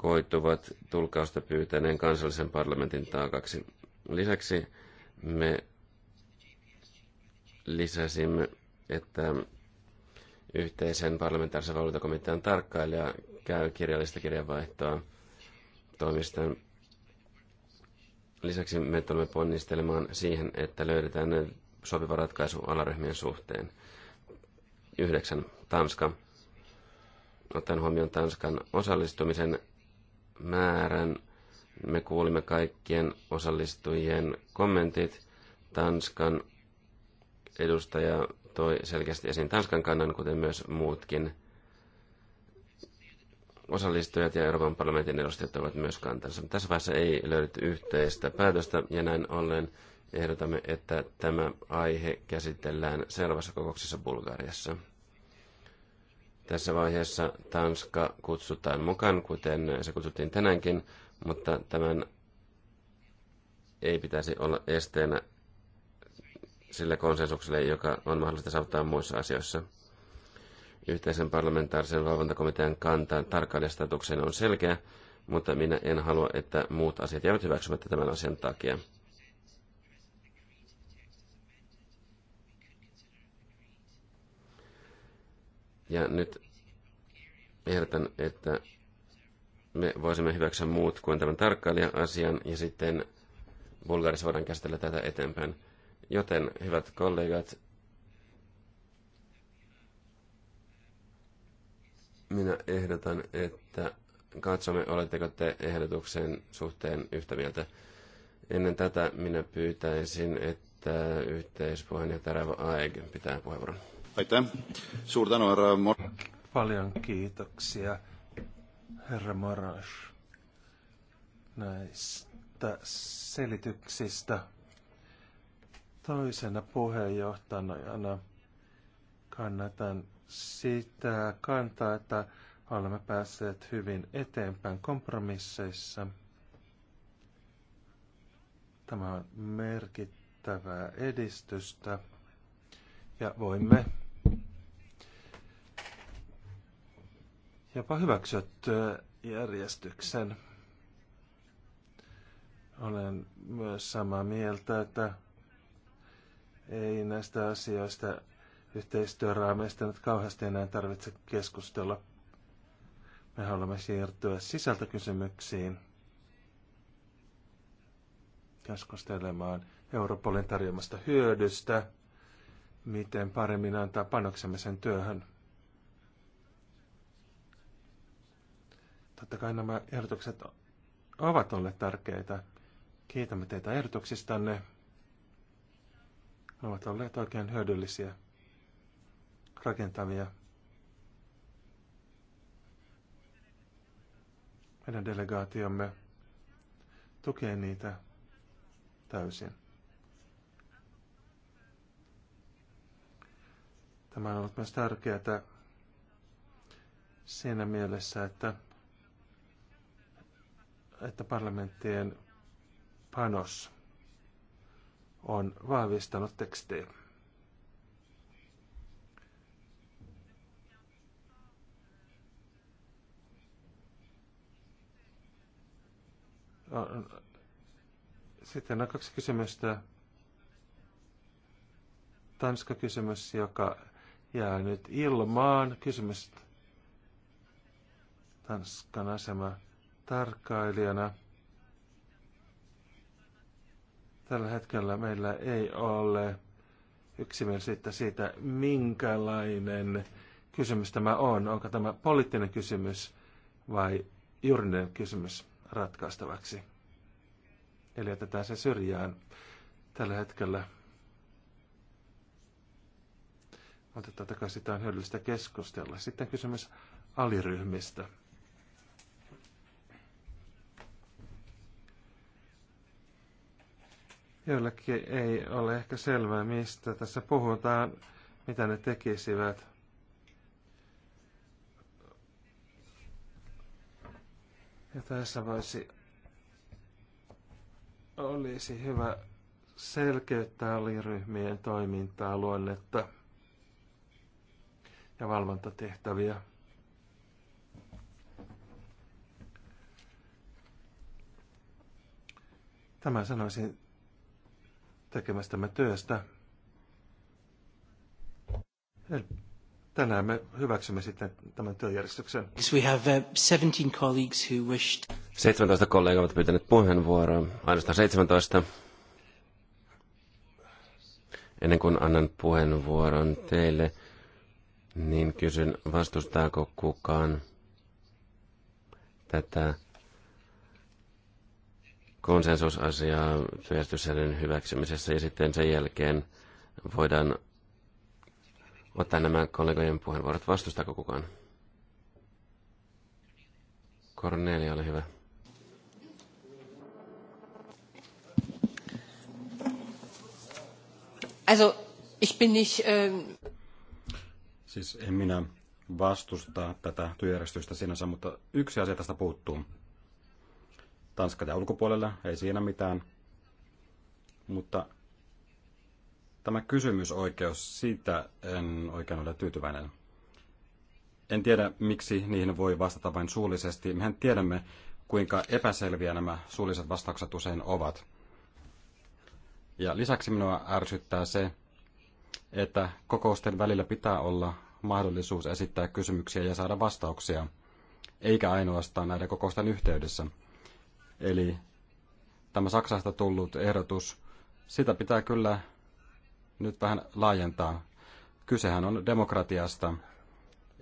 koituvat tulkausta pyytäneen kansallisen parlamentin taakaksi. Lisäksi me lisäsimme, että yhteisen parlamentaarisen valuutakomitean tarkkailija käy kirjallista kirjanvaihtoa toimistoon. Lisäksi me tulemme ponnistelemaan siihen, että löydetään sopiva ratkaisu alaryhmien suhteen. 9. Tanska. Ottaen huomioon Tanskan osallistumisen määrän. Me kuulimme kaikkien osallistujien kommentit. Tanskan edustaja toi selkeästi esiin Tanskan kannan, kuten myös muutkin osallistujat ja Euroopan parlamentin edustajat ovat myös kantansa. Tässä vaiheessa ei löydetty yhteistä päätöstä ja näin ollen ehdotamme, että tämä aihe käsitellään seuraavassa kokouksessa Bulgariassa. Tässä vaiheessa Tanska kutsutaan mukaan, kuten se kutsuttiin tänäänkin, mutta tämän ei pitäisi olla esteenä sille konsensukselle, joka on mahdollista saavuttaa muissa asioissa. Yhteisen parlamentaarisen valvontakomitean kanta tarkkailijastatukseen on selkeä, mutta minä en halua, että muut asiat jäävät hyväksymättä tämän asian takia. Ja nyt ehdotan, että me voisimme hyväksyä muut kuin tämän tarkkailija-asian ja sitten Bulgarissa voidaan käsitellä tätä eteenpäin. Joten, hyvät kollegat, minä ehdotan, että katsomme, oletteko te ehdotuksen suhteen yhtä mieltä. Ennen tätä minä pyytäisin, että yhteispuheenjohtaja Raivo Aeg pitää puheenvuoron. Aitäh. Suurtano, herra Mor- Paljon kiitoksia, herra Moraes, näistä selityksistä. Toisena puheenjohtajana kannatan sitä kantaa, että olemme päässeet hyvin eteenpäin kompromisseissa. Tämä on merkittävää edistystä ja voimme jopa hyväksyä työjärjestyksen. Olen myös samaa mieltä, että ei näistä asioista yhteistyöraameista nyt kauheasti enää tarvitse keskustella. Me haluamme siirtyä sisältökysymyksiin keskustelemaan Europolin tarjoamasta hyödystä – miten paremmin antaa panoksemme sen työhön. Totta kai nämä ehdotukset ovat olleet tärkeitä. Kiitämme teitä ehdotuksistanne. Ne ovat olleet oikein hyödyllisiä, rakentavia. Meidän delegaatiomme tukee niitä täysin. Tämä on ollut myös tärkeää siinä mielessä, että, että parlamenttien panos on vahvistanut tekstejä. Sitten on kaksi kysymystä. Tanska-kysymys, joka jää nyt ilmaan. Kysymys Tanskan asema tarkkailijana. Tällä hetkellä meillä ei ole yksimielisyyttä siitä, minkälainen kysymys tämä on. Onko tämä poliittinen kysymys vai juridinen kysymys ratkaistavaksi? Eli jätetään se syrjään tällä hetkellä. Otetaan takaisin, sitä on hyödyllistä keskustella. Sitten kysymys aliryhmistä. Joillekin ei ole ehkä selvää, mistä tässä puhutaan, mitä ne tekisivät. Ja tässä voisi, olisi hyvä selkeyttää aliryhmien toimintaa luonnetta ja valvontatehtäviä. Tämä sanoisin tekemästämme työstä. Tänään me hyväksymme sitten tämän työjärjestyksen. We have 17 uh, colleagues who wished. 17 kollegaa ovat pyytäneet puheenvuoroa, ainoastaan 17. Ennen kuin annan puheenvuoron teille, niin kysyn, vastustaako kukaan tätä konsensusasiaa työstyssäädön hyväksymisessä ja sitten sen jälkeen voidaan ottaa nämä kollegojen puheenvuorot. Vastustaako kukaan? Korneli, ole hyvä. Also, ich bin nicht... Ähm... Siis en minä vastusta tätä työjärjestystä sinänsä, mutta yksi asia tästä puuttuu. Tanska ja ulkopuolella, ei siinä mitään. Mutta tämä kysymysoikeus, siitä en oikein ole tyytyväinen. En tiedä, miksi niihin voi vastata vain suullisesti. Mehän tiedämme, kuinka epäselviä nämä suulliset vastaukset usein ovat. Ja lisäksi minua ärsyttää se, että kokousten välillä pitää olla mahdollisuus esittää kysymyksiä ja saada vastauksia, eikä ainoastaan näiden kokousten yhteydessä. Eli tämä Saksasta tullut ehdotus, sitä pitää kyllä nyt vähän laajentaa. Kysehän on demokratiasta,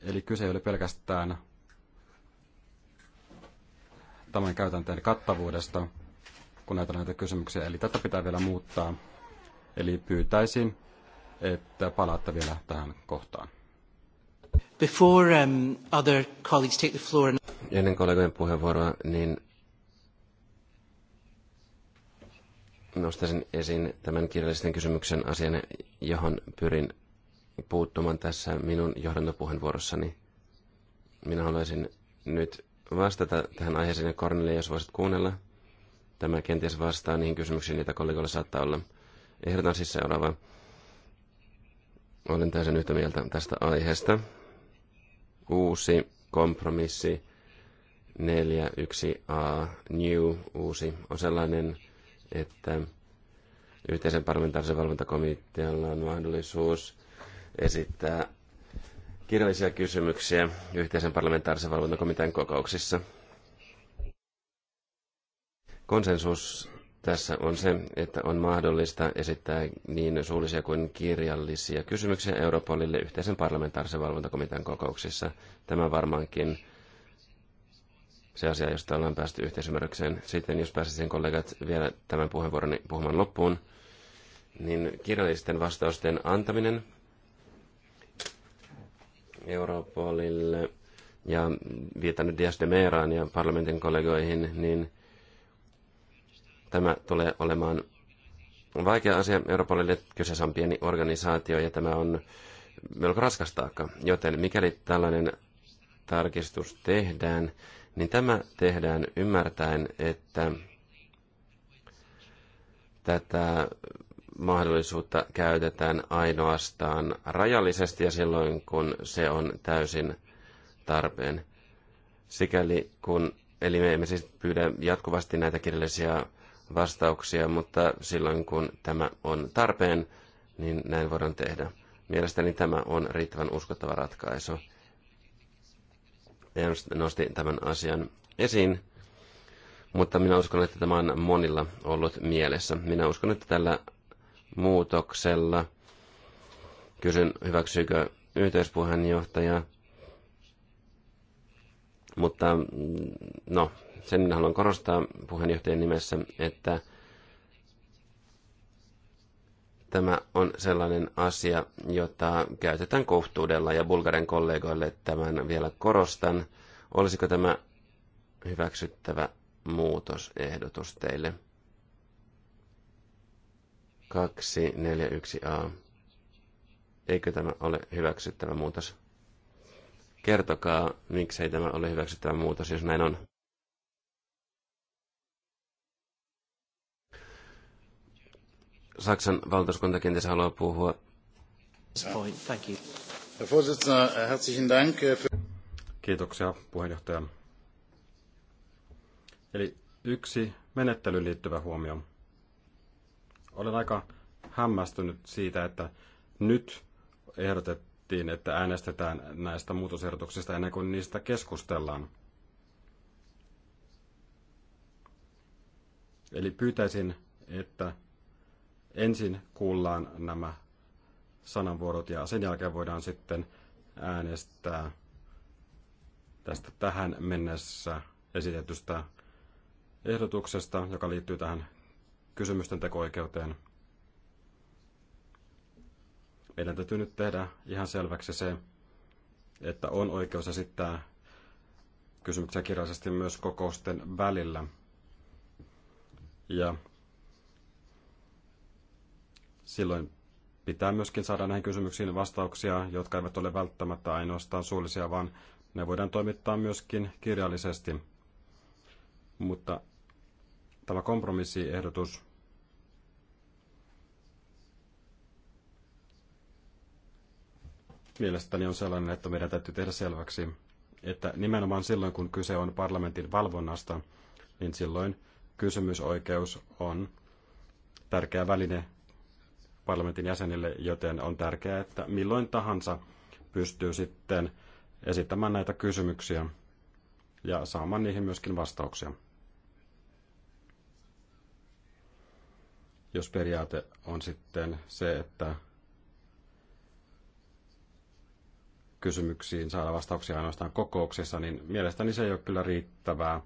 eli kyse ei ole pelkästään tämän käytänteen kattavuudesta, kun näitä näitä kysymyksiä. Eli tätä pitää vielä muuttaa. Eli pyytäisin että palaatte vielä tähän kohtaan. Before, um, other colleagues take the floor. Ennen kollegojen puheenvuoroa, niin nostaisin esiin tämän kirjallisen kysymyksen asian, johon pyrin puuttumaan tässä minun johdantopuheenvuorossani. Minä haluaisin nyt vastata tähän aiheeseen, ja Cornelia, jos voisit kuunnella. Tämä kenties vastaa niihin kysymyksiin, joita kollegoilla saattaa olla. Ehdotan siis seuraavaa. Olen täysin yhtä mieltä tästä aiheesta. Uusi kompromissi 41a New uusi on sellainen, että yhteisen parlamentaarisen valvontakomitealla on mahdollisuus esittää kirjallisia kysymyksiä yhteisen parlamentaarisen valvontakomitean kokouksissa. Konsensus tässä on se, että on mahdollista esittää niin suullisia kuin kirjallisia kysymyksiä Europolille yhteisen parlamentaarisen valvontakomitean kokouksissa. Tämä varmaankin se asia, josta ollaan päästy yhteisymmärrykseen. Sitten jos pääsisin kollegat vielä tämän puheenvuoroni puhumaan loppuun, niin kirjallisten vastausten antaminen Europolille ja viitannut Dias de Meeraan ja parlamentin kollegoihin, niin Tämä tulee olemaan vaikea asia Europolille. Kyseessä on pieni organisaatio ja tämä on melko raskas taakka. Joten mikäli tällainen tarkistus tehdään, niin tämä tehdään ymmärtäen, että tätä mahdollisuutta käytetään ainoastaan rajallisesti ja silloin, kun se on täysin tarpeen. Sikäli kun, eli me emme siis pyydä jatkuvasti näitä kirjallisia vastauksia, mutta silloin kun tämä on tarpeen, niin näin voidaan tehdä. Mielestäni tämä on riittävän uskottava ratkaisu. Ernst nosti tämän asian esiin, mutta minä uskon, että tämä on monilla ollut mielessä. Minä uskon, että tällä muutoksella kysyn, hyväksyykö yhteispuheenjohtaja, mutta mm, no, sen minä haluan korostaa puheenjohtajan nimessä, että tämä on sellainen asia, jota käytetään kohtuudella ja Bulgarian kollegoille tämän vielä korostan. Olisiko tämä hyväksyttävä muutosehdotus teille? 241a. Eikö tämä ole hyväksyttävä muutos? Kertokaa, miksei tämä ole hyväksyttävä muutos, jos näin on. Saksan valtuuskunta kenties haluaa puhua. Äh, äh, Kiitoksia puheenjohtaja. Eli yksi menettelyyn liittyvä huomio. Olen aika hämmästynyt siitä, että nyt ehdotettiin, että äänestetään näistä muutosehdotuksista ennen kuin niistä keskustellaan. Eli pyytäisin, että ensin kuullaan nämä sananvuorot ja sen jälkeen voidaan sitten äänestää tästä tähän mennessä esitetystä ehdotuksesta, joka liittyy tähän kysymysten tekoikeuteen. Meidän täytyy nyt tehdä ihan selväksi se, että on oikeus esittää kysymyksiä kirjallisesti myös kokousten välillä. Ja silloin pitää myöskin saada näihin kysymyksiin vastauksia, jotka eivät ole välttämättä ainoastaan suullisia, vaan ne voidaan toimittaa myöskin kirjallisesti. Mutta tämä kompromissiehdotus mielestäni on sellainen, että meidän täytyy tehdä selväksi, että nimenomaan silloin, kun kyse on parlamentin valvonnasta, niin silloin kysymysoikeus on tärkeä väline parlamentin jäsenille, joten on tärkeää, että milloin tahansa pystyy sitten esittämään näitä kysymyksiä ja saamaan niihin myöskin vastauksia. Jos periaate on sitten se, että kysymyksiin saada vastauksia ainoastaan kokouksissa, niin mielestäni se ei ole kyllä riittävää,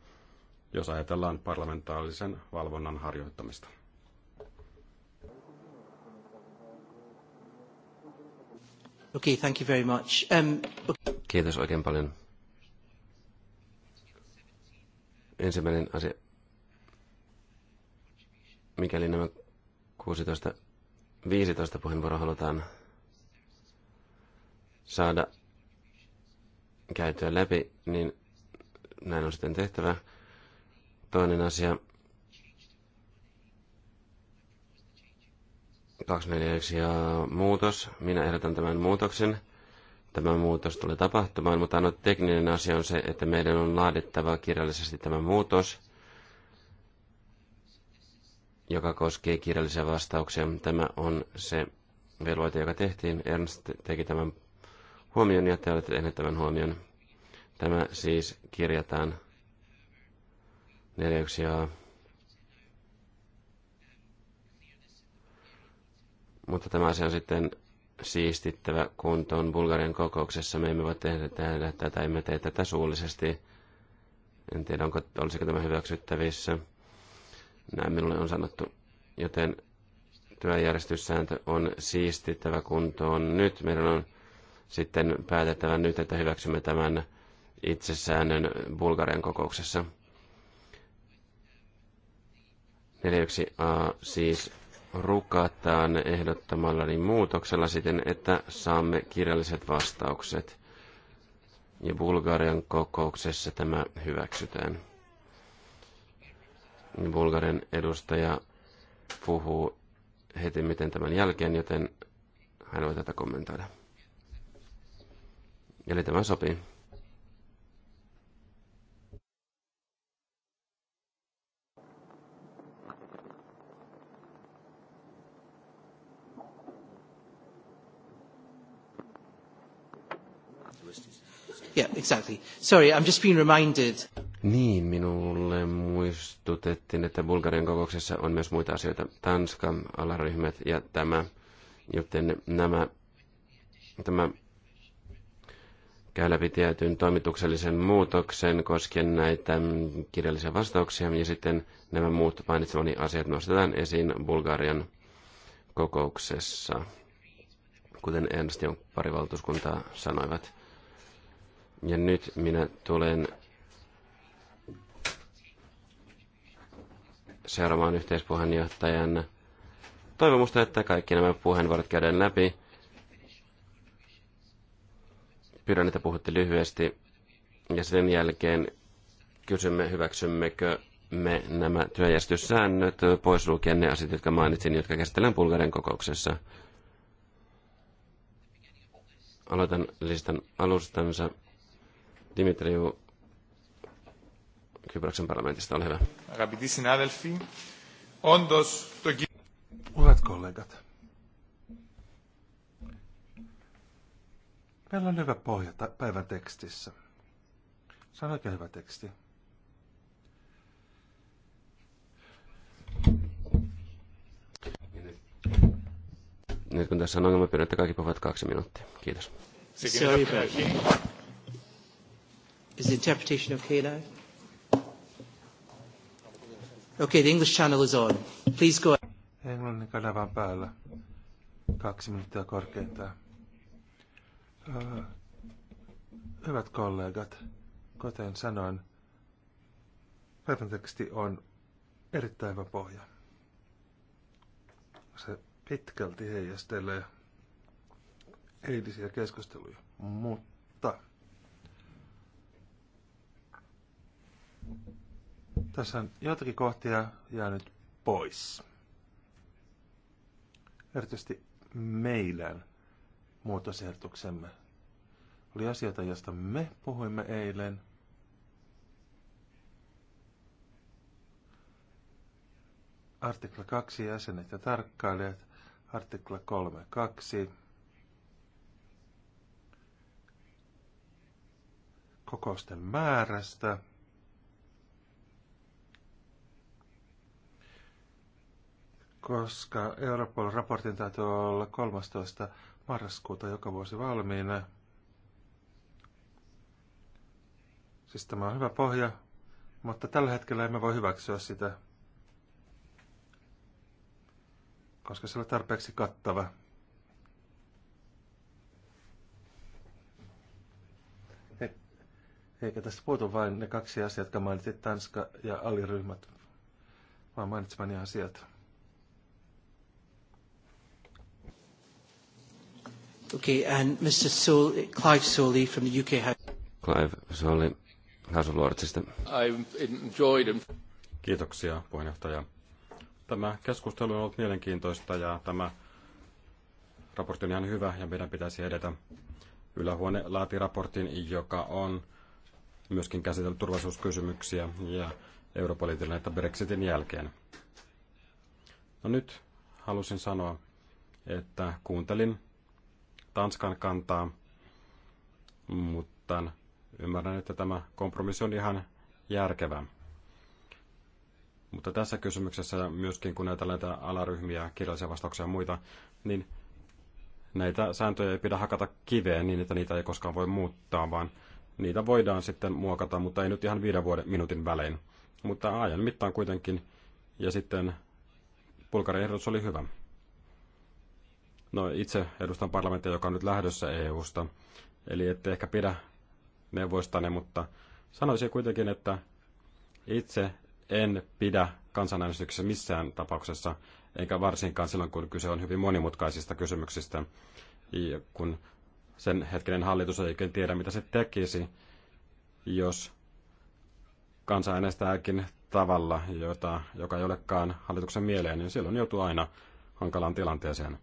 jos ajatellaan parlamentaarisen valvonnan harjoittamista. Okay, thank you very much. Um, okay. Kiitos oikein paljon. Ensimmäinen asia. Mikäli nämä 16, 15 puheenvuoroa halutaan saada käytyä läpi, niin näin on sitten tehtävä. Toinen asia 24 muutos. Minä ehdotan tämän muutoksen. Tämä muutos tulee tapahtumaan, mutta ainoa tekninen asia on se, että meidän on laadittava kirjallisesti tämä muutos, joka koskee kirjallisia vastauksia. Tämä on se velvoite, joka tehtiin. Ernst teki tämän huomion ja te olette tehneet tämän huomion. Tämä siis kirjataan 4 Mutta tämä asia on sitten siistittävä kuntoon Bulgarian kokouksessa. Me emme voi tehdä, tehdä tätä, emme tee tätä suullisesti. En tiedä, onko, olisiko tämä hyväksyttävissä. Näin minulle on sanottu. Joten työjärjestyssääntö on siistittävä kuntoon nyt. Meidän on sitten päätettävä nyt, että hyväksymme tämän itsesäännön Bulgarian kokouksessa. 41a siis rukataan niin muutoksella siten, että saamme kirjalliset vastaukset. Ja Bulgarian kokouksessa tämä hyväksytään. Bulgarian edustaja puhuu heti miten tämän jälkeen, joten hän voi tätä kommentoida. Eli tämä sopii. Yeah, exactly. Sorry, I'm just being reminded. Niin, minulle muistutettiin, että Bulgarian kokouksessa on myös muita asioita. Tanskan alaryhmät ja tämä, joten nämä, tämä käy läpi tietyn toimituksellisen muutoksen koskien näitä kirjallisia vastauksia ja sitten nämä muut mainitsemani asiat nostetaan esiin Bulgarian kokouksessa, kuten Ernst ja pari valtuuskuntaa sanoivat. Ja nyt minä tulen seuraamaan yhteispuheenjohtajan toivomusta, että kaikki nämä puheenvuorot käydään läpi. Pyydän, että puhutte lyhyesti ja sen jälkeen kysymme, hyväksymmekö me nämä työjärjestyssäännöt pois lukien ne asiat, jotka mainitsin, jotka käsitellään Bulgarian kokouksessa. Aloitan listan alustansa. Dimitriu Kyproksen parlamentista, ole hyvä. Αγαπητοί συνάδελφοι, όντως το Hyvät kollegat, meillä on hyvä pohja päivän tekstissä. Se on oikein hyvä teksti. Nyt kun tässä on ongelma, pyydän, että kaikki puhuvat kaksi minuuttia. Kiitos. Se on Is the interpretation okay now? Okay, the English channel is on. Please go. Englannin kanavan päällä. Kaksi minuuttia korkeintaan. Uh, hyvät kollegat, kuten sanoin, päivän teksti on erittäin hyvä pohja. Se pitkälti heijastelee eilisiä keskusteluja, mutta Tässä on joitakin kohtia jäänyt pois. Erityisesti meidän muutosehdotuksemme oli asioita, joista me puhuimme eilen. Artikla 2 jäsenet ja tarkkailijat. Artikla 3 2. Kokousten määrästä. koska Europol-raportin täytyy olla 13. marraskuuta joka vuosi valmiina. Siis tämä on hyvä pohja, mutta tällä hetkellä emme voi hyväksyä sitä, koska se on tarpeeksi kattava. Eikä tästä puutu vain ne kaksi asiaa, jotka mainitsit, Tanska ja aliryhmät, vaan mainitsemani asiat. Okay, and Mr. Sol, Clive Soley from the UK House. Clive Soley, House I've enjoyed him. Kiitoksia, puheenjohtaja. Tämä keskustelu on ollut mielenkiintoista ja tämä raportti on ihan hyvä ja meidän pitäisi edetä. Ylähuone laati raportin, joka on myöskin käsitellyt turvallisuuskysymyksiä ja että Brexitin jälkeen. No nyt halusin sanoa, että kuuntelin Tanskan kantaa, mutta ymmärrän, että tämä kompromissi on ihan järkevä. Mutta tässä kysymyksessä myöskin kun näitä näitä alaryhmiä, kirjallisia vastauksia ja muita, niin näitä sääntöjä ei pidä hakata kiveen niin, että niitä ei koskaan voi muuttaa, vaan niitä voidaan sitten muokata, mutta ei nyt ihan viiden vuoden minuutin välein. Mutta ajan mittaan kuitenkin, ja sitten Bulgarin ehdotus oli hyvä. No itse edustan parlamenttia, joka on nyt lähdössä EU-sta, eli ette ehkä pidä neuvoistanne, mutta sanoisin kuitenkin, että itse en pidä kansanäänestyksessä missään tapauksessa, enkä varsinkaan silloin, kun kyse on hyvin monimutkaisista kysymyksistä, kun sen hetkinen hallitus ei oikein tiedä, mitä se tekisi, jos kansa äänestääkin tavalla, jota, joka ei olekaan hallituksen mieleen, niin silloin joutuu aina hankalaan tilanteeseen.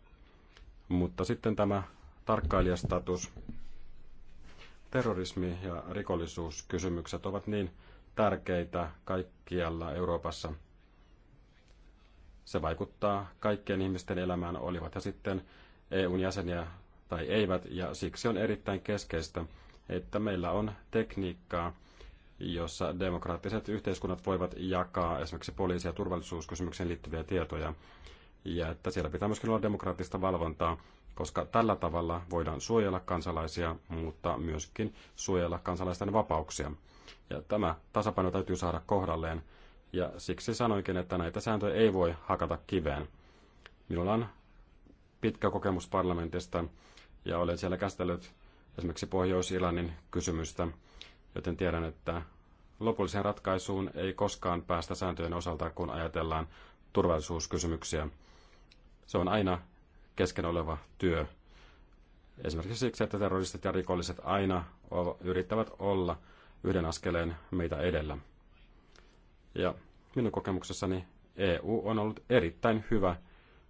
Mutta sitten tämä tarkkailijastatus, terrorismi- ja rikollisuuskysymykset ovat niin tärkeitä kaikkialla Euroopassa. Se vaikuttaa kaikkien ihmisten elämään, olivat ja sitten EUn jäseniä tai eivät, ja siksi on erittäin keskeistä, että meillä on tekniikkaa, jossa demokraattiset yhteiskunnat voivat jakaa esimerkiksi poliisi- ja turvallisuuskysymykseen liittyviä tietoja ja että siellä pitää myöskin olla demokraattista valvontaa, koska tällä tavalla voidaan suojella kansalaisia, mutta myöskin suojella kansalaisten vapauksia. Ja tämä tasapaino täytyy saada kohdalleen, ja siksi sanoinkin, että näitä sääntöjä ei voi hakata kiveen. Minulla on pitkä kokemus parlamentista, ja olen siellä käsitellyt esimerkiksi Pohjois-Irlannin kysymystä, joten tiedän, että lopulliseen ratkaisuun ei koskaan päästä sääntöjen osalta, kun ajatellaan turvallisuuskysymyksiä. Se on aina kesken oleva työ. Esimerkiksi siksi, että terroristit ja rikolliset aina yrittävät olla yhden askeleen meitä edellä. Ja minun kokemuksessani EU on ollut erittäin hyvä.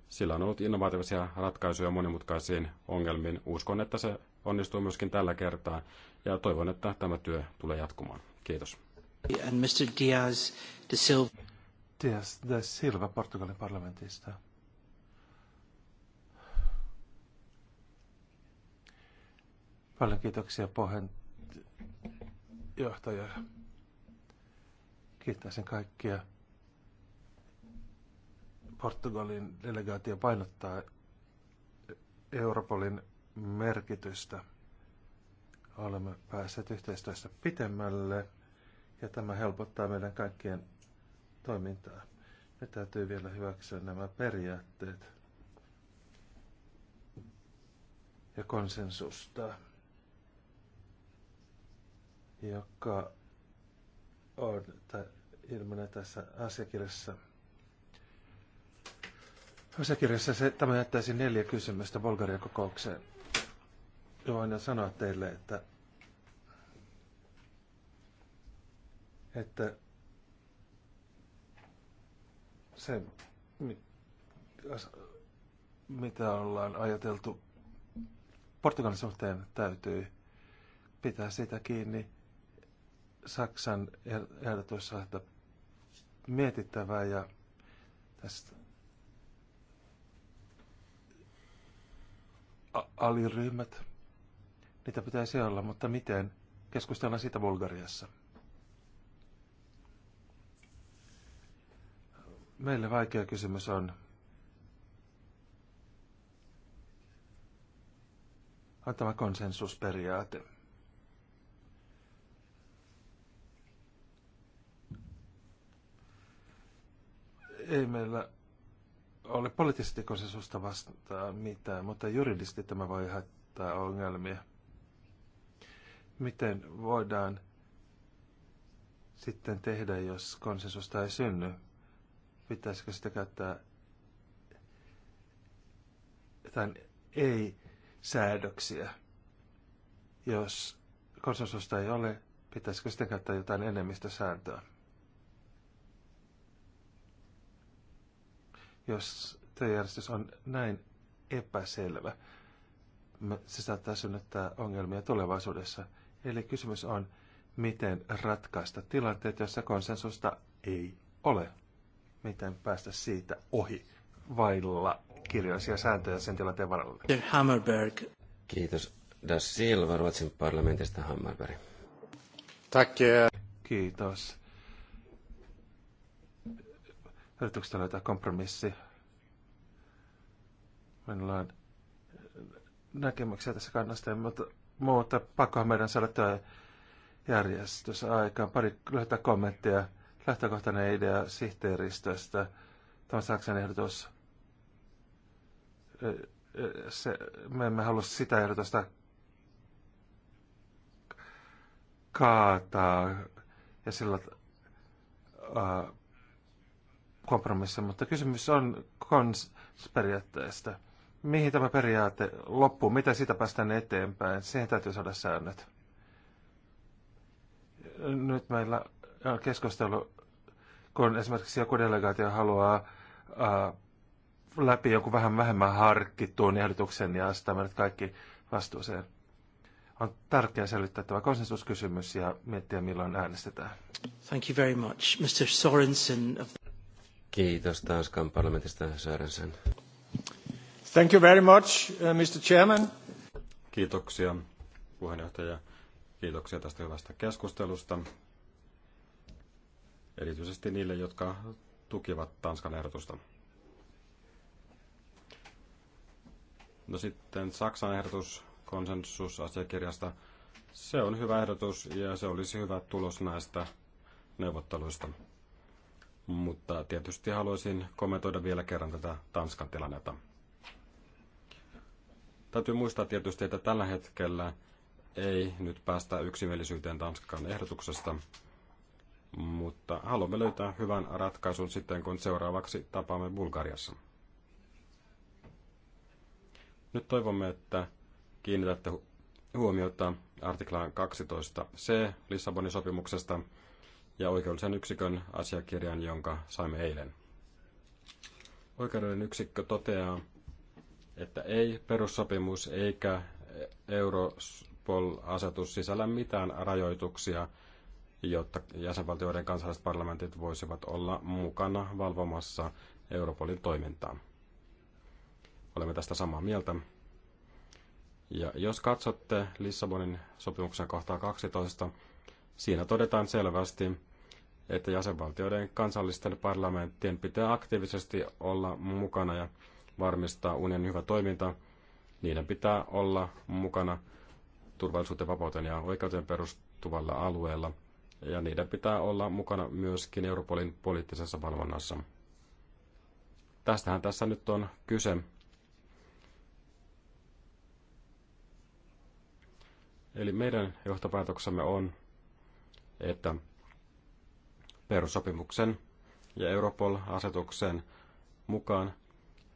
Sillä on ollut innovatiivisia ratkaisuja monimutkaisiin ongelmiin. Uskon, että se onnistuu myöskin tällä kertaa ja toivon, että tämä työ tulee jatkumaan. Kiitos. And Mr. Diaz de Silva. Diaz de Silva Portugalin parlamentista. Paljon kiitoksia puheenjohtaja. Kiittäisin kaikkia. Portugalin delegaatio painottaa Europolin merkitystä. Olemme päässeet yhteistyössä pitemmälle ja tämä helpottaa meidän kaikkien toimintaa. Me täytyy vielä hyväksyä nämä periaatteet ja konsensustaa joka on ilmenee tässä asiakirjassa. Asiakirjassa se, tämä jättäisi neljä kysymystä Bulgarian kokoukseen. Voin sanoa teille, että, että se, mitä ollaan ajateltu Portugalin suhteen, täytyy pitää sitä kiinni – Saksan ehdotuissa on mietittävää ja tästä aliryhmät, niitä pitäisi olla, mutta miten? Keskustellaan siitä Bulgariassa. Meille vaikea kysymys on, antama konsensusperiaate. ei meillä ole poliittisesti konsensusta vastaan mitään, mutta juridisesti tämä voi haittaa ongelmia. Miten voidaan sitten tehdä, jos konsensusta ei synny? Pitäisikö sitä käyttää jotain ei-säädöksiä? Jos konsensusta ei ole, pitäisikö sitten käyttää jotain enemmistösääntöä? jos työjärjestys on näin epäselvä. Se saattaa synnyttää ongelmia tulevaisuudessa. Eli kysymys on, miten ratkaista tilanteet, joissa konsensusta ei ole. Miten päästä siitä ohi vailla kirjallisia sääntöjä sen tilanteen varalle. Hammerberg. Kiitos. Das Silva Ruotsin parlamentista Hammerberg. Tack. Kiitos yrityksestä löytää kompromissi. Minulla on näkemyksiä tässä kannasta, mutta muuta pakkohan meidän saada tämä järjestys aikaan. Pari lyhyttä kommenttia. Lähtökohtainen idea sihteeristöstä. Tämä Saksan ehdotus. Se, me emme halua sitä ehdotusta kaataa ja sillä kompromissi, mutta kysymys on kons periaatteesta. Mihin tämä periaate loppuu? Mitä sitä päästään eteenpäin? Siihen täytyy saada säännöt. Nyt meillä on keskustelu, kun esimerkiksi joku delegaatio haluaa ää, äh, läpi joku vähän vähemmän harkittuun ehdotuksen ja astaa meidät kaikki vastuuseen. On tärkeää selvittää tämä konsensuskysymys ja miettiä, milloin äänestetään. Thank you very much. Mr. Sorensen of... Kiitos Tanskan parlamentista, Sörensen. Thank you very much, uh, Mr. Chairman. Kiitoksia, puheenjohtaja. Kiitoksia tästä hyvästä keskustelusta. Erityisesti niille, jotka tukivat Tanskan ehdotusta. No sitten Saksan ehdotus konsensusasiakirjasta. Se on hyvä ehdotus ja se olisi hyvä tulos näistä neuvotteluista mutta tietysti haluaisin kommentoida vielä kerran tätä Tanskan tilannetta. Täytyy muistaa tietysti, että tällä hetkellä ei nyt päästä yksimielisyyteen Tanskan ehdotuksesta, mutta haluamme löytää hyvän ratkaisun sitten, kun seuraavaksi tapaamme Bulgariassa. Nyt toivomme, että kiinnitätte huomiota artiklaan 12c Lissabonin sopimuksesta – ja oikeudellisen yksikön asiakirjan, jonka saimme eilen. Oikeudellinen yksikkö toteaa, että ei perussopimus eikä Europol-asetus sisällä mitään rajoituksia, jotta jäsenvaltioiden kansalliset parlamentit voisivat olla mukana valvomassa Europolin toimintaa. Olemme tästä samaa mieltä. Ja jos katsotte Lissabonin sopimuksen kohtaa 12, siinä todetaan selvästi, että jäsenvaltioiden kansallisten parlamenttien pitää aktiivisesti olla mukana ja varmistaa unionin hyvä toiminta. Niiden pitää olla mukana turvallisuuteen, vapauteen ja oikeuteen perustuvalla alueella, ja niiden pitää olla mukana myöskin Europolin poliittisessa valvonnassa. Tästähän tässä nyt on kyse. Eli meidän johtopäätöksemme on, että perussopimuksen ja Europol-asetuksen mukaan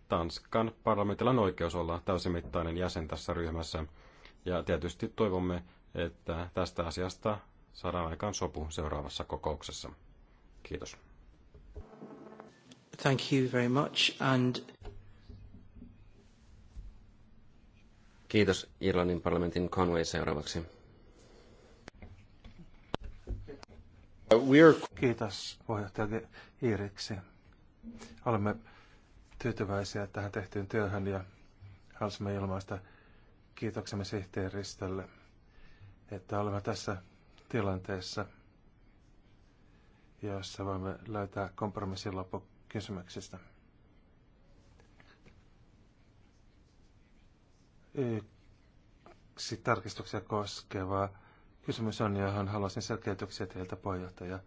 Tanskan parlamentilla on oikeus olla täysimittainen jäsen tässä ryhmässä. Ja tietysti toivomme, että tästä asiasta saadaan aikaan sopu seuraavassa kokouksessa. Kiitos. Thank you very much and... Kiitos Irlannin parlamentin Conway seuraavaksi. We're... Kiitos puheenjohtaja Iiriksi. Olemme tyytyväisiä tähän tehtyyn työhön ja halusimme ilmaista kiitoksemme sihteeristölle, että olemme tässä tilanteessa, jossa voimme löytää kompromissin loppukysymyksistä. Yksi tarkistuksia koskeva kysymys on, johon haluaisin niin selkeytyksiä teiltä, puheenjohtaja.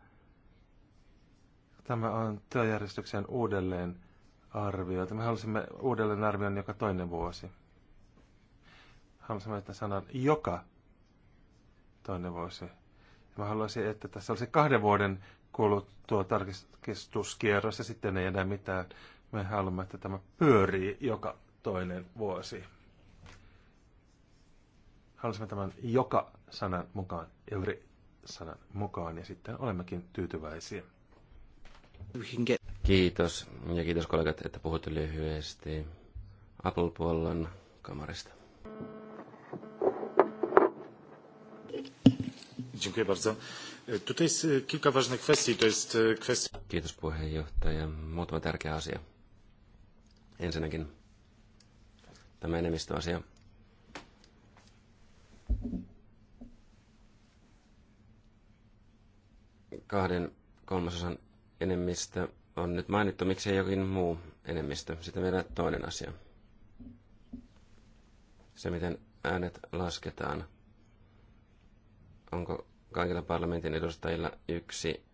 Tämä on työjärjestyksen uudelleen arvio. Me halusimme uudelleen arvion joka toinen vuosi. Haluaisimme, että sanan joka toinen vuosi. Ja mä haluaisin, että tässä olisi kahden vuoden kuluttua tarkistuskierros ja sitten ei enää mitään. Me haluamme, että tämä pyörii joka toinen vuosi halusimme tämän joka sanan mukaan, every sanan mukaan, ja sitten olemmekin tyytyväisiä. Kiitos, ja kiitos kollegat, että puhutte lyhyesti Apple-puolen kamarista. Dziękuję bardzo. Tutaj jest e, kilka ważnych kwestii. To jest e, kwestia... Kiitos puheenjohtaja. Muutama tärkeä asia. Ensinnäkin tämä enemmistöasia. asia Kahden kolmasosan enemmistö on nyt mainittu, miksei jokin muu enemmistö. Sitten vielä toinen asia. Se, miten äänet lasketaan. Onko kaikilla parlamentin edustajilla yksi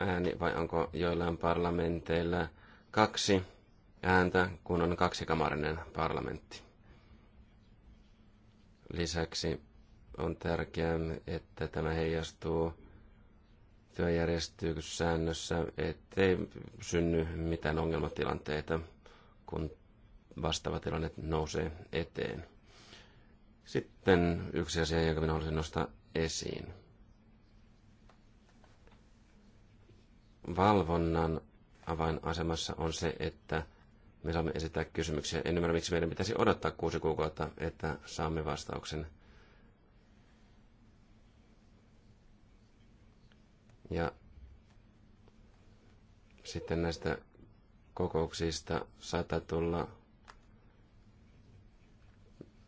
ääni vai onko joillain parlamenteilla kaksi ääntä, kun on kaksikamarinen parlamentti? Lisäksi on tärkeää, että tämä heijastuu työjärjestyssäännössä, ettei synny mitään ongelmatilanteita, kun vastaava tilanne nousee eteen. Sitten yksi asia, jonka minä haluaisin nostaa esiin. Valvonnan avainasemassa on se, että me saamme esittää kysymyksiä. En ymmärrä, miksi meidän pitäisi odottaa kuusi kuukautta, että saamme vastauksen. Ja sitten näistä kokouksista saattaa tulla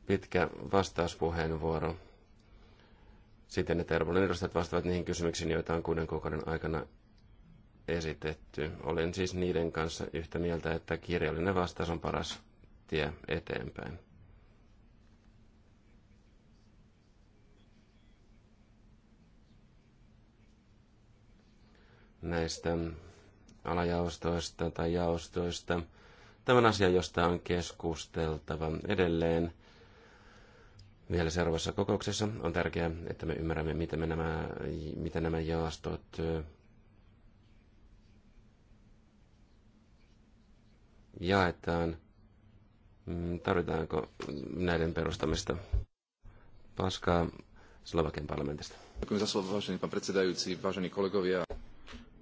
pitkä vastauspuheenvuoro Sitten ne terveyden edustajat vastaavat niihin kysymyksiin, joita on kuuden kuukauden aikana esitetty. Olen siis niiden kanssa yhtä mieltä, että kirjallinen vastaus on paras tie eteenpäin. Näistä alajaostoista tai jaostoista. Tämän asian, josta on keskusteltava edelleen vielä seuraavassa kokouksessa, on tärkeää, että me ymmärrämme, miten, me nämä, miten nämä jaostot jaetaan. Mm, tarvitaanko näiden perustamista? Paskaa Slovakian parlamentista.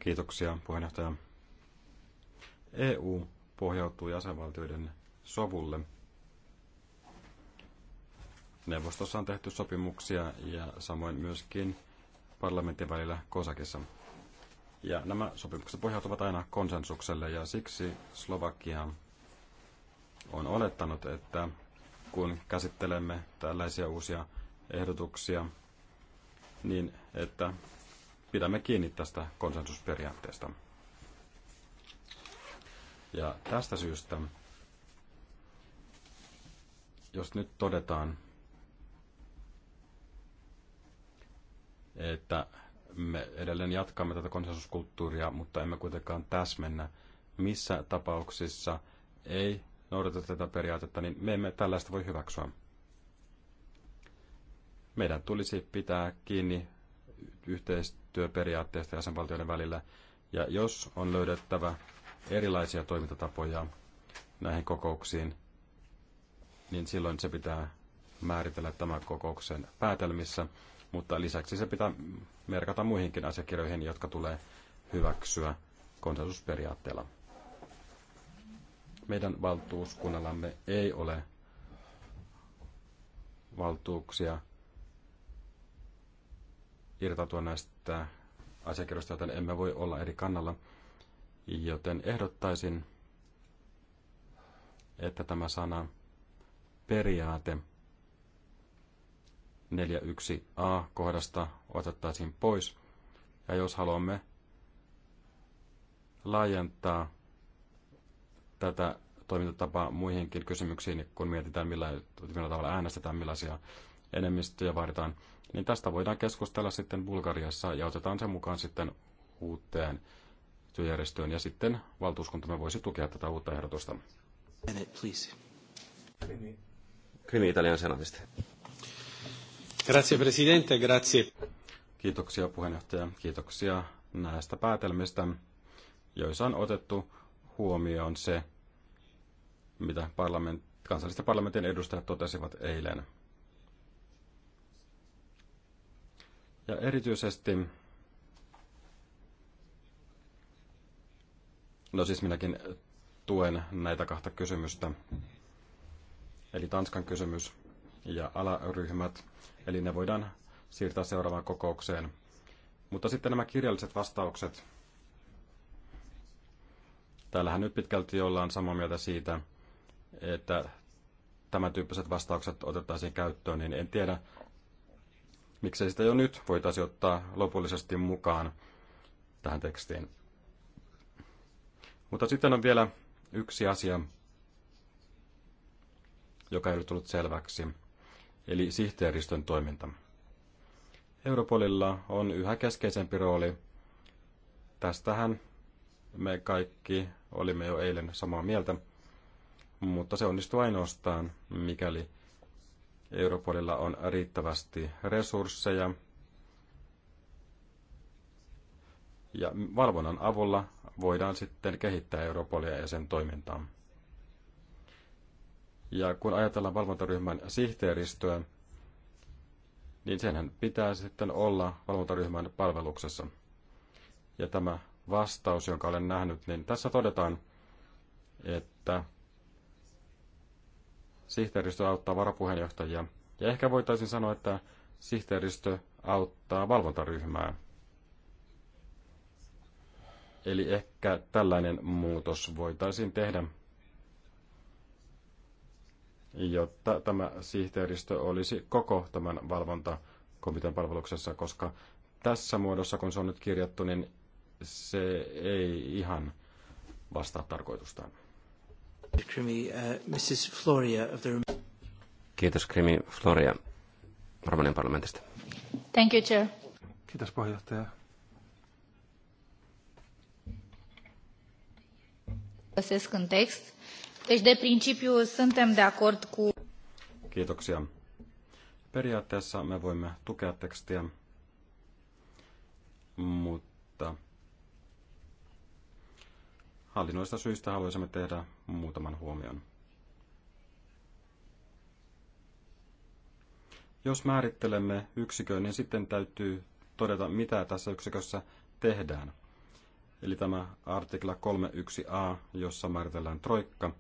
Kiitoksia, puheenjohtaja. EU pohjautuu jäsenvaltioiden sovulle. Neuvostossa on tehty sopimuksia ja samoin myöskin parlamentin välillä Kosakissa. Ja nämä sopimukset pohjautuvat aina konsensukselle ja siksi Slovakia on olettanut, että kun käsittelemme tällaisia uusia ehdotuksia, niin että pidämme kiinni tästä konsensusperiaatteesta. Ja tästä syystä, jos nyt todetaan, että me edelleen jatkamme tätä konsensuskulttuuria, mutta emme kuitenkaan täsmennä, missä tapauksissa ei noudata tätä periaatetta, niin me emme tällaista voi hyväksyä. Meidän tulisi pitää kiinni yhteistyöperiaatteesta jäsenvaltioiden välillä, ja jos on löydettävä erilaisia toimintatapoja näihin kokouksiin, niin silloin se pitää määritellä tämän kokouksen päätelmissä, mutta lisäksi se pitää merkata muihinkin asiakirjoihin, jotka tulee hyväksyä konsensusperiaatteella. Meidän valtuuskunnallamme ei ole valtuuksia irtautua näistä asiakirjoista, joten emme voi olla eri kannalla. Joten ehdottaisin, että tämä sana periaate – 41a kohdasta otettaisiin pois. Ja jos haluamme laajentaa tätä toimintatapaa muihinkin kysymyksiin, niin kun mietitään millä, millä tavalla äänestetään, millaisia enemmistöjä vaaditaan, niin tästä voidaan keskustella sitten Bulgariassa ja otetaan sen mukaan sitten uuteen työjärjestöön ja sitten valtuuskuntamme voisi tukea tätä uutta ehdotusta. Krimi Italian sanomista. Grazie presidente, grazie. Kiitoksia puheenjohtaja, kiitoksia näistä päätelmistä, joissa on otettu huomioon se, mitä parlament, kansallisten parlamentin edustajat totesivat eilen. Ja erityisesti, no siis minäkin tuen näitä kahta kysymystä, eli Tanskan kysymys ja alaryhmät, eli ne voidaan siirtää seuraavaan kokoukseen. Mutta sitten nämä kirjalliset vastaukset. Täällähän nyt pitkälti ollaan samaa mieltä siitä, että tämän tyyppiset vastaukset otettaisiin käyttöön, niin en tiedä, miksei sitä jo nyt voitaisiin ottaa lopullisesti mukaan tähän tekstiin. Mutta sitten on vielä yksi asia, joka ei ole tullut selväksi eli sihteeristön toiminta. Europolilla on yhä keskeisempi rooli. Tästähän me kaikki olimme jo eilen samaa mieltä, mutta se onnistuu ainoastaan, mikäli Europolilla on riittävästi resursseja. Ja valvonnan avulla voidaan sitten kehittää Europolia ja sen toimintaa. Ja kun ajatellaan valvontaryhmän sihteeristöä, niin senhän pitää sitten olla valvontaryhmän palveluksessa. Ja tämä vastaus, jonka olen nähnyt, niin tässä todetaan, että sihteeristö auttaa varapuheenjohtajia. Ja ehkä voitaisiin sanoa, että sihteeristö auttaa valvontaryhmää. Eli ehkä tällainen muutos voitaisiin tehdä jotta tämä sihteeristö olisi koko tämän valvontakomitean palveluksessa, koska tässä muodossa, kun se on nyt kirjattu, niin se ei ihan vastaa tarkoitustaan. Mrs. Eh, Floria of the... Kiitos Krimi Floria Romanian parlamentista. Thank you, Chair. Kiitos puheenjohtaja. acest context Deci, de principiu, suntem de acord cu... Kiitoksia. Periaatteessa me voimme tukea tekstiä, mutta hallinnoista syistä haluaisimme tehdä muutaman huomion. Jos määrittelemme yksikön, niin sitten täytyy todeta, mitä tässä yksikössä tehdään eli tämä artikla 31a, jossa määritellään troikka,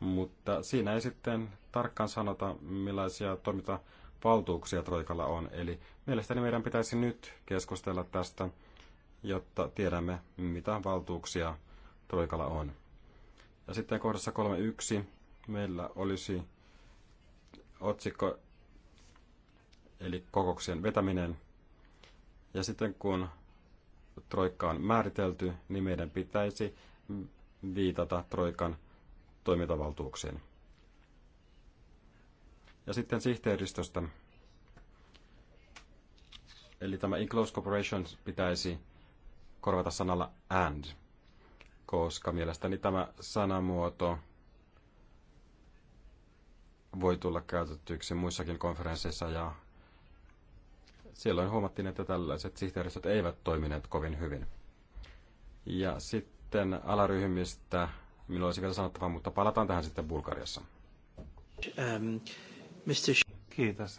mutta siinä ei sitten tarkkaan sanota, millaisia toimintavaltuuksia troikalla on. Eli mielestäni meidän pitäisi nyt keskustella tästä, jotta tiedämme, mitä valtuuksia troikalla on. Ja sitten kohdassa 3.1 meillä olisi otsikko, eli kokouksien vetäminen. Ja sitten kun troikka on määritelty, niin meidän pitäisi viitata troikan toimintavaltuuksiin. Ja sitten sihteeristöstä. Eli tämä in close cooperation pitäisi korvata sanalla and, koska mielestäni tämä sanamuoto voi tulla käytettyksi muissakin konferensseissa ja silloin huomattiin, että tällaiset sihteeristöt eivät toimineet kovin hyvin. Ja sitten alaryhmistä, minulla olisi vielä sanottavaa, mutta palataan tähän sitten Bulgariassa. Um, ähm, Mr. Kiitos,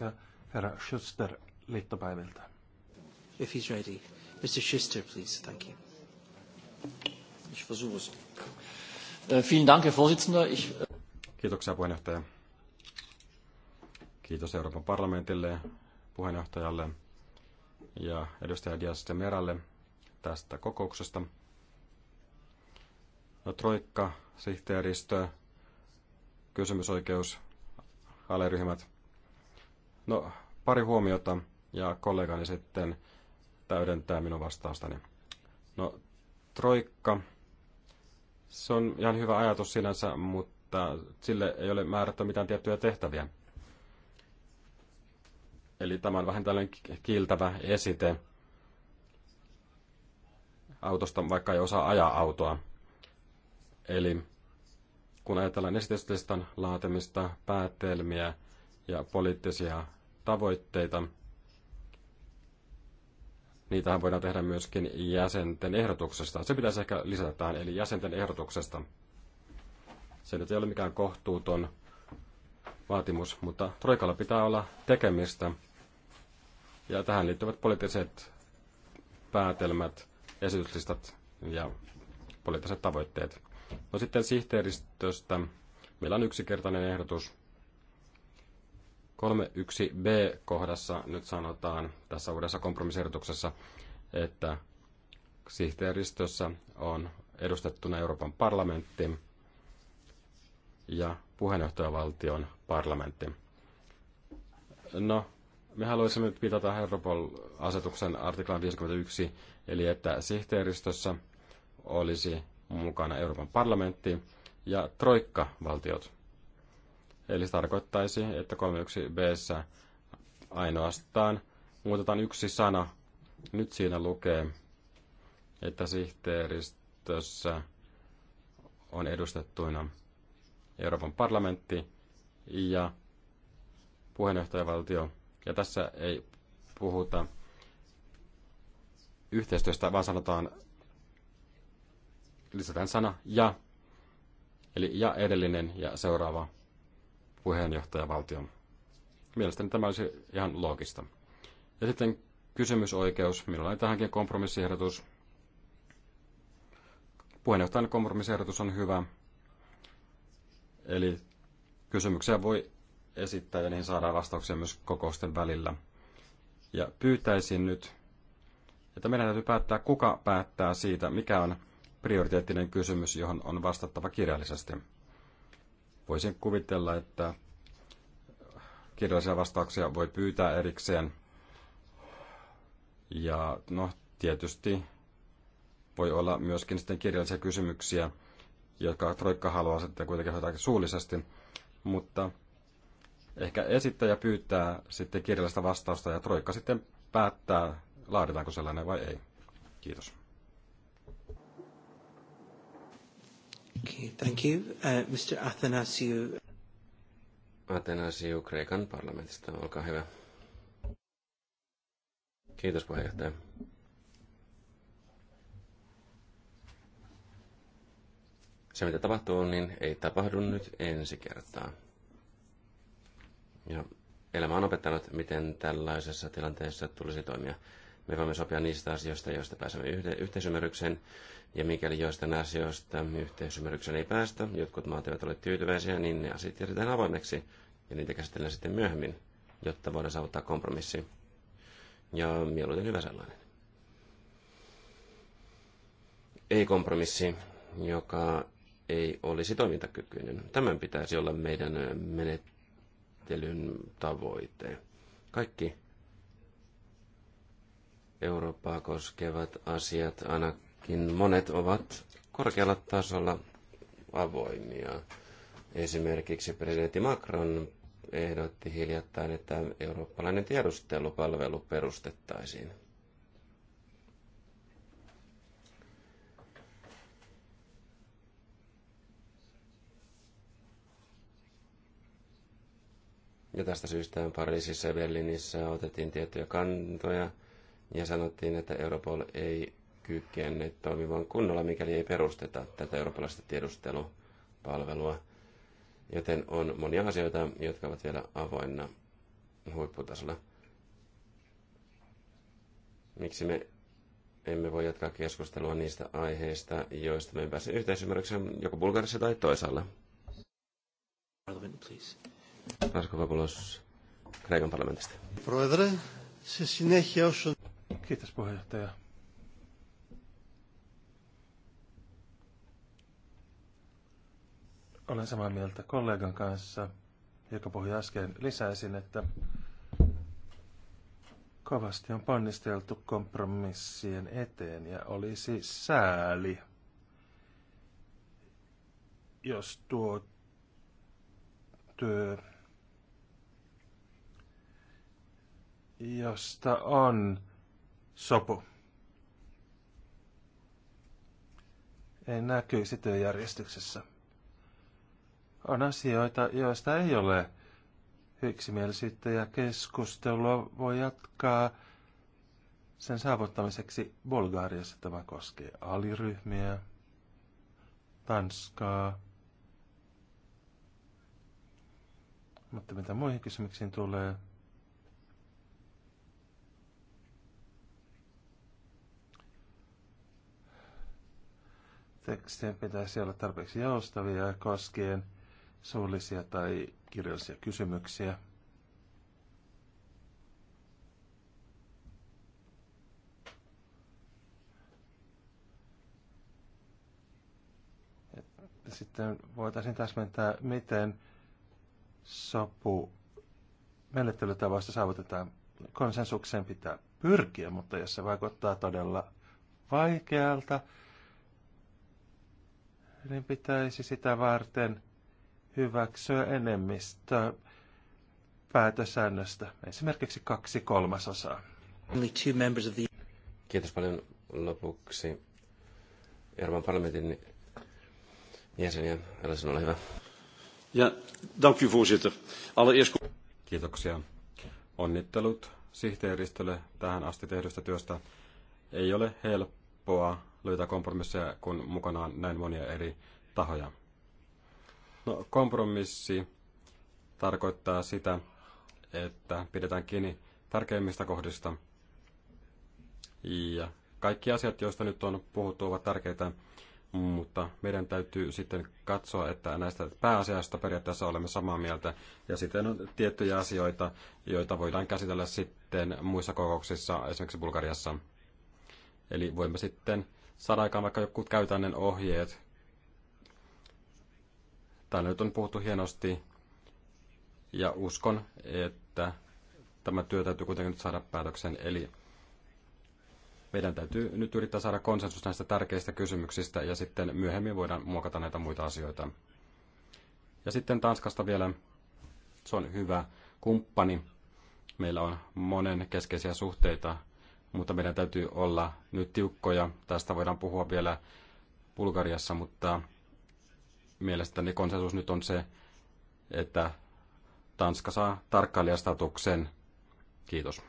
herra Schuster liittopäiviltä. If he's ready. Mr. Schuster, please. Thank you. Ich versuche es. Äh, vielen Dank, Herr Vorsitzender. Ich... Äh, Kiitoksia puheenjohtaja. Kiitos Euroopan parlamentille ja puheenjohtajalle ja edustaja Dias Meralle tästä kokouksesta. No, troikka, sihteeristö, kysymysoikeus, aleryhmät. No, pari huomiota ja kollegani sitten täydentää minun vastaustani. No, troikka, se on ihan hyvä ajatus sinänsä, mutta sille ei ole määrätty mitään tiettyjä tehtäviä. Eli tämä on vähän tällainen kiiltävä esite autosta, vaikka ei osaa ajaa autoa. Eli kun ajatellaan esityslistan laatimista, päätelmiä ja poliittisia tavoitteita, niitähän voidaan tehdä myöskin jäsenten ehdotuksesta. Se pitäisi ehkä lisätä tähän, eli jäsenten ehdotuksesta. Se nyt ei ole mikään kohtuuton vaatimus, mutta Troikalla pitää olla tekemistä. Ja tähän liittyvät poliittiset päätelmät, esityslistat ja poliittiset tavoitteet. No sitten sihteeristöstä. Meillä on yksinkertainen ehdotus. 3.1b kohdassa nyt sanotaan tässä uudessa kompromissehdotuksessa, että sihteeristössä on edustettuna Euroopan parlamentti, ja puheenjohtajavaltion parlamentti. No, me haluaisimme nyt pitää Europol-asetuksen artiklan 51, eli että sihteeristössä olisi mukana Euroopan parlamentti ja troikkavaltiot. Eli se tarkoittaisi, että 31b ainoastaan muutetaan yksi sana. Nyt siinä lukee, että sihteeristössä on edustettuina Euroopan parlamentti ja puheenjohtajavaltio. Ja tässä ei puhuta yhteistyöstä, vaan sanotaan, lisätään sana ja, eli ja edellinen ja seuraava puheenjohtajavaltio. Mielestäni tämä olisi ihan loogista. Ja sitten kysymysoikeus. Minulla on tähänkin kompromissiehdotus. Puheenjohtajan kompromissiehdotus on hyvä. Eli kysymyksiä voi esittää ja niihin saadaan vastauksia myös kokousten välillä. Ja pyytäisin nyt, että meidän täytyy päättää, kuka päättää siitä, mikä on prioriteettinen kysymys, johon on vastattava kirjallisesti. Voisin kuvitella, että kirjallisia vastauksia voi pyytää erikseen. Ja no, tietysti voi olla myöskin sitten kirjallisia kysymyksiä, joka Troikka haluaa sitten kuitenkin hoitaa suullisesti, mutta ehkä esittäjä pyytää sitten kirjallista vastausta ja Troikka sitten päättää, laaditaanko sellainen vai ei. Kiitos. Okay, thank you. Uh, Mr. Athanasiu. Athanasiu Kreikan parlamentista, olkaa hyvä. Kiitos puheenjohtaja. se, mitä tapahtuu, niin ei tapahdu nyt ensi kertaa. Ja elämä on opettanut, miten tällaisessa tilanteessa tulisi toimia. Me voimme sopia niistä asioista, joista pääsemme yhde- yhteisymmärrykseen, ja mikäli joistain asioista yhteisymmärrykseen ei päästä, jotkut maat eivät ole tyytyväisiä, niin ne asiat jätetään avoimeksi, ja niitä käsitellään sitten myöhemmin, jotta voidaan saavuttaa kompromissi. Ja mieluiten hyvä sellainen. Ei-kompromissi, joka ei olisi toimintakykyinen. Tämän pitäisi olla meidän menettelyn tavoite. Kaikki Eurooppaa koskevat asiat, ainakin monet ovat korkealla tasolla avoimia. Esimerkiksi presidentti Macron ehdotti hiljattain, että eurooppalainen tiedustelupalvelu perustettaisiin. Ja tästä syystä Pariisissa ja Berliinissä otettiin tiettyjä kantoja ja sanottiin, että Europol ei kykene toimimaan kunnolla, mikäli ei perusteta tätä eurooppalaista tiedustelupalvelua. Joten on monia asioita, jotka ovat vielä avoinna huipputasolla. Miksi me emme voi jatkaa keskustelua niistä aiheista, joista me pääse yhteisymmärrykseen joko Bulgarissa tai toisaalla? please. Raskopapoulos Kreikan parlamentista. Proedre, se sinehia osun. Kiitos puheenjohtaja. Olen samaa mieltä kollegan kanssa, joka puhui äsken. Lisäisin, että kovasti on ponnisteltu kompromissien eteen ja olisi sääli, jos tuo työ josta on sopu. Ei näkyisi työjärjestyksessä. On asioita, joista ei ole yksimielisyyttä ja keskustelua voi jatkaa sen saavuttamiseksi Bulgaariassa tämä koskee aliryhmiä, Tanskaa. Mutta mitä muihin kysymyksiin tulee, tekstien pitäisi olla tarpeeksi joustavia koskien suullisia tai kirjallisia kysymyksiä. Sitten voitaisiin täsmentää, miten sopu menettelytavoista saavutetaan. Konsensukseen pitää pyrkiä, mutta jos se vaikuttaa todella vaikealta, niin pitäisi sitä varten hyväksyä enemmistö päätösäännöstä, esimerkiksi kaksi kolmasosaa. Kiitos paljon lopuksi Euroopan parlamentin jäseniä. Ellison, ole hyvä. Ja, dank u voorzitter. Allereerst... Kiitoksia. Onnittelut sihteeristölle tähän asti tehdystä työstä. Ei ole helppoa löytää kompromisseja, kun mukana on näin monia eri tahoja. No, kompromissi tarkoittaa sitä, että pidetään kiinni tärkeimmistä kohdista. Ja kaikki asiat, joista nyt on puhuttu, ovat tärkeitä, mutta meidän täytyy sitten katsoa, että näistä pääasiasta periaatteessa olemme samaa mieltä. Ja sitten on tiettyjä asioita, joita voidaan käsitellä sitten muissa kokouksissa, esimerkiksi Bulgariassa. Eli voimme sitten saada aikaan vaikka joku käytännön ohjeet. Täällä nyt on puhuttu hienosti ja uskon, että tämä työ täytyy kuitenkin nyt saada päätöksen. Eli meidän täytyy nyt yrittää saada konsensus näistä tärkeistä kysymyksistä ja sitten myöhemmin voidaan muokata näitä muita asioita. Ja sitten Tanskasta vielä, se on hyvä kumppani. Meillä on monen keskeisiä suhteita mutta meidän täytyy olla nyt tiukkoja. Tästä voidaan puhua vielä Bulgariassa, mutta mielestäni konsensus nyt on se, että Tanska saa tarkkailijastatuksen. Kiitos.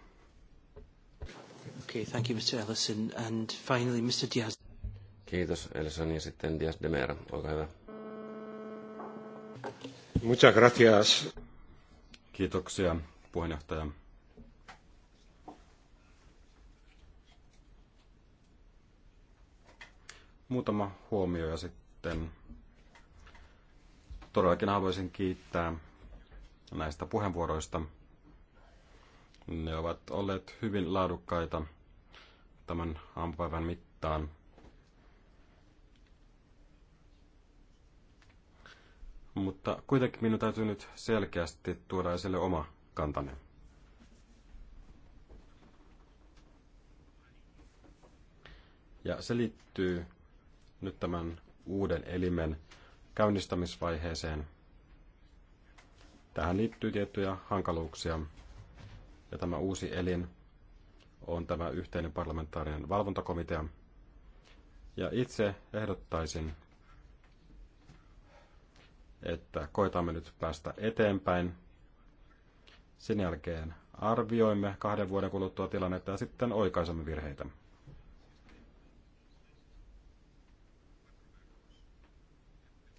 Okay, thank you, Mr. Ellison. And finally, Mr. Diaz. Kiitos, Ellison. Ja sitten Diaz de Mera. Olkaa hyvä. Muchas gracias. Kiitoksia, puheenjohtaja. Muutama huomio ja sitten todellakin haluaisin kiittää näistä puheenvuoroista. Ne ovat olleet hyvin laadukkaita tämän aamupäivän mittaan. Mutta kuitenkin minun täytyy nyt selkeästi tuoda esille oma kantani. Ja se liittyy nyt tämän uuden elimen käynnistämisvaiheeseen. Tähän liittyy tiettyjä hankaluuksia. Ja tämä uusi elin on tämä yhteinen parlamentaarinen valvontakomitea. Ja itse ehdottaisin, että koetamme nyt päästä eteenpäin. Sen jälkeen arvioimme kahden vuoden kuluttua tilannetta ja sitten oikaisemme virheitä.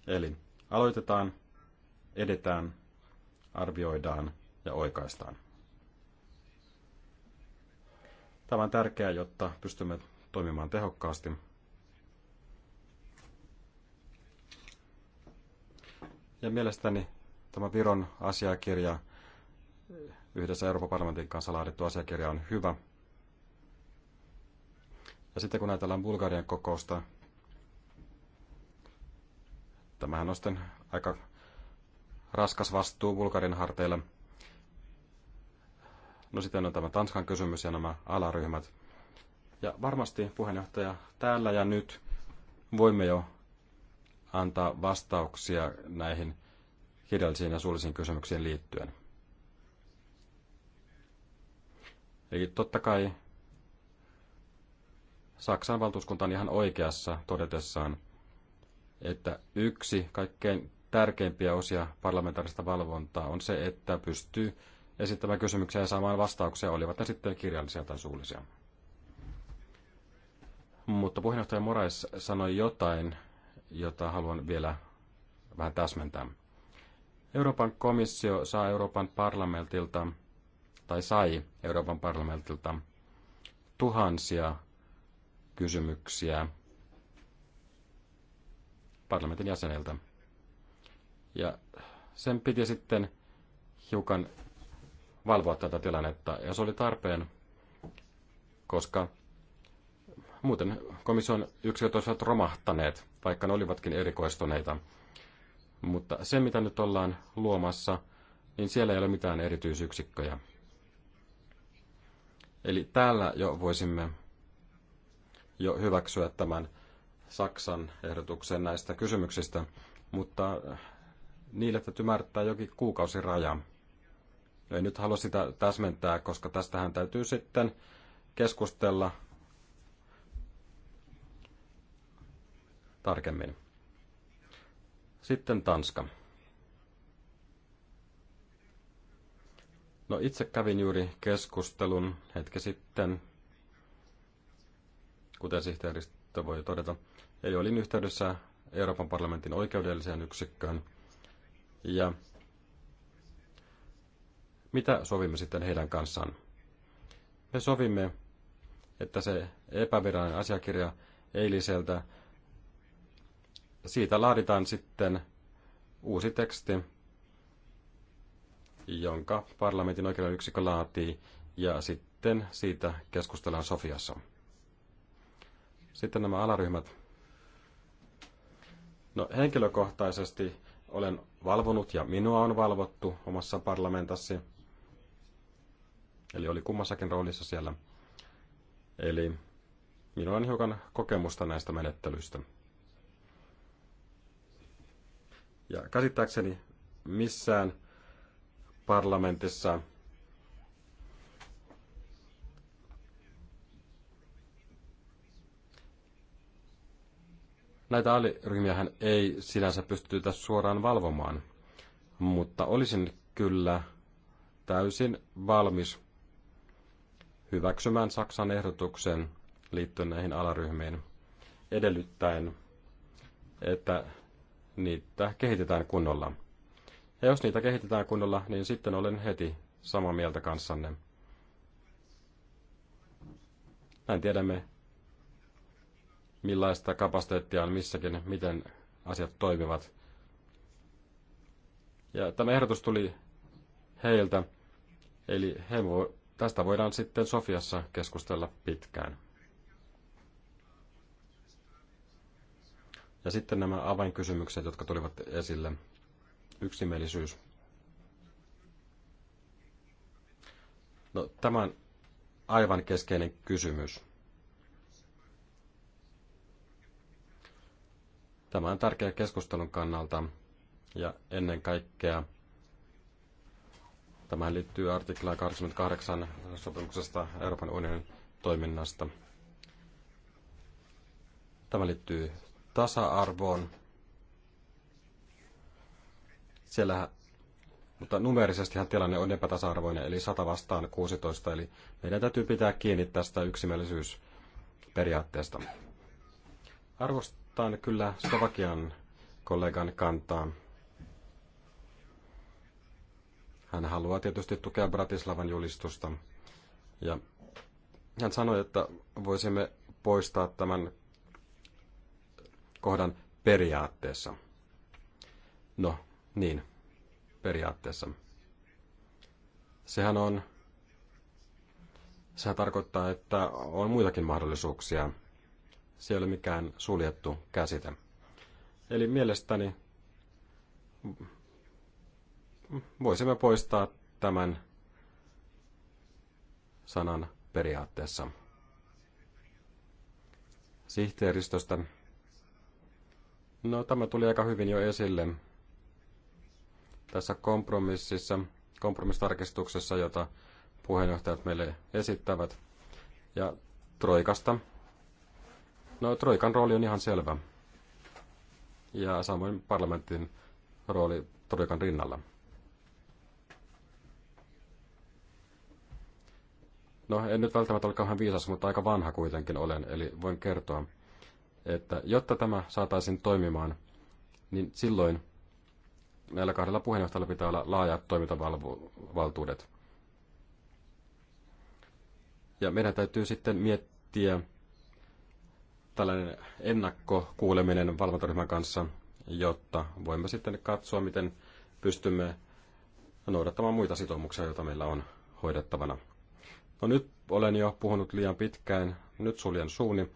Eli aloitetaan, edetään, arvioidaan ja oikaistaan. Tämä on tärkeää, jotta pystymme toimimaan tehokkaasti. Ja mielestäni tämä Viron asiakirja, yhdessä Euroopan parlamentin kanssa laadittu asiakirja on hyvä. Ja sitten kun ajatellaan Bulgarian kokousta, Tämähän on sitten aika raskas vastuu Bulgarin harteille. No sitten on tämä Tanskan kysymys ja nämä alaryhmät. Ja varmasti puheenjohtaja täällä ja nyt voimme jo antaa vastauksia näihin kirjallisiin ja suullisiin kysymyksiin liittyen. Eli totta kai Saksan valtuuskunta on ihan oikeassa todetessaan, että yksi kaikkein tärkeimpiä osia parlamentaarista valvontaa on se, että pystyy esittämään kysymyksiä ja saamaan vastauksia, olivat ne sitten kirjallisia tai suullisia. Mutta puheenjohtaja Morais sanoi jotain, jota haluan vielä vähän täsmentää. Euroopan komissio saa Euroopan parlamentilta, tai sai Euroopan parlamentilta, tuhansia kysymyksiä parlamentin jäseneltä Ja sen piti sitten hiukan valvoa tätä tilannetta, ja se oli tarpeen, koska muuten komission yksiköt olisivat romahtaneet, vaikka ne olivatkin erikoistuneita. Mutta se, mitä nyt ollaan luomassa, niin siellä ei ole mitään erityisyksikköjä. Eli täällä jo voisimme jo hyväksyä tämän Saksan ehdotukseen näistä kysymyksistä, mutta niille täytyy määrittää jokin kuukausiraja. En nyt halua sitä täsmentää, koska tästähän täytyy sitten keskustella tarkemmin. Sitten Tanska. No itse kävin juuri keskustelun hetki sitten, kuten sihteeristö voi todeta. Eli olin yhteydessä Euroopan parlamentin oikeudelliseen yksikköön. Ja mitä sovimme sitten heidän kanssaan? Me sovimme, että se epävirallinen asiakirja eiliseltä, siitä laaditaan sitten uusi teksti, jonka parlamentin oikeuden yksikkö laatii, ja sitten siitä keskustellaan Sofiassa. Sitten nämä alaryhmät. No henkilökohtaisesti olen valvonut ja minua on valvottu omassa parlamentassi. Eli oli kummassakin roolissa siellä. Eli minulla on hiukan kokemusta näistä menettelyistä. Ja käsittääkseni missään parlamentissa Näitä aliryhmiähän ei sinänsä pystytä suoraan valvomaan, mutta olisin kyllä täysin valmis hyväksymään Saksan ehdotuksen liittyen näihin alaryhmiin edellyttäen, että niitä kehitetään kunnolla. Ja jos niitä kehitetään kunnolla, niin sitten olen heti samaa mieltä kanssanne. Näin tiedämme, millaista kapasiteettia on missäkin, miten asiat toimivat. Ja tämä ehdotus tuli heiltä, eli he vo- tästä voidaan sitten Sofiassa keskustella pitkään. Ja sitten nämä avainkysymykset, jotka tulivat esille. Yksimielisyys. No, tämä on aivan keskeinen kysymys. Tämä on tärkeä keskustelun kannalta ja ennen kaikkea tämä liittyy artiklaan 28 sopimuksesta Euroopan unionin toiminnasta. Tämä liittyy tasa-arvoon. Siellä, mutta numeerisestihan tilanne on epätasa-arvoinen, eli 100 vastaan 16, eli meidän täytyy pitää kiinni tästä yksimielisyysperiaatteesta. Arvost otan kyllä Slovakian kollegan kantaa. Hän haluaa tietysti tukea Bratislavan julistusta. Ja hän sanoi, että voisimme poistaa tämän kohdan periaatteessa. No, niin, periaatteessa. Sehän on, sehän tarkoittaa, että on muitakin mahdollisuuksia se ei ole mikään suljettu käsite. Eli mielestäni voisimme poistaa tämän sanan periaatteessa. Sihteeristöstä. No, tämä tuli aika hyvin jo esille tässä kompromississa, kompromistarkistuksessa, jota puheenjohtajat meille esittävät. Ja Troikasta No, Troikan rooli on ihan selvä. Ja samoin parlamentin rooli Troikan rinnalla. No, en nyt välttämättä ole kauhean viisas, mutta aika vanha kuitenkin olen, eli voin kertoa, että jotta tämä saataisiin toimimaan, niin silloin näillä kahdella puheenjohtajalla pitää olla laajat toimintavaltuudet. Ja meidän täytyy sitten miettiä, tällainen ennakkokuuleminen valvontaryhmän kanssa, jotta voimme sitten katsoa, miten pystymme noudattamaan muita sitoumuksia, joita meillä on hoidettavana. No nyt olen jo puhunut liian pitkään, nyt suljen suuni,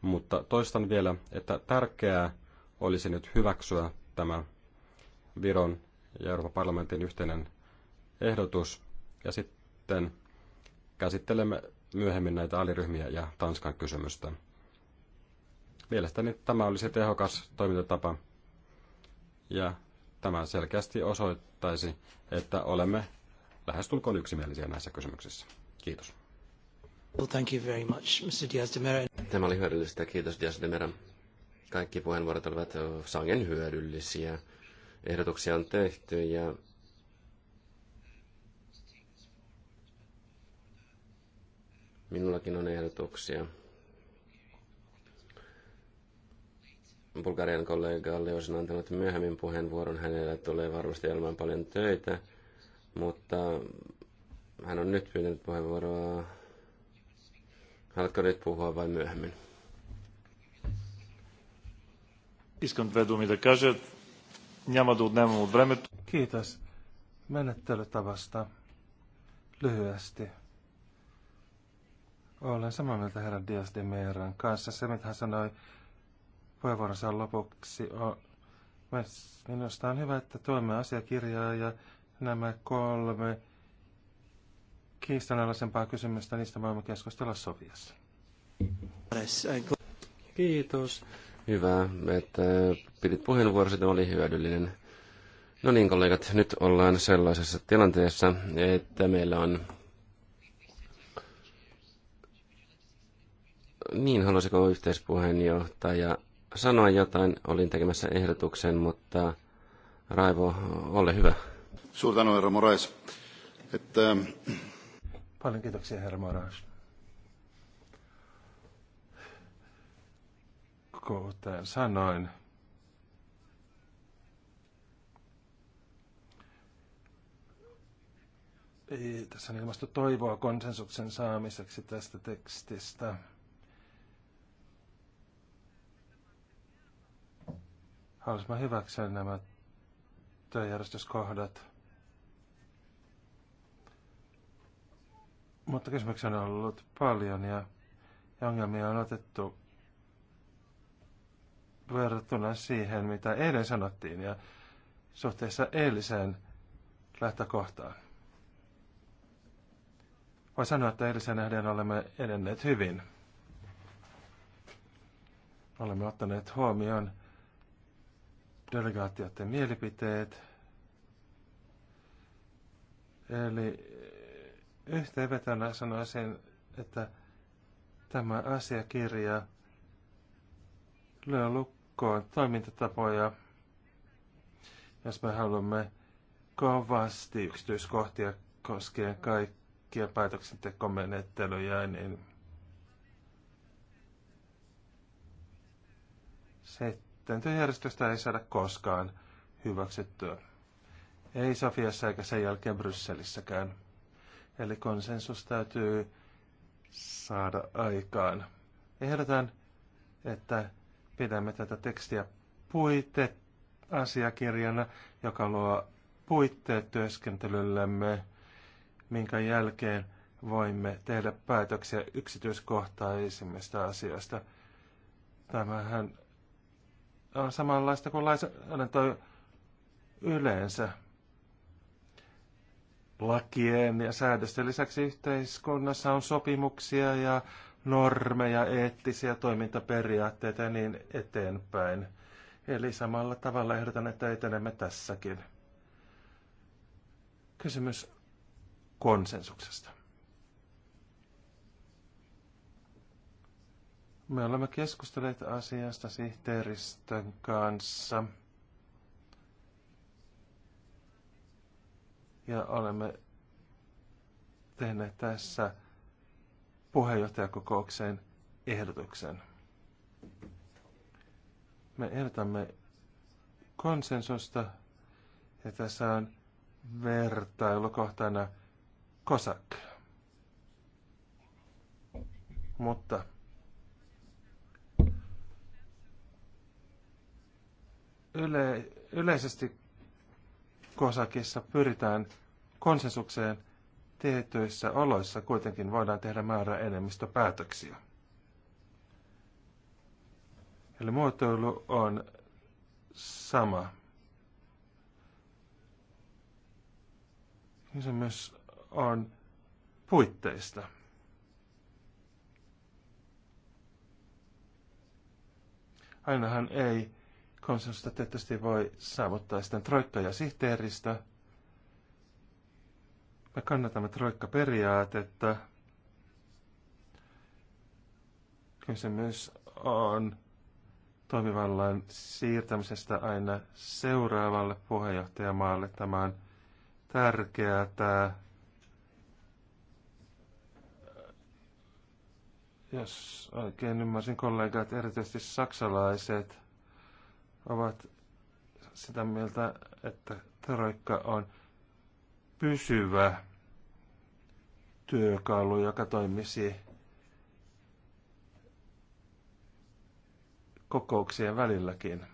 mutta toistan vielä, että tärkeää olisi nyt hyväksyä tämä Viron ja Euroopan parlamentin yhteinen ehdotus, ja sitten käsittelemme myöhemmin näitä aliryhmiä ja Tanskan kysymystä. Mielestäni tämä oli se tehokas toimintatapa ja tämä selkeästi osoittaisi, että olemme lähestulkoon yksimielisiä näissä kysymyksissä. Kiitos. Well, thank you very much, Mr. Diaz de Mera. Tämä oli hyödyllistä. Kiitos, Diaz de Mera. Kaikki puheenvuorot olivat sangen hyödyllisiä. Ehdotuksia on tehty ja minullakin on ehdotuksia. Bulgarian oli olisin antanut myöhemmin puheenvuoron. Hänellä tulee varmasti olemaan paljon töitä, mutta hän on nyt pyytänyt puheenvuoroa. Haluatko nyt puhua vai myöhemmin? Искам две думи Kiitos menettelytavasta lyhyesti. Olen samaa mieltä herra Dias de Meeran kanssa. Se, mitä hän sanoi puheenvuoronsa lopuksi. Minusta on hyvä, että tuemme asiakirjaa ja nämä kolme kiistanalaisempaa kysymystä, niistä voimme keskustella Sofiassa. Kiitos. Hyvä, että pidit puheenvuorosi, tämä oli hyödyllinen. No niin, kollegat, nyt ollaan sellaisessa tilanteessa, että meillä on... Niin, haluaisiko yhteispuheenjohtaja sanoa jotain, olin tekemässä ehdotuksen, mutta Raivo, ole hyvä. Suurta herra Morais. Että... Ähm, Paljon kiitoksia, herra Morais. Kuten sanoin, tässä on ilmastu toivoa konsensuksen saamiseksi tästä tekstistä. mä hyväksyä nämä työjärjestyskohdat. Mutta kysymyksiä on ollut paljon ja, ja ongelmia on otettu verrattuna siihen, mitä eilen sanottiin ja suhteessa eiliseen lähtökohtaan. Voi sanoa, että eilisen nähden olemme edenneet hyvin. Olemme ottaneet huomioon delegaatioiden mielipiteet. Eli yhteenvetona sanoisin, että tämä asiakirja lyö lukkoon toimintatapoja, jos me haluamme kovasti yksityiskohtia koskien kaikkia päätöksentekomenettelyjä, niin se sitten työjärjestystä ei saada koskaan hyväksyttyä. Ei Safiassa eikä sen jälkeen Brysselissäkään. Eli konsensus täytyy saada aikaan. Ehdotan, että pidämme tätä tekstiä puiteasiakirjana, joka luo puitteet työskentelyllemme, minkä jälkeen voimme tehdä päätöksiä yksityiskohtaisimmista asioista. Tämähän on samanlaista kuin lainsäädäntö yleensä. Lakien ja säädösten lisäksi yhteiskunnassa on sopimuksia ja normeja, eettisiä toimintaperiaatteita ja niin eteenpäin. Eli samalla tavalla ehdotan, että etenemme tässäkin. Kysymys konsensuksesta. Me olemme keskustelleet asiasta sihteeristön kanssa. Ja olemme tehneet tässä puheenjohtajakokoukseen ehdotuksen. Me ehdotamme konsensusta ja tässä on vertailukohtana COSAC. Mutta yle, yleisesti kosakissa pyritään konsensukseen tietyissä oloissa kuitenkin voidaan tehdä määrä enemmistö päätöksiä. Eli muotoilu on sama. Kysymys on puitteista. Ainahan ei konsensusta tietysti voi saavuttaa sitten troikka ja sihteeristä. Me kannatamme troikka-periaatetta. Kysymys on toimivallan siirtämisestä aina seuraavalle puheenjohtajamaalle. Tämä on tärkeää. Tämä jos oikein ymmärsin kollegat, erityisesti saksalaiset – ovat sitä mieltä, että Troikka on pysyvä työkalu, joka toimisi kokouksien välilläkin.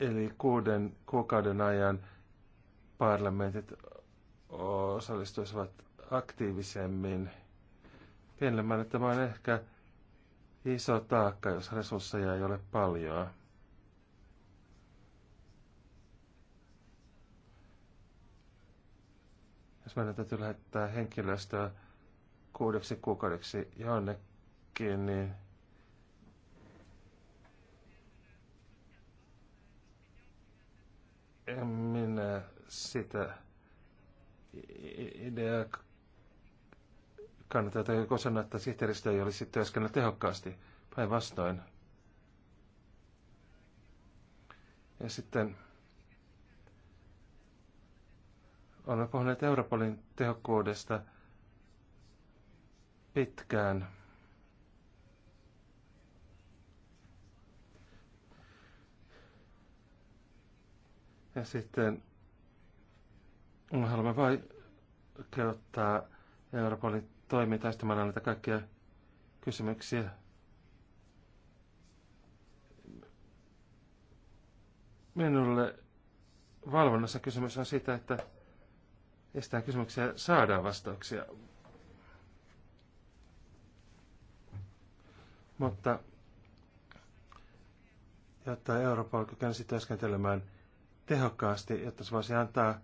Eli kuuden kuukauden ajan parlamentit osallistuisivat aktiivisemmin. Pienemmän tämä on ehkä iso taakka, jos resursseja ei ole paljon. Jos meidän täytyy lähettää henkilöstöä kuudeksi kuukaudeksi jonnekin, niin en minä sitä ideaa Kannattaa että joku että sihteeristö ei olisi työskennellyt tehokkaasti. Päinvastoin. Ja sitten olemme puhuneet Europolin tehokkuudesta pitkään. Ja sitten haluamme vaikeuttaa Europolin toimii. tästä mä näitä kaikkia kysymyksiä. Minulle valvonnassa kysymys on sitä, että estää kysymyksiä saadaan vastauksia. Mutta jotta Euroopan kykenisi työskentelemään tehokkaasti, jotta se voisi antaa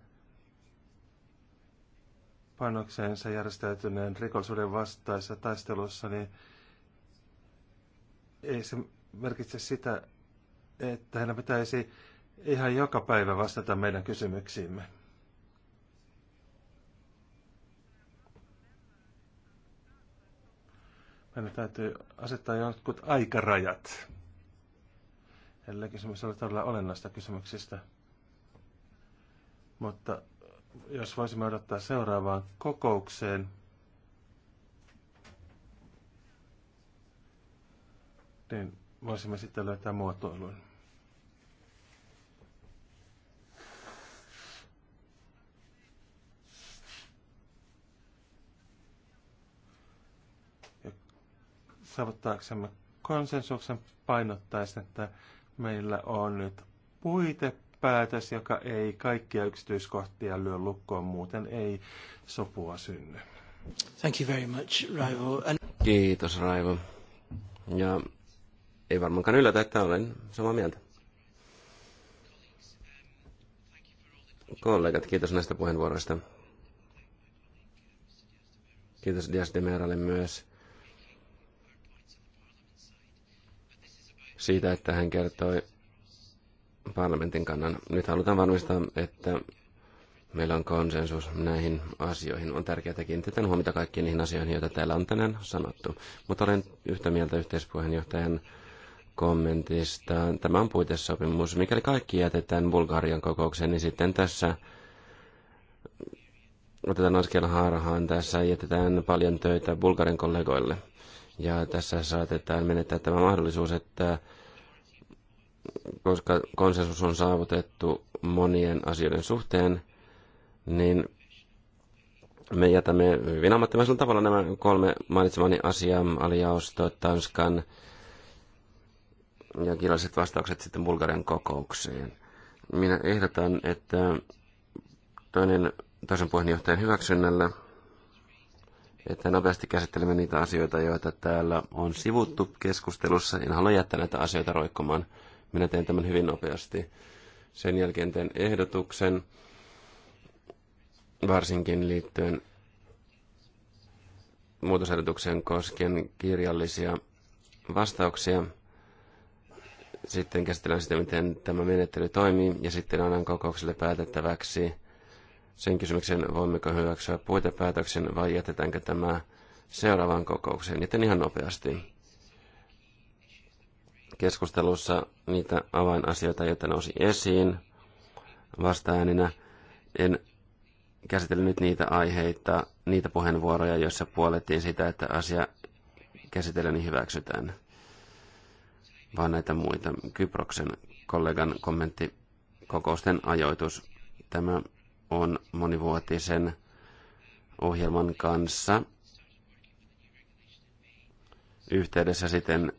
panokseensa järjestäytyneen rikollisuuden vastaisessa taistelussa, niin ei se merkitse sitä, että heidän pitäisi ihan joka päivä vastata meidän kysymyksiimme. Meidän täytyy asettaa jotkut aikarajat. Eli kysymys oli todella olennaista kysymyksistä. Mutta jos voisimme odottaa seuraavaan kokoukseen. Niin voisimme sitten löytää muotoilun. Ja saavuttaaksemme konsensuksen painottaisin, että meillä on nyt puite päätös, joka ei kaikkia yksityiskohtia lyö lukkoon, muuten ei sopua synny. Thank you very much, Raivo. And... Kiitos, Raivo. Ja ei varmaankaan yllätä, että olen samaa mieltä. Kollegat, kiitos näistä puheenvuoroista. Kiitos Dias Demeralle myös siitä, että hän kertoi parlamentin kannan. Nyt halutaan varmistaa, että meillä on konsensus näihin asioihin. On tärkeää kiinnitetään huomiota kaikkiin niihin asioihin, joita täällä on tänään sanottu. Mutta olen yhtä mieltä yhteispuheenjohtajan kommentista. Tämä on puitesopimus. Mikäli kaikki jätetään Bulgarian kokoukseen, niin sitten tässä otetaan askel harhaan. Tässä jätetään paljon töitä Bulgarin kollegoille. Ja tässä saatetaan menettää tämä mahdollisuus, että koska konsensus on saavutettu monien asioiden suhteen, niin me jätämme hyvin ammattimaisella tavalla nämä kolme mainitsemani asiaa, alijaosto, Tanskan ja kirjalliset vastaukset sitten Bulgarian kokoukseen. Minä ehdotan, että toinen toisen puheenjohtajan hyväksynnällä, että nopeasti käsittelemme niitä asioita, joita täällä on sivuttu keskustelussa. En halua jättää näitä asioita roikkumaan minä teen tämän hyvin nopeasti. Sen jälkeen teen ehdotuksen, varsinkin liittyen muutosehdotuksen koskien kirjallisia vastauksia. Sitten käsitellään sitä, miten tämä menettely toimii, ja sitten annan kokoukselle päätettäväksi sen kysymyksen, voimmeko hyväksyä puitepäätöksen vai jätetäänkö tämä seuraavaan kokoukseen, joten ihan nopeasti keskustelussa niitä avainasioita, joita nousi esiin vastaäänenä. En käsitellyt niitä aiheita, niitä puheenvuoroja, joissa puolettiin sitä, että asia käsitellään niin hyväksytään, vaan näitä muita. Kyproksen kollegan kommentti kokousten ajoitus. Tämä on monivuotisen ohjelman kanssa yhteydessä sitten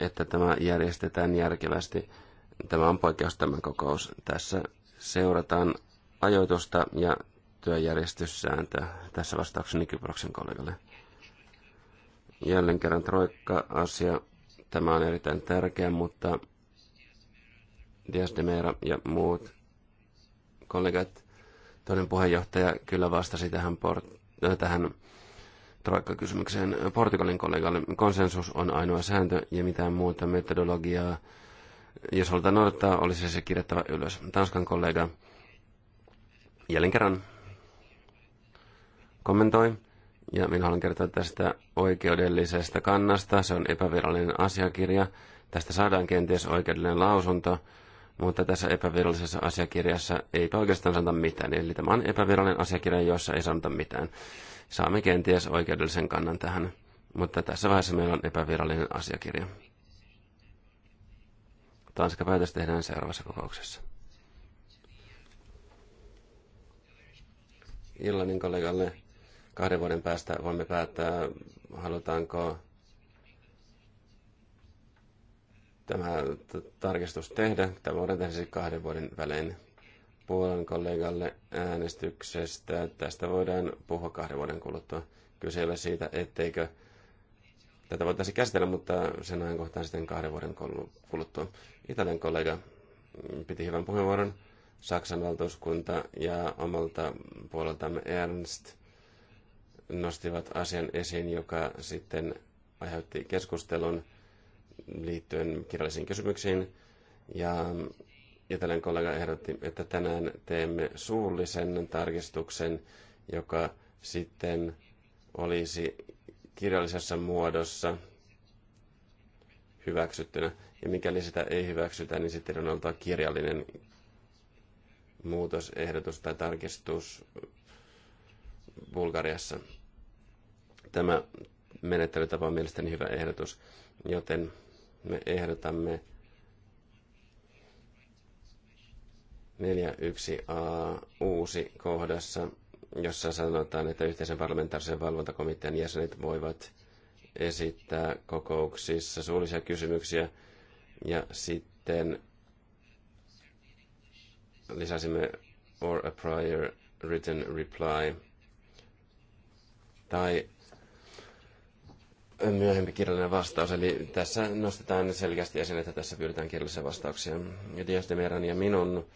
että tämä järjestetään järkevästi. Tämä on poikkeus tämä kokous. Tässä seurataan ajoitusta ja työjärjestyssääntöä. Tässä vastaukseni Kyproksen kollegalle. Jälleen kerran troikka-asia. Tämä on erittäin tärkeä, mutta Dias de Meera ja muut kollegat, toinen puheenjohtaja kyllä vastasi tähän, port- äh, tähän vaikka kysymykseen Portugalin kollegalle. Konsensus on ainoa sääntö ja mitään muuta metodologiaa. Jos halutaan noudattaa, olisi se kirjattava ylös. Tanskan kollega jälleen kerran kommentoi. Ja minä haluan kertoa tästä oikeudellisesta kannasta. Se on epävirallinen asiakirja. Tästä saadaan kenties oikeudellinen lausunto, mutta tässä epävirallisessa asiakirjassa ei oikeastaan sanota mitään. Eli tämä on epävirallinen asiakirja, jossa ei sanota mitään saamme kenties oikeudellisen kannan tähän. Mutta tässä vaiheessa meillä on epävirallinen asiakirja. Tanska päätös tehdään seuraavassa kokouksessa. Illanin kollegalle kahden vuoden päästä voimme päättää, halutaanko tämä tarkistus tehdä. Tämä voidaan tehdä siis kahden vuoden välein. Puolan kollegalle äänestyksestä. Tästä voidaan puhua kahden vuoden kuluttua. Kyse ei ole siitä, etteikö tätä voitaisiin käsitellä, mutta sen ajan kohtaan sitten kahden vuoden kuluttua. Italian kollega piti hyvän puheenvuoron. Saksan valtuuskunta ja omalta puoleltamme Ernst nostivat asian esiin, joka sitten aiheutti keskustelun liittyen kirjallisiin kysymyksiin. Ja Italian kollega ehdotti, että tänään teemme suullisen tarkistuksen, joka sitten olisi kirjallisessa muodossa hyväksyttynä. Ja mikäli sitä ei hyväksytä, niin sitten on oltava kirjallinen muutosehdotus tai tarkistus Bulgariassa. Tämä menettelytapa on mielestäni hyvä ehdotus, joten me ehdotamme 41 uusi kohdassa, jossa sanotaan, että yhteisen parlamentaarisen valvontakomitean jäsenet voivat esittää kokouksissa suullisia kysymyksiä ja sitten lisäsimme or a prior written reply tai myöhempi kirjallinen vastaus. Eli tässä nostetaan selkeästi esiin, että tässä pyydetään kirjallisia vastauksia. Ja de ja minun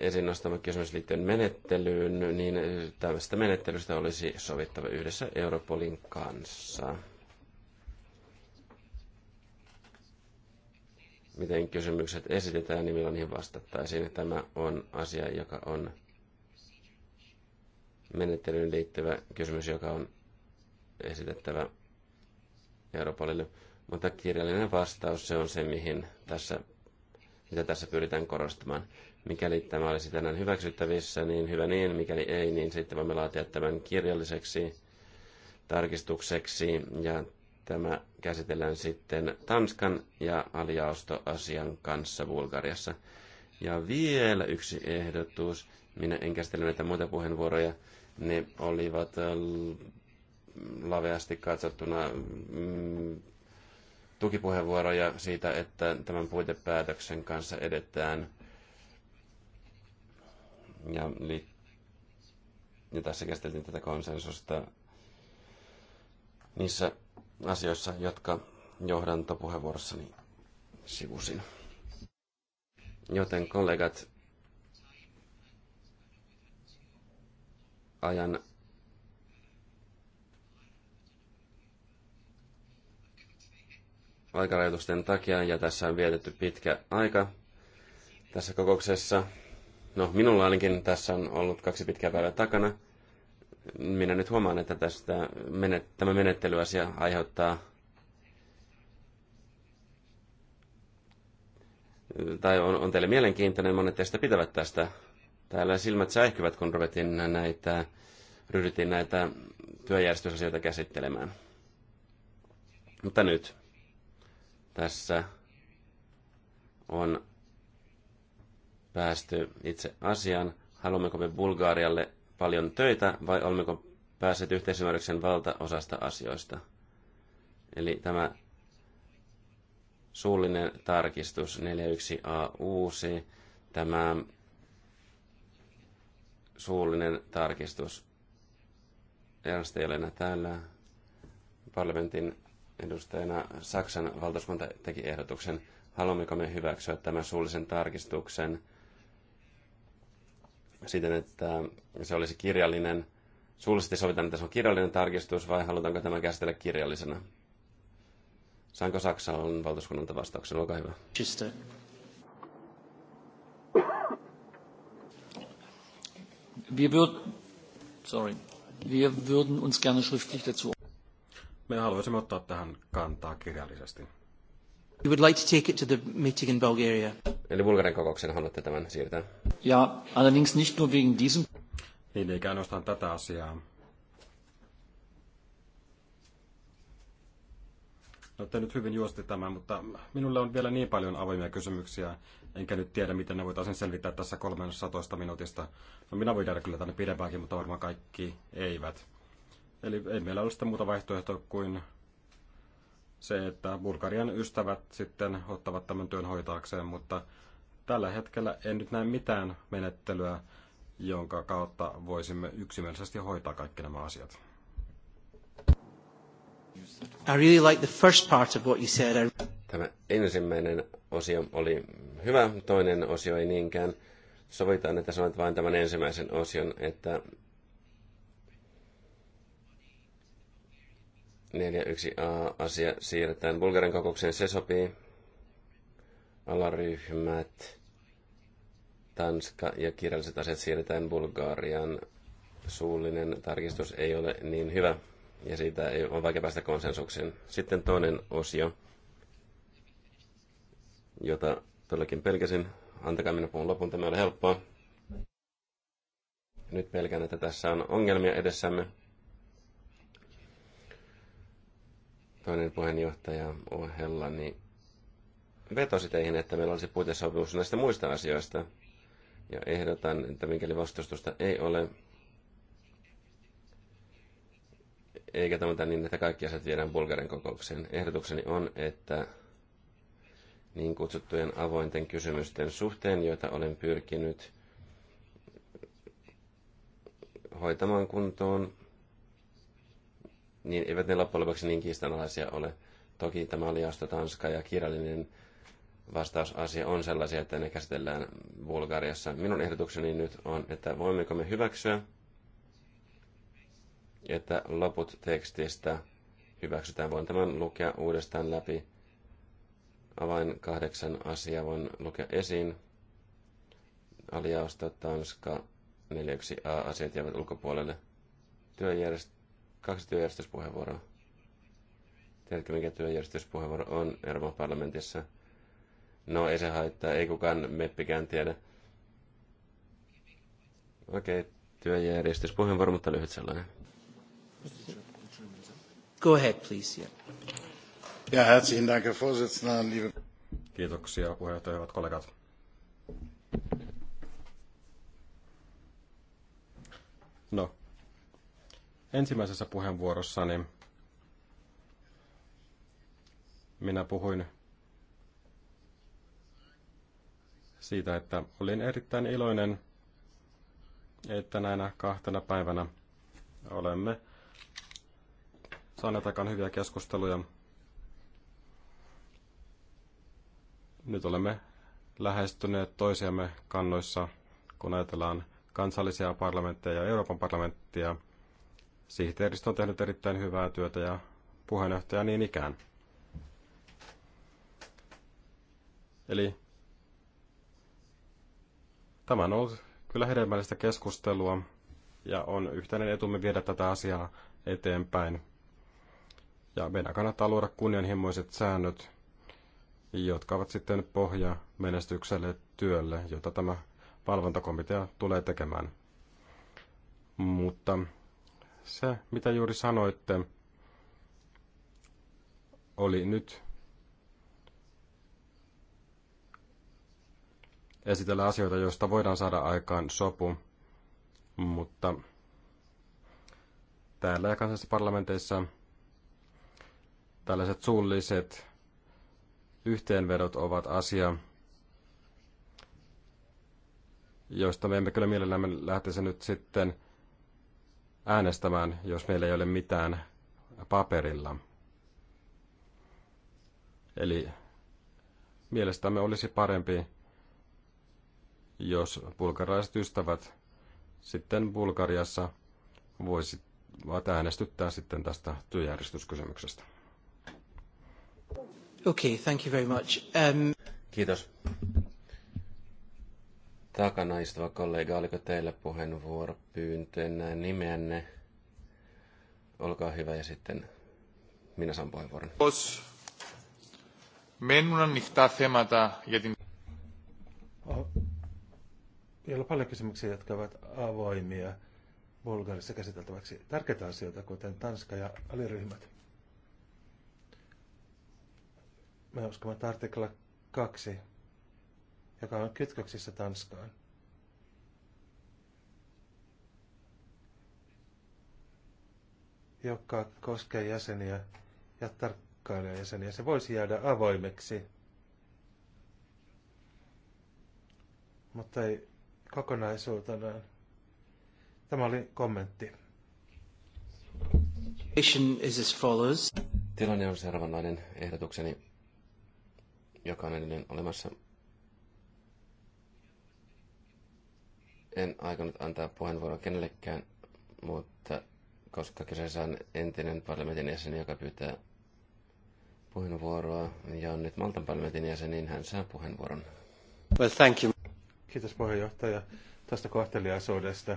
esiin nostama kysymys liittyen menettelyyn, niin tällaista menettelystä olisi sovittava yhdessä Europolin kanssa. Miten kysymykset esitetään niin milloin niihin vastattaisiin. Tämä on asia, joka on menettelyyn liittyvä kysymys, joka on esitettävä Europolille. Mutta kirjallinen vastaus, se on se, mihin tässä, mitä tässä pyritään korostamaan. Mikäli tämä olisi tänään hyväksyttävissä, niin hyvä niin. Mikäli ei, niin sitten voimme laatia tämän kirjalliseksi tarkistukseksi ja tämä käsitellään sitten Tanskan ja aliaustoasian kanssa Bulgariassa. Ja vielä yksi ehdotus. Minä en käsitellä näitä muita puheenvuoroja. Ne olivat äh, laveasti katsottuna mm, tukipuheenvuoroja siitä, että tämän puitepäätöksen kanssa edetään – ja, li- ja tässä käsiteltiin tätä konsensusta niissä asioissa, jotka johdantopuheenvuorossani sivusin. Joten kollegat, ajan aikarajoitusten takia, ja tässä on vietetty pitkä aika tässä kokouksessa. No, minulla ainakin tässä on ollut kaksi pitkää päivää takana. Minä nyt huomaan, että tästä menet, tämä menettelyasia aiheuttaa tai on, on teille mielenkiintoinen, monet teistä pitävät tästä. Täällä silmät säihkyvät, kun ruvettiin näitä, ryhdyttiin näitä työjärjestysasioita käsittelemään. Mutta nyt tässä on päästy itse asiaan. Haluammeko me Bulgaarialle paljon töitä vai olemmeko päässeet yhteisymmärryksen valtaosasta asioista? Eli tämä suullinen tarkistus 41a uusi, tämä suullinen tarkistus. Ernst ei ole enää täällä. Parlamentin edustajana Saksan valtuuskunta teki ehdotuksen, haluammeko me hyväksyä tämän suullisen tarkistuksen – siten, että se olisi kirjallinen. Suullisesti sovitaan, että se on kirjallinen tarkistus vai halutaanko tämä käsitellä kirjallisena? Saanko on valtuuskunnalta vastauksen? Olkaa hyvä. Chiste. Wir würden, sorry, wir würden uns gerne schriftlich dazu. Me haluaisimme ottaa tähän kantaa kirjallisesti. You would like to take it to the meeting in Bulgaria. Eli Bulgarian kokouksen haluatte tämän siirtää? Ja, allerdings nicht nur wegen diesem. Niin, eikä ainoastaan tätä asiaa. No te nyt hyvin juosti tämän, mutta minulle on vielä niin paljon avoimia kysymyksiä, enkä nyt tiedä, miten ne voitaisiin selvittää tässä 13 minuutista. No minä voin jäädä kyllä tänne pidempäänkin, mutta varmaan kaikki eivät. Eli ei meillä ole sitä muuta vaihtoehtoa kuin se, että Bulgarian ystävät sitten ottavat tämän työn hoitaakseen, mutta tällä hetkellä en nyt näe mitään menettelyä, jonka kautta voisimme yksimielisesti hoitaa kaikki nämä asiat. I really like the first part of what you said. Tämä ensimmäinen osio oli hyvä, toinen osio ei niinkään. Sovitaan, että sanoit vain tämän ensimmäisen osion, että 41a asia siirretään Bulgarian kokoukseen, se sopii. Alaryhmät, Tanska ja kirjalliset asiat siirretään Bulgarian. Suullinen tarkistus ei ole niin hyvä ja siitä ei on vaikea päästä konsensukseen. Sitten toinen osio, jota todellakin pelkäsin. Antakaa minun puhun lopun, tämä ei ole helppoa. Nyt pelkään, että tässä on ongelmia edessämme. toinen puheenjohtaja Niin vetosi teihin, että meillä olisi puitesopimus näistä muista asioista. Ja ehdotan, että mikäli vastustusta ei ole, eikä tämä niin, että kaikki asiat viedään Bulgarian kokoukseen. Ehdotukseni on, että niin kutsuttujen avointen kysymysten suhteen, joita olen pyrkinyt hoitamaan kuntoon, niin eivät ne loppujen lopuksi niin kiistanalaisia ole. Toki tämä oli josta Tanska ja kirjallinen vastausasia on sellaisia, että ne käsitellään Bulgariassa. Minun ehdotukseni nyt on, että voimmeko me hyväksyä, että loput tekstistä hyväksytään. Voin tämän lukea uudestaan läpi. Avain kahdeksan asiaa voin lukea esiin. Aliausta Tanska 41a asiat jäävät ulkopuolelle. Työjärjestelmä kaksi työjärjestyspuheenvuoroa. Tiedätkö, mikä työjärjestyspuheenvuoro on Euroopan parlamentissa? No, ei se haittaa. Ei kukaan meppikään tiedä. Okei, okay, työjärjestyspuheenvuoro, mutta lyhyt sellainen. Go ahead, please. Yeah. Ja, herzlichen Dank, Herr Vorsitzender, liebe... Kiitoksia, puheenjohtaja, hyvät kollegat. No, Ensimmäisessä puheenvuorossani minä puhuin siitä, että olin erittäin iloinen, että näinä kahtena päivänä olemme saaneet aikaan hyviä keskusteluja. Nyt olemme lähestyneet toisiamme kannoissa, kun ajatellaan kansallisia parlamentteja ja Euroopan parlamenttia – Sihteeristö on tehnyt erittäin hyvää työtä ja puheenjohtaja niin ikään. Eli tämä on ollut kyllä hedelmällistä keskustelua ja on yhteinen etumme viedä tätä asiaa eteenpäin. Ja meidän kannattaa luoda kunnianhimoiset säännöt, jotka ovat sitten pohja menestykselle työlle, jota tämä valvontakomitea tulee tekemään. Mutta se, mitä juuri sanoitte, oli nyt esitellä asioita, joista voidaan saada aikaan sopu, mutta täällä ja kansallisissa parlamenteissa tällaiset suulliset yhteenvedot ovat asia, joista me emme kyllä mielellämme lähtisi nyt sitten äänestämään, jos meillä ei ole mitään paperilla. Eli mielestämme olisi parempi, jos bulgarilaiset ystävät sitten Bulgariassa voisivat äänestyttää sitten tästä työjärjestyskysymyksestä. Okay, thank you very much. Um... Kiitos takana istuva kollega, oliko teillä puheenvuoro pyyntönä näe nimeänne. Olkaa hyvä ja sitten minä saan puheenvuoron. Jos ανοιχτά θέματα για την... Meillä on paljon kysymyksiä, jotka ovat avoimia Bulgarissa käsiteltäväksi. Tärkeitä asioita, kuten Tanska ja aliryhmät. Mä uskon, että artikla 2 joka on kytköksissä Tanskaan. joka koskee jäseniä ja tarkkailee jäseniä. Se voisi jäädä avoimeksi, mutta ei kokonaisuutenaan. Tämä oli kommentti. Is as follows. Tilanne on seuraavanlainen ehdotukseni, joka on edelleen olemassa En aikonut antaa puheenvuoroa kenellekään, mutta koska kyseessä on entinen parlamentin jäsen, joka pyytää puheenvuoroa ja on nyt Maltan parlamentin jäsen, niin hän saa puheenvuoron. Well, thank you. Kiitos puheenjohtaja tästä kohteliaisuudesta.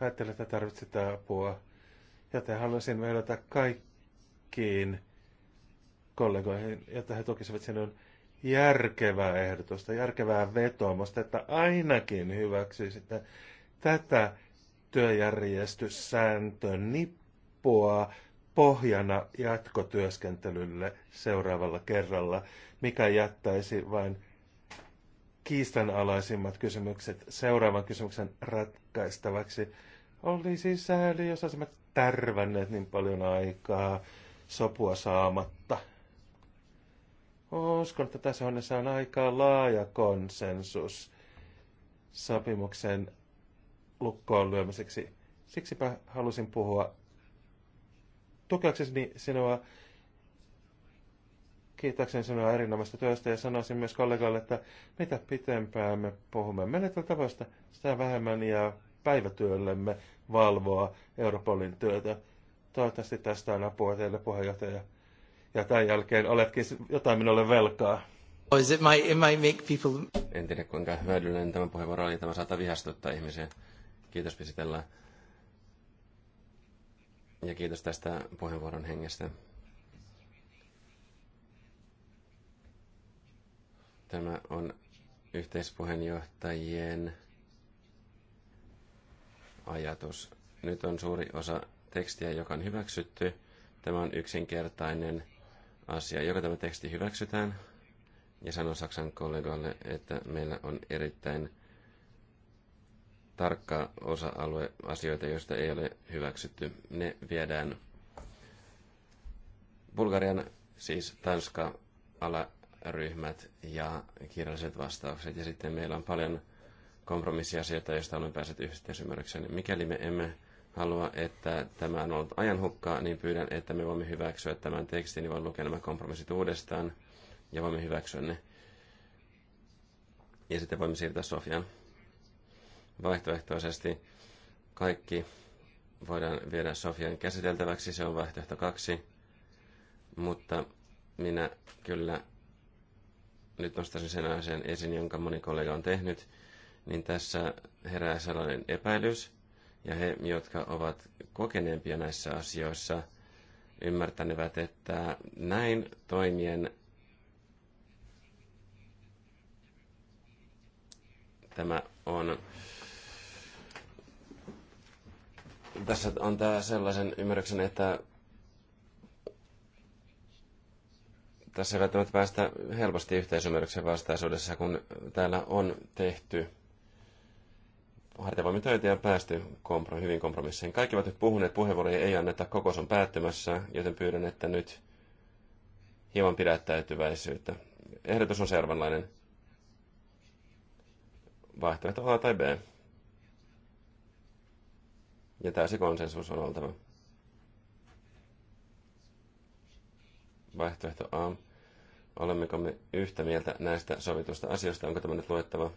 Ajattelin, että tarvitsee apua, joten haluaisin vedota kaikkiin kollegoihin, jotta he tukisivat sinun järkevää ehdotusta, järkevää vetoomusta, että ainakin hyväksyisitte tätä työjärjestyssääntön nippua pohjana jatkotyöskentelylle seuraavalla kerralla, mikä jättäisi vain kiistanalaisimmat kysymykset seuraavan kysymyksen ratkaistavaksi. Oli siis sääli, jos olisimme tärvänneet niin paljon aikaa sopua saamatta. Uskon, että tässä on aika laaja konsensus sopimuksen lukkoon lyömiseksi. Siksipä halusin puhua tukeakseni sinua, kiittääkseni sinua erinomaisesta työstä ja sanoisin myös kollegalle, että mitä pitempään me puhumme menetelmätavoista, sitä vähemmän ja päivätyöllemme valvoa Europolin työtä. Toivottavasti tästä on apua teille puheenjohtaja ja tämän jälkeen oletkin jotain minulle velkaa. Oh, is it my, it might make people... En tiedä kuinka hyödyllinen tämä puheenvuoro oli. Tämä saattaa vihastuttaa ihmisiä. Kiitos, pisitellään. Ja kiitos tästä puheenvuoron hengestä. Tämä on yhteispuheenjohtajien ajatus. Nyt on suuri osa tekstiä, joka on hyväksytty. Tämä on yksinkertainen asia. Joko tämä teksti hyväksytään ja sanon Saksan kollegoille, että meillä on erittäin tarkka osa-alue asioita, joista ei ole hyväksytty. Ne viedään Bulgarian, siis Tanska, alaryhmät ja kirjalliset vastaukset. Ja sitten meillä on paljon kompromissiasioita, joista olen päässyt yhteisymmärrykseen. Mikäli me emme halua, että tämä on ollut ajanhukkaa, niin pyydän, että me voimme hyväksyä tämän tekstin ja niin voin lukea nämä kompromissit uudestaan ja voimme hyväksyä ne. Ja sitten voimme siirtää Sofian. Vaihtoehtoisesti kaikki voidaan viedä Sofian käsiteltäväksi, se on vaihtoehto kaksi. Mutta minä kyllä nyt nostaisin sen asian esiin, jonka moni kollega on tehnyt, niin tässä herää sellainen epäilys, ja he, jotka ovat kokeneempia näissä asioissa, ymmärtänevät, että näin toimien tämä on tässä on tämä sellaisen ymmärryksen, että tässä ei välttämättä päästä helposti yhteisymmärryksen vastaisuudessa, kun täällä on tehty hartiavoimin töitä ja päästy kompro, hyvin kompromissiin. Kaikki ovat nyt puhuneet, puheenvuoroja ei anneta, kokous on päättymässä, joten pyydän, että nyt hieman pidättäytyväisyyttä. Ehdotus on seuraavanlainen. Vaihtoehto A tai B. Ja täysi konsensus on oltava. Vaihtoehto A. Olemmeko me yhtä mieltä näistä sovituista asioista? Onko tämä nyt luettava?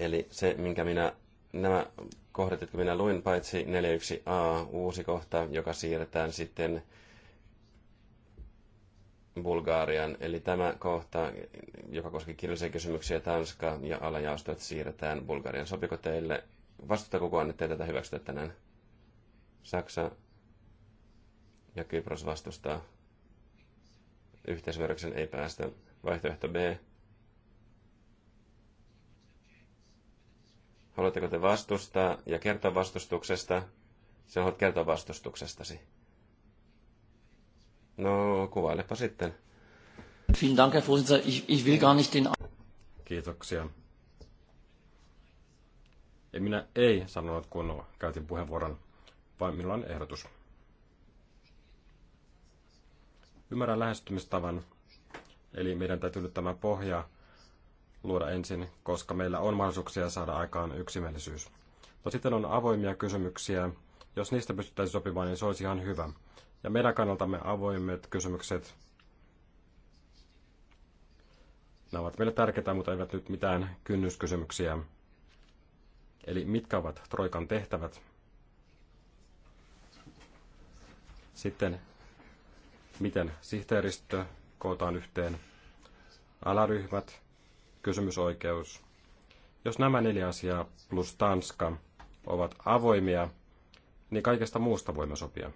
Eli se, minkä minä, nämä kohdat, jotka minä luin, paitsi 41a, uusi kohta, joka siirretään sitten Bulgarian. Eli tämä kohta, joka koski kirjallisia kysymyksiä, Tanska ja alajaostot siirretään Bulgarian. Sopiko teille, vastuuta kukaan, ettei tätä hyväksytä tänään? Saksa ja Kypros vastustaa. Yhteisvyöryksen ei päästä. Vaihtoehto B Haluatteko te vastustaa ja kertoa vastustuksesta? Se haluat kertoa vastustuksestasi. No, kuvailepa sitten. Vielen Dank, Herr Vorsitzender. Ich, ich will gar nicht den... Kiitoksia. En minä ei sanonut, kun käytin puheenvuoron, vaan minulla on ehdotus. Ymmärrän lähestymistavan, eli meidän täytyy nyt tämä pohja luoda ensin, koska meillä on mahdollisuuksia saada aikaan yksimielisyys. No sitten on avoimia kysymyksiä. Jos niistä pystyttäisiin sopimaan, niin se olisi ihan hyvä. Ja meidän kannaltamme avoimet kysymykset, nämä ovat meille tärkeitä, mutta eivät nyt mitään kynnyskysymyksiä. Eli mitkä ovat Troikan tehtävät? Sitten miten sihteeristö kootaan yhteen, alaryhmät, kysymysoikeus. Jos nämä neljä asiaa plus Tanska ovat avoimia, niin kaikesta muusta voimme sopia.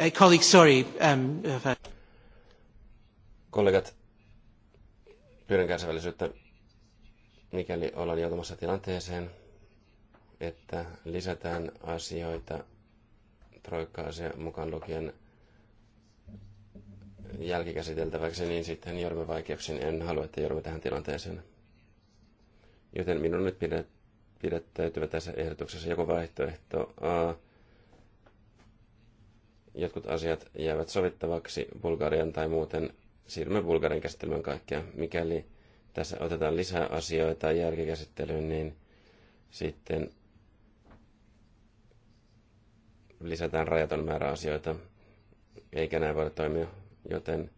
Hey, colleague, sorry. Um, Kollegat, pyydän kärsivällisyyttä mikäli ollaan joutumassa tilanteeseen, että lisätään asioita, troikka-asia mukaan lukien jälkikäsiteltäväksi, niin sitten joudumme vaikeuksiin. En halua, että joudumme tähän tilanteeseen. Joten minun nyt pidet, pidettäytyvä tässä ehdotuksessa joku vaihtoehto A. Jotkut asiat jäävät sovittavaksi Bulgarian tai muuten siirrymme Bulgarian käsittelemään kaikkea. Mikäli tässä otetaan lisää asioita järkikäsittelyyn, niin sitten lisätään rajaton määrä asioita, eikä näin voida toimia, joten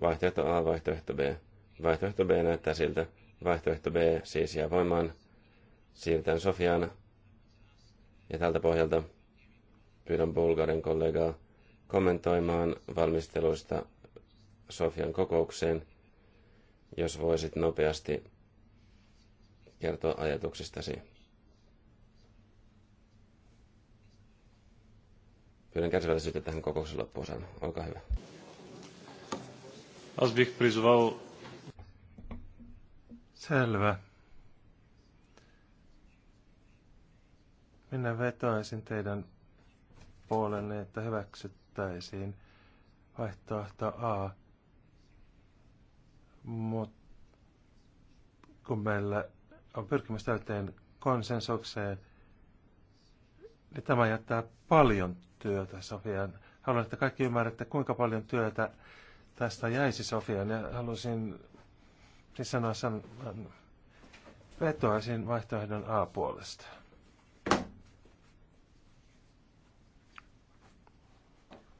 vaihtoehto A, vaihtoehto B. Vaihtoehto B näyttää siltä. Vaihtoehto B siis jää voimaan. Siirrytään Sofiaan. Ja tältä pohjalta pyydän Bulgarin kollegaa kommentoimaan valmisteluista Sofian kokoukseen – jos voisit nopeasti kertoa ajatuksistasi. Pyydän kärsivällisyyttä tähän kokouksen loppuun sanon. Olkaa hyvä. Asbih Selvä. Minä vetoaisin teidän puolenne, että hyväksyttäisiin vaihtoehto A mutta kun meillä on pyrkimys täyteen konsensukseen, niin tämä jättää paljon työtä Sofian. Haluan, että kaikki ymmärrätte, kuinka paljon työtä tästä jäisi Sofian. Ja halusin siis sanoa sanan vetoaisin vaihtoehdon A puolesta.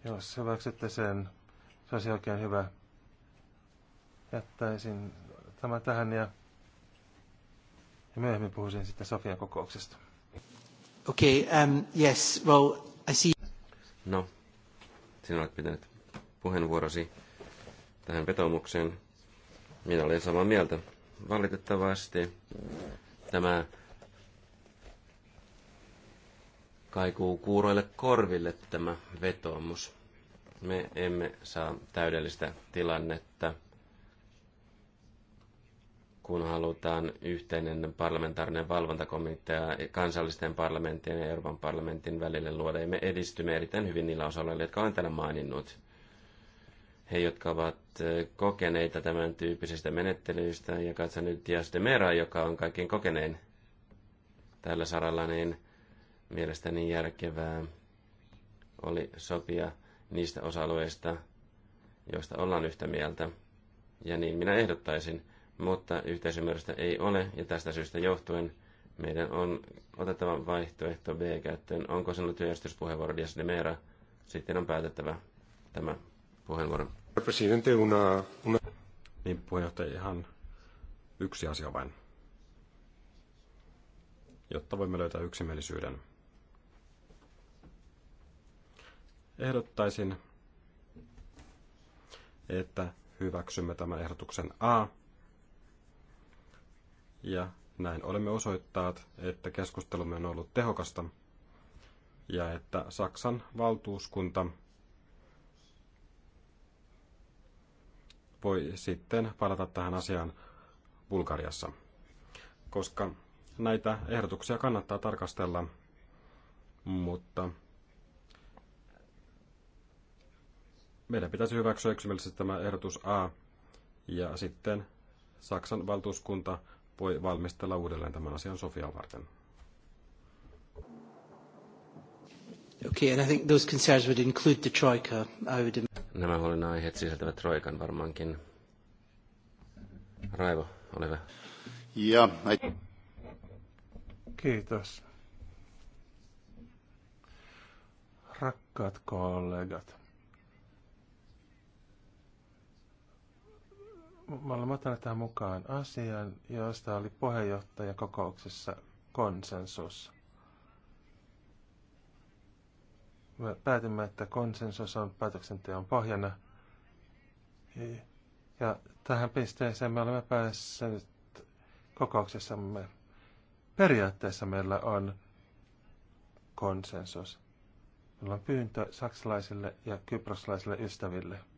Jos hyväksytte sen, se olisi oikein hyvä jättäisin tämä tähän ja, ja myöhemmin puhuisin sitten Sofian kokouksesta. Okei, okay, um, yes, well, I see. No, sinä olet pitänyt puheenvuorosi tähän vetomukseen. Minä olen samaa mieltä. Valitettavasti tämä kaikuu kuuroille korville tämä vetoomus. Me emme saa täydellistä tilannetta kun halutaan yhteinen parlamentaarinen valvontakomitea kansallisten parlamenttien ja Euroopan parlamentin välille luoda. Ja me edistymme erittäin hyvin niillä osalla, jotka olen täällä maininnut. He, jotka ovat kokeneita tämän tyyppisistä menettelyistä, ja katsotaan nyt Dias de Mera, joka on kaikkein kokenein tällä saralla, niin mielestäni järkevää oli sopia niistä osa-alueista, joista ollaan yhtä mieltä. Ja niin minä ehdottaisin, mutta yhteisymmärrystä ei ole, ja tästä syystä johtuen meidän on otettava vaihtoehto B käyttöön. Onko sinulla työjärjestyspuheenvuoro Dias de Mera? Sitten on päätettävä tämä puheenvuoro. Presidente, una, una... Niin, puheenjohtaja, ihan yksi asia vain, jotta voimme löytää yksimielisyyden. Ehdottaisin, että hyväksymme tämän ehdotuksen A ja näin olemme osoittaneet, että keskustelumme on ollut tehokasta ja että Saksan valtuuskunta voi sitten palata tähän asiaan Bulgariassa, koska näitä ehdotuksia kannattaa tarkastella, mutta meidän pitäisi hyväksyä yksimielisesti tämä ehdotus A ja sitten Saksan valtuuskunta voi valmistella uudelleen tämän asian Sofia varten. Okay, and I think those concerns would include the troika. I would... Nämä aiheet sisältävät troikan varmaankin. Raivo, ole hyvä. Ja, I... Kiitos. Rakkaat kollegat, mä olen ottanut tähän mukaan asian, josta oli kokouksessa konsensus. Me päätimme, että konsensus on päätöksenteon pohjana. Ja tähän pisteeseen me olemme päässeet kokouksessamme. Periaatteessa meillä on konsensus. Meillä on pyyntö saksalaisille ja kyproslaisille ystäville –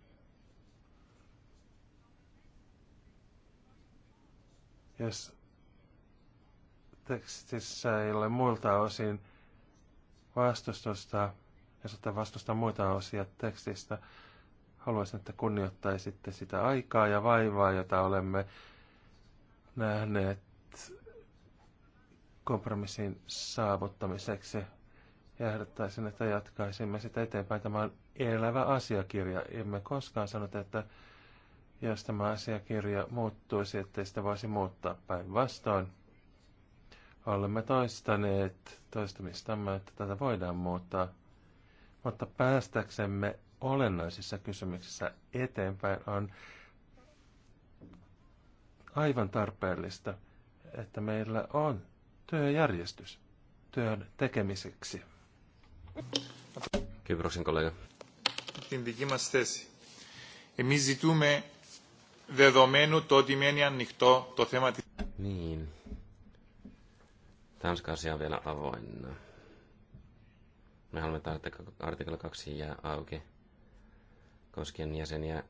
Jos tekstissä ei ole muilta osin vastustusta, jos ottaa vastustaa muita osia tekstistä, haluaisin, että kunnioittaisitte sitä aikaa ja vaivaa, jota olemme nähneet kompromissin saavuttamiseksi. Ja ehdottaisin, että jatkaisimme sitä eteenpäin. Tämä on elävä asiakirja. Emme koskaan sanoneet, että jos tämä asiakirja muuttuisi, ettei sitä voisi muuttaa päinvastoin. Olemme toistaneet toistamistamme, että tätä voidaan muuttaa, mutta päästäksemme olennaisissa kysymyksissä eteenpäin on aivan tarpeellista, että meillä on työjärjestys työn tekemiseksi. Kiitos, kollega. Την δική μας θέση. Εμείς ζητούμε δεδομένου το ότι μένει ανοιχτό το θέμα της... Niin. Tanska asia on vielä avoinna. Me haluamme, että artikla 2 jää auki koskien jäseniä,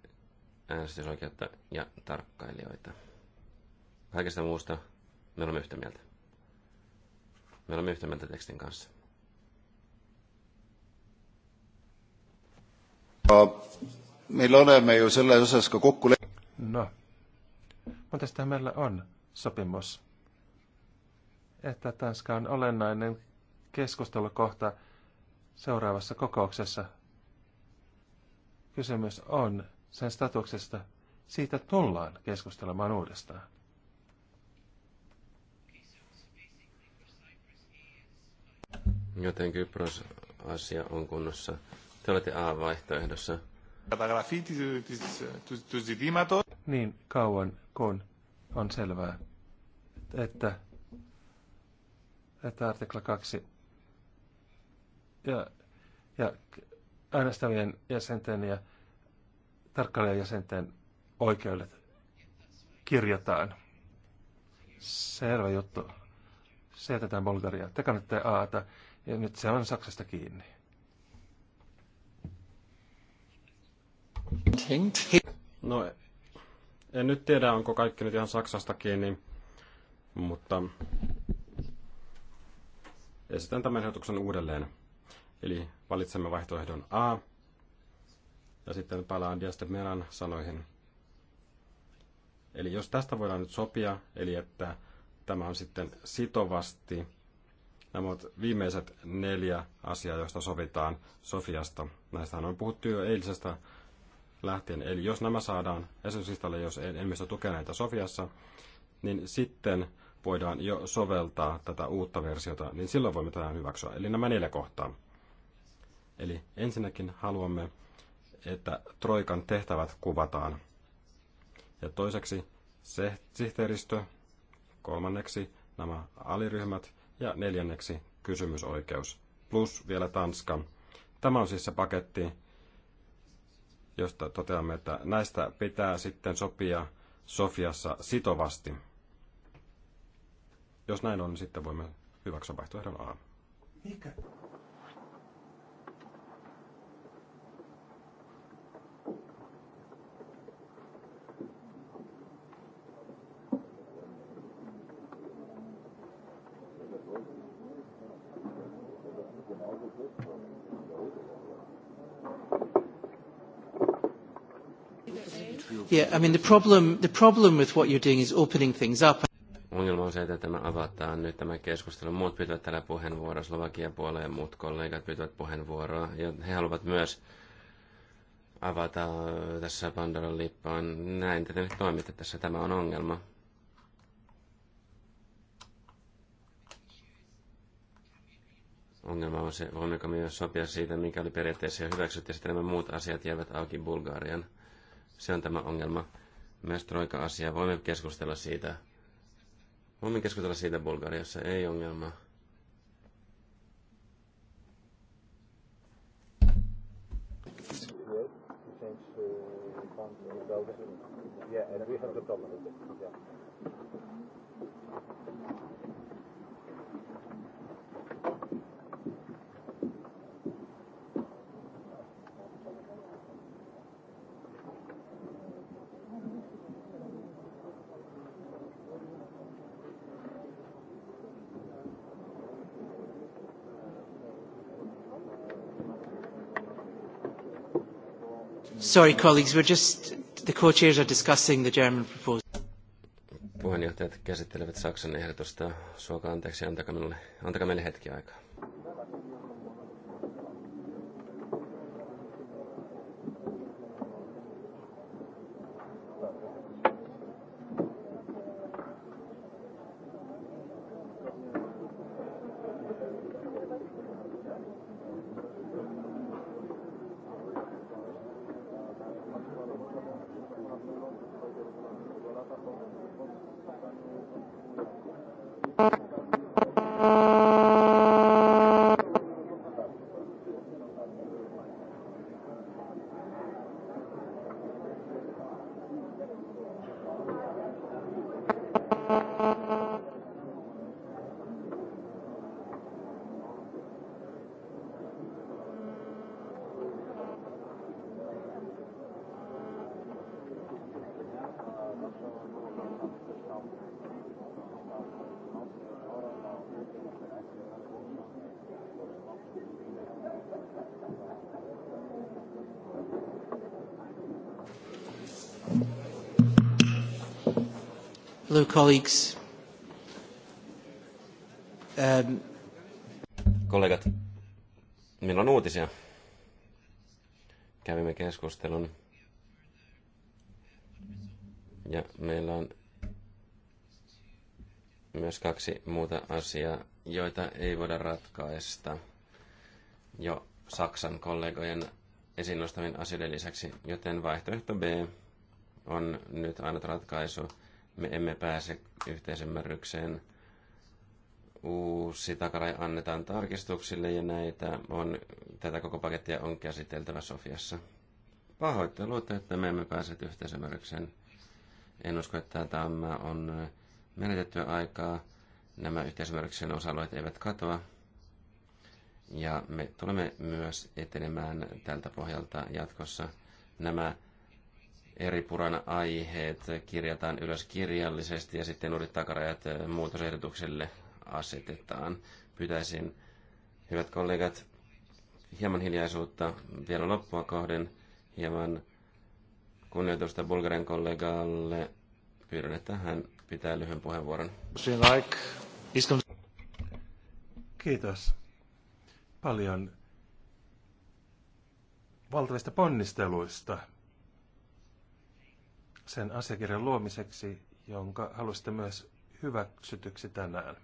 äänestysoikeutta ja tarkkailijoita. Kaikesta muusta me olemme yhtä mieltä. Me olemme yhtä mieltä tekstin kanssa. Äh, meillä äh, olemme jo selles osas ka kokku No, mutta tästä meillä on sopimus, että Tanska on olennainen keskustelukohta seuraavassa kokouksessa. Kysymys on sen statuksesta. Siitä tullaan keskustelemaan uudestaan. Joten Kypros-asia on kunnossa. Te olette A-vaihtoehdossa. Καταγραφή του ζητήματος niin kauan, kun on selvää, että, että artikla 2 ja, ja äänestävien jäsenten ja jäsenten oikeudet kirjataan. Selvä juttu. Se jätetään Bulgariaan. Te kannatte aata. Ja nyt se on Saksasta kiinni. No en nyt tiedä, onko kaikki nyt ihan Saksasta kiinni, mutta esitän tämän ehdotuksen uudelleen. Eli valitsemme vaihtoehdon A, ja sitten palaan Diaste Meran sanoihin. Eli jos tästä voidaan nyt sopia, eli että tämä on sitten sitovasti, nämä ovat viimeiset neljä asiaa, joista sovitaan Sofiasta. Näistähän on puhuttu jo eilisestä lähtien. Eli jos nämä saadaan esityslistalle, jos enemmistö tukee näitä Sofiassa, niin sitten voidaan jo soveltaa tätä uutta versiota, niin silloin voimme tämän hyväksyä. Eli nämä neljä kohtaa. Eli ensinnäkin haluamme, että Troikan tehtävät kuvataan. Ja toiseksi se sihteeristö, kolmanneksi nämä aliryhmät ja neljänneksi kysymysoikeus, plus vielä Tanska. Tämä on siis se paketti, josta toteamme, että näistä pitää sitten sopia Sofiassa sitovasti. Jos näin on, niin sitten voimme hyväksyä vaihtoehdon A. Mikä? Yeah, I mean the problem, the problem with what you're doing is opening things up. Ongelma on se, että tämä avataan nyt tämä keskustelu. Muut pyytävät täällä puheenvuoroa, Slovakian puoleen muut kollegat pyytävät puheenvuoroa. Ja he haluavat myös avata tässä Pandoran lippaan. Näin te nyt toimitte tässä, tämä on ongelma. Ongelma on se, voimmeko myös sopia siitä, mikä oli periaatteessa jo hyväksytty, ja sitten nämä muut asiat jäävät auki Bulgarian se on tämä ongelma. Myös Troika-asia. Voimme keskustella siitä. Voimme keskustella siitä Bulgariassa. Ei ongelma. Yeah, and we have the problem with it. Sorry, colleagues, we're just, the co-chairs are discussing the German proposal. Puheenjohtajat käsittelevät Saksan ehdotusta. Suokaa anteeksi, antakaa, antakaa meille hetki aikaa. Hello, colleagues. Um. Kollegat, meillä on uutisia. Kävimme keskustelun. Ja meillä on myös kaksi muuta asiaa, joita ei voida ratkaista jo Saksan kollegojen esiin nostamien asioiden lisäksi, joten vaihtoehto B on nyt aina ratkaisu – me emme pääse yhteisymmärrykseen. Uusi takarai annetaan tarkistuksille ja näitä on, tätä koko pakettia on käsiteltävä Sofiassa. Pahoittelut, että me emme pääse yhteisymmärrykseen. En usko, että tämä on menetettyä aikaa. Nämä yhteisymmärryksen osa eivät katoa. Ja me tulemme myös etenemään tältä pohjalta jatkossa. Nämä eri purana aiheet kirjataan ylös kirjallisesti ja sitten uudet takarajat eh, muutosehdotukselle asetetaan. Pyytäisin, hyvät kollegat, hieman hiljaisuutta vielä loppua kohden, hieman kunnioitusta Bulgarian kollegalle. Pyydän, että hän pitää lyhyen puheenvuoron. Kiitos paljon valtavista ponnisteluista sen asiakirjan luomiseksi, jonka halusitte myös hyväksytyksi tänään.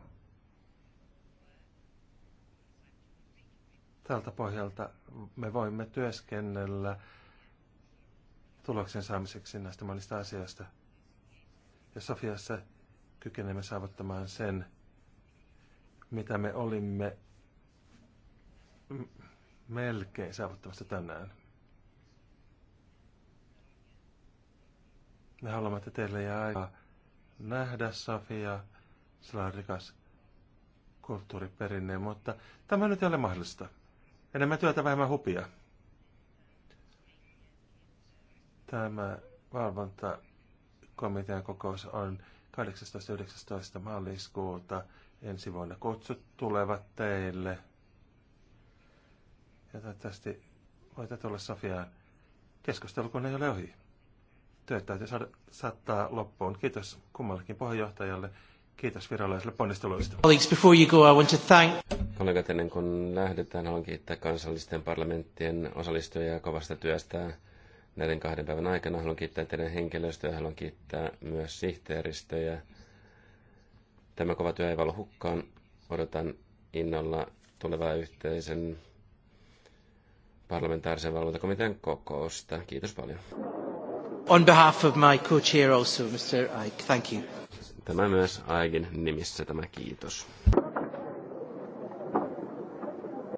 Tältä pohjalta me voimme työskennellä tuloksen saamiseksi näistä monista asioista. Ja Sofiassa kykenemme saavuttamaan sen, mitä me olimme melkein saavuttamassa tänään. Me haluamme, että teille jää aikaa nähdä Safia, sillä on rikas kulttuuriperinne, mutta tämä nyt ei ole mahdollista. Enemmän työtä, vähemmän hupia. Tämä valvontakomitean kokous on 18.19. maaliskuuta ensi vuonna. Kutsut tulevat teille. Ja toivottavasti voitte tulla Safiaan. Keskustelu kun ei ole ohi. Työt täytyy saada, saattaa loppuun. Kiitos kummallekin puheenjohtajalle. Kiitos virallisille ponnisteluista. Kollegat, ennen kuin lähdetään, haluan kiittää kansallisten parlamenttien osallistujia kovasta työstä näiden kahden päivän aikana. Haluan kiittää teidän henkilöstöä, haluan kiittää myös sihteeristöjä. Tämä kova työ ei valu hukkaan. Odotan innolla tulevaa yhteisen parlamentaarisen valvontakomitean kokousta. Kiitos paljon. On behalf of my co-chair also, Mr. Ike, thank you. Tämä myös nimissä tämä kiitos.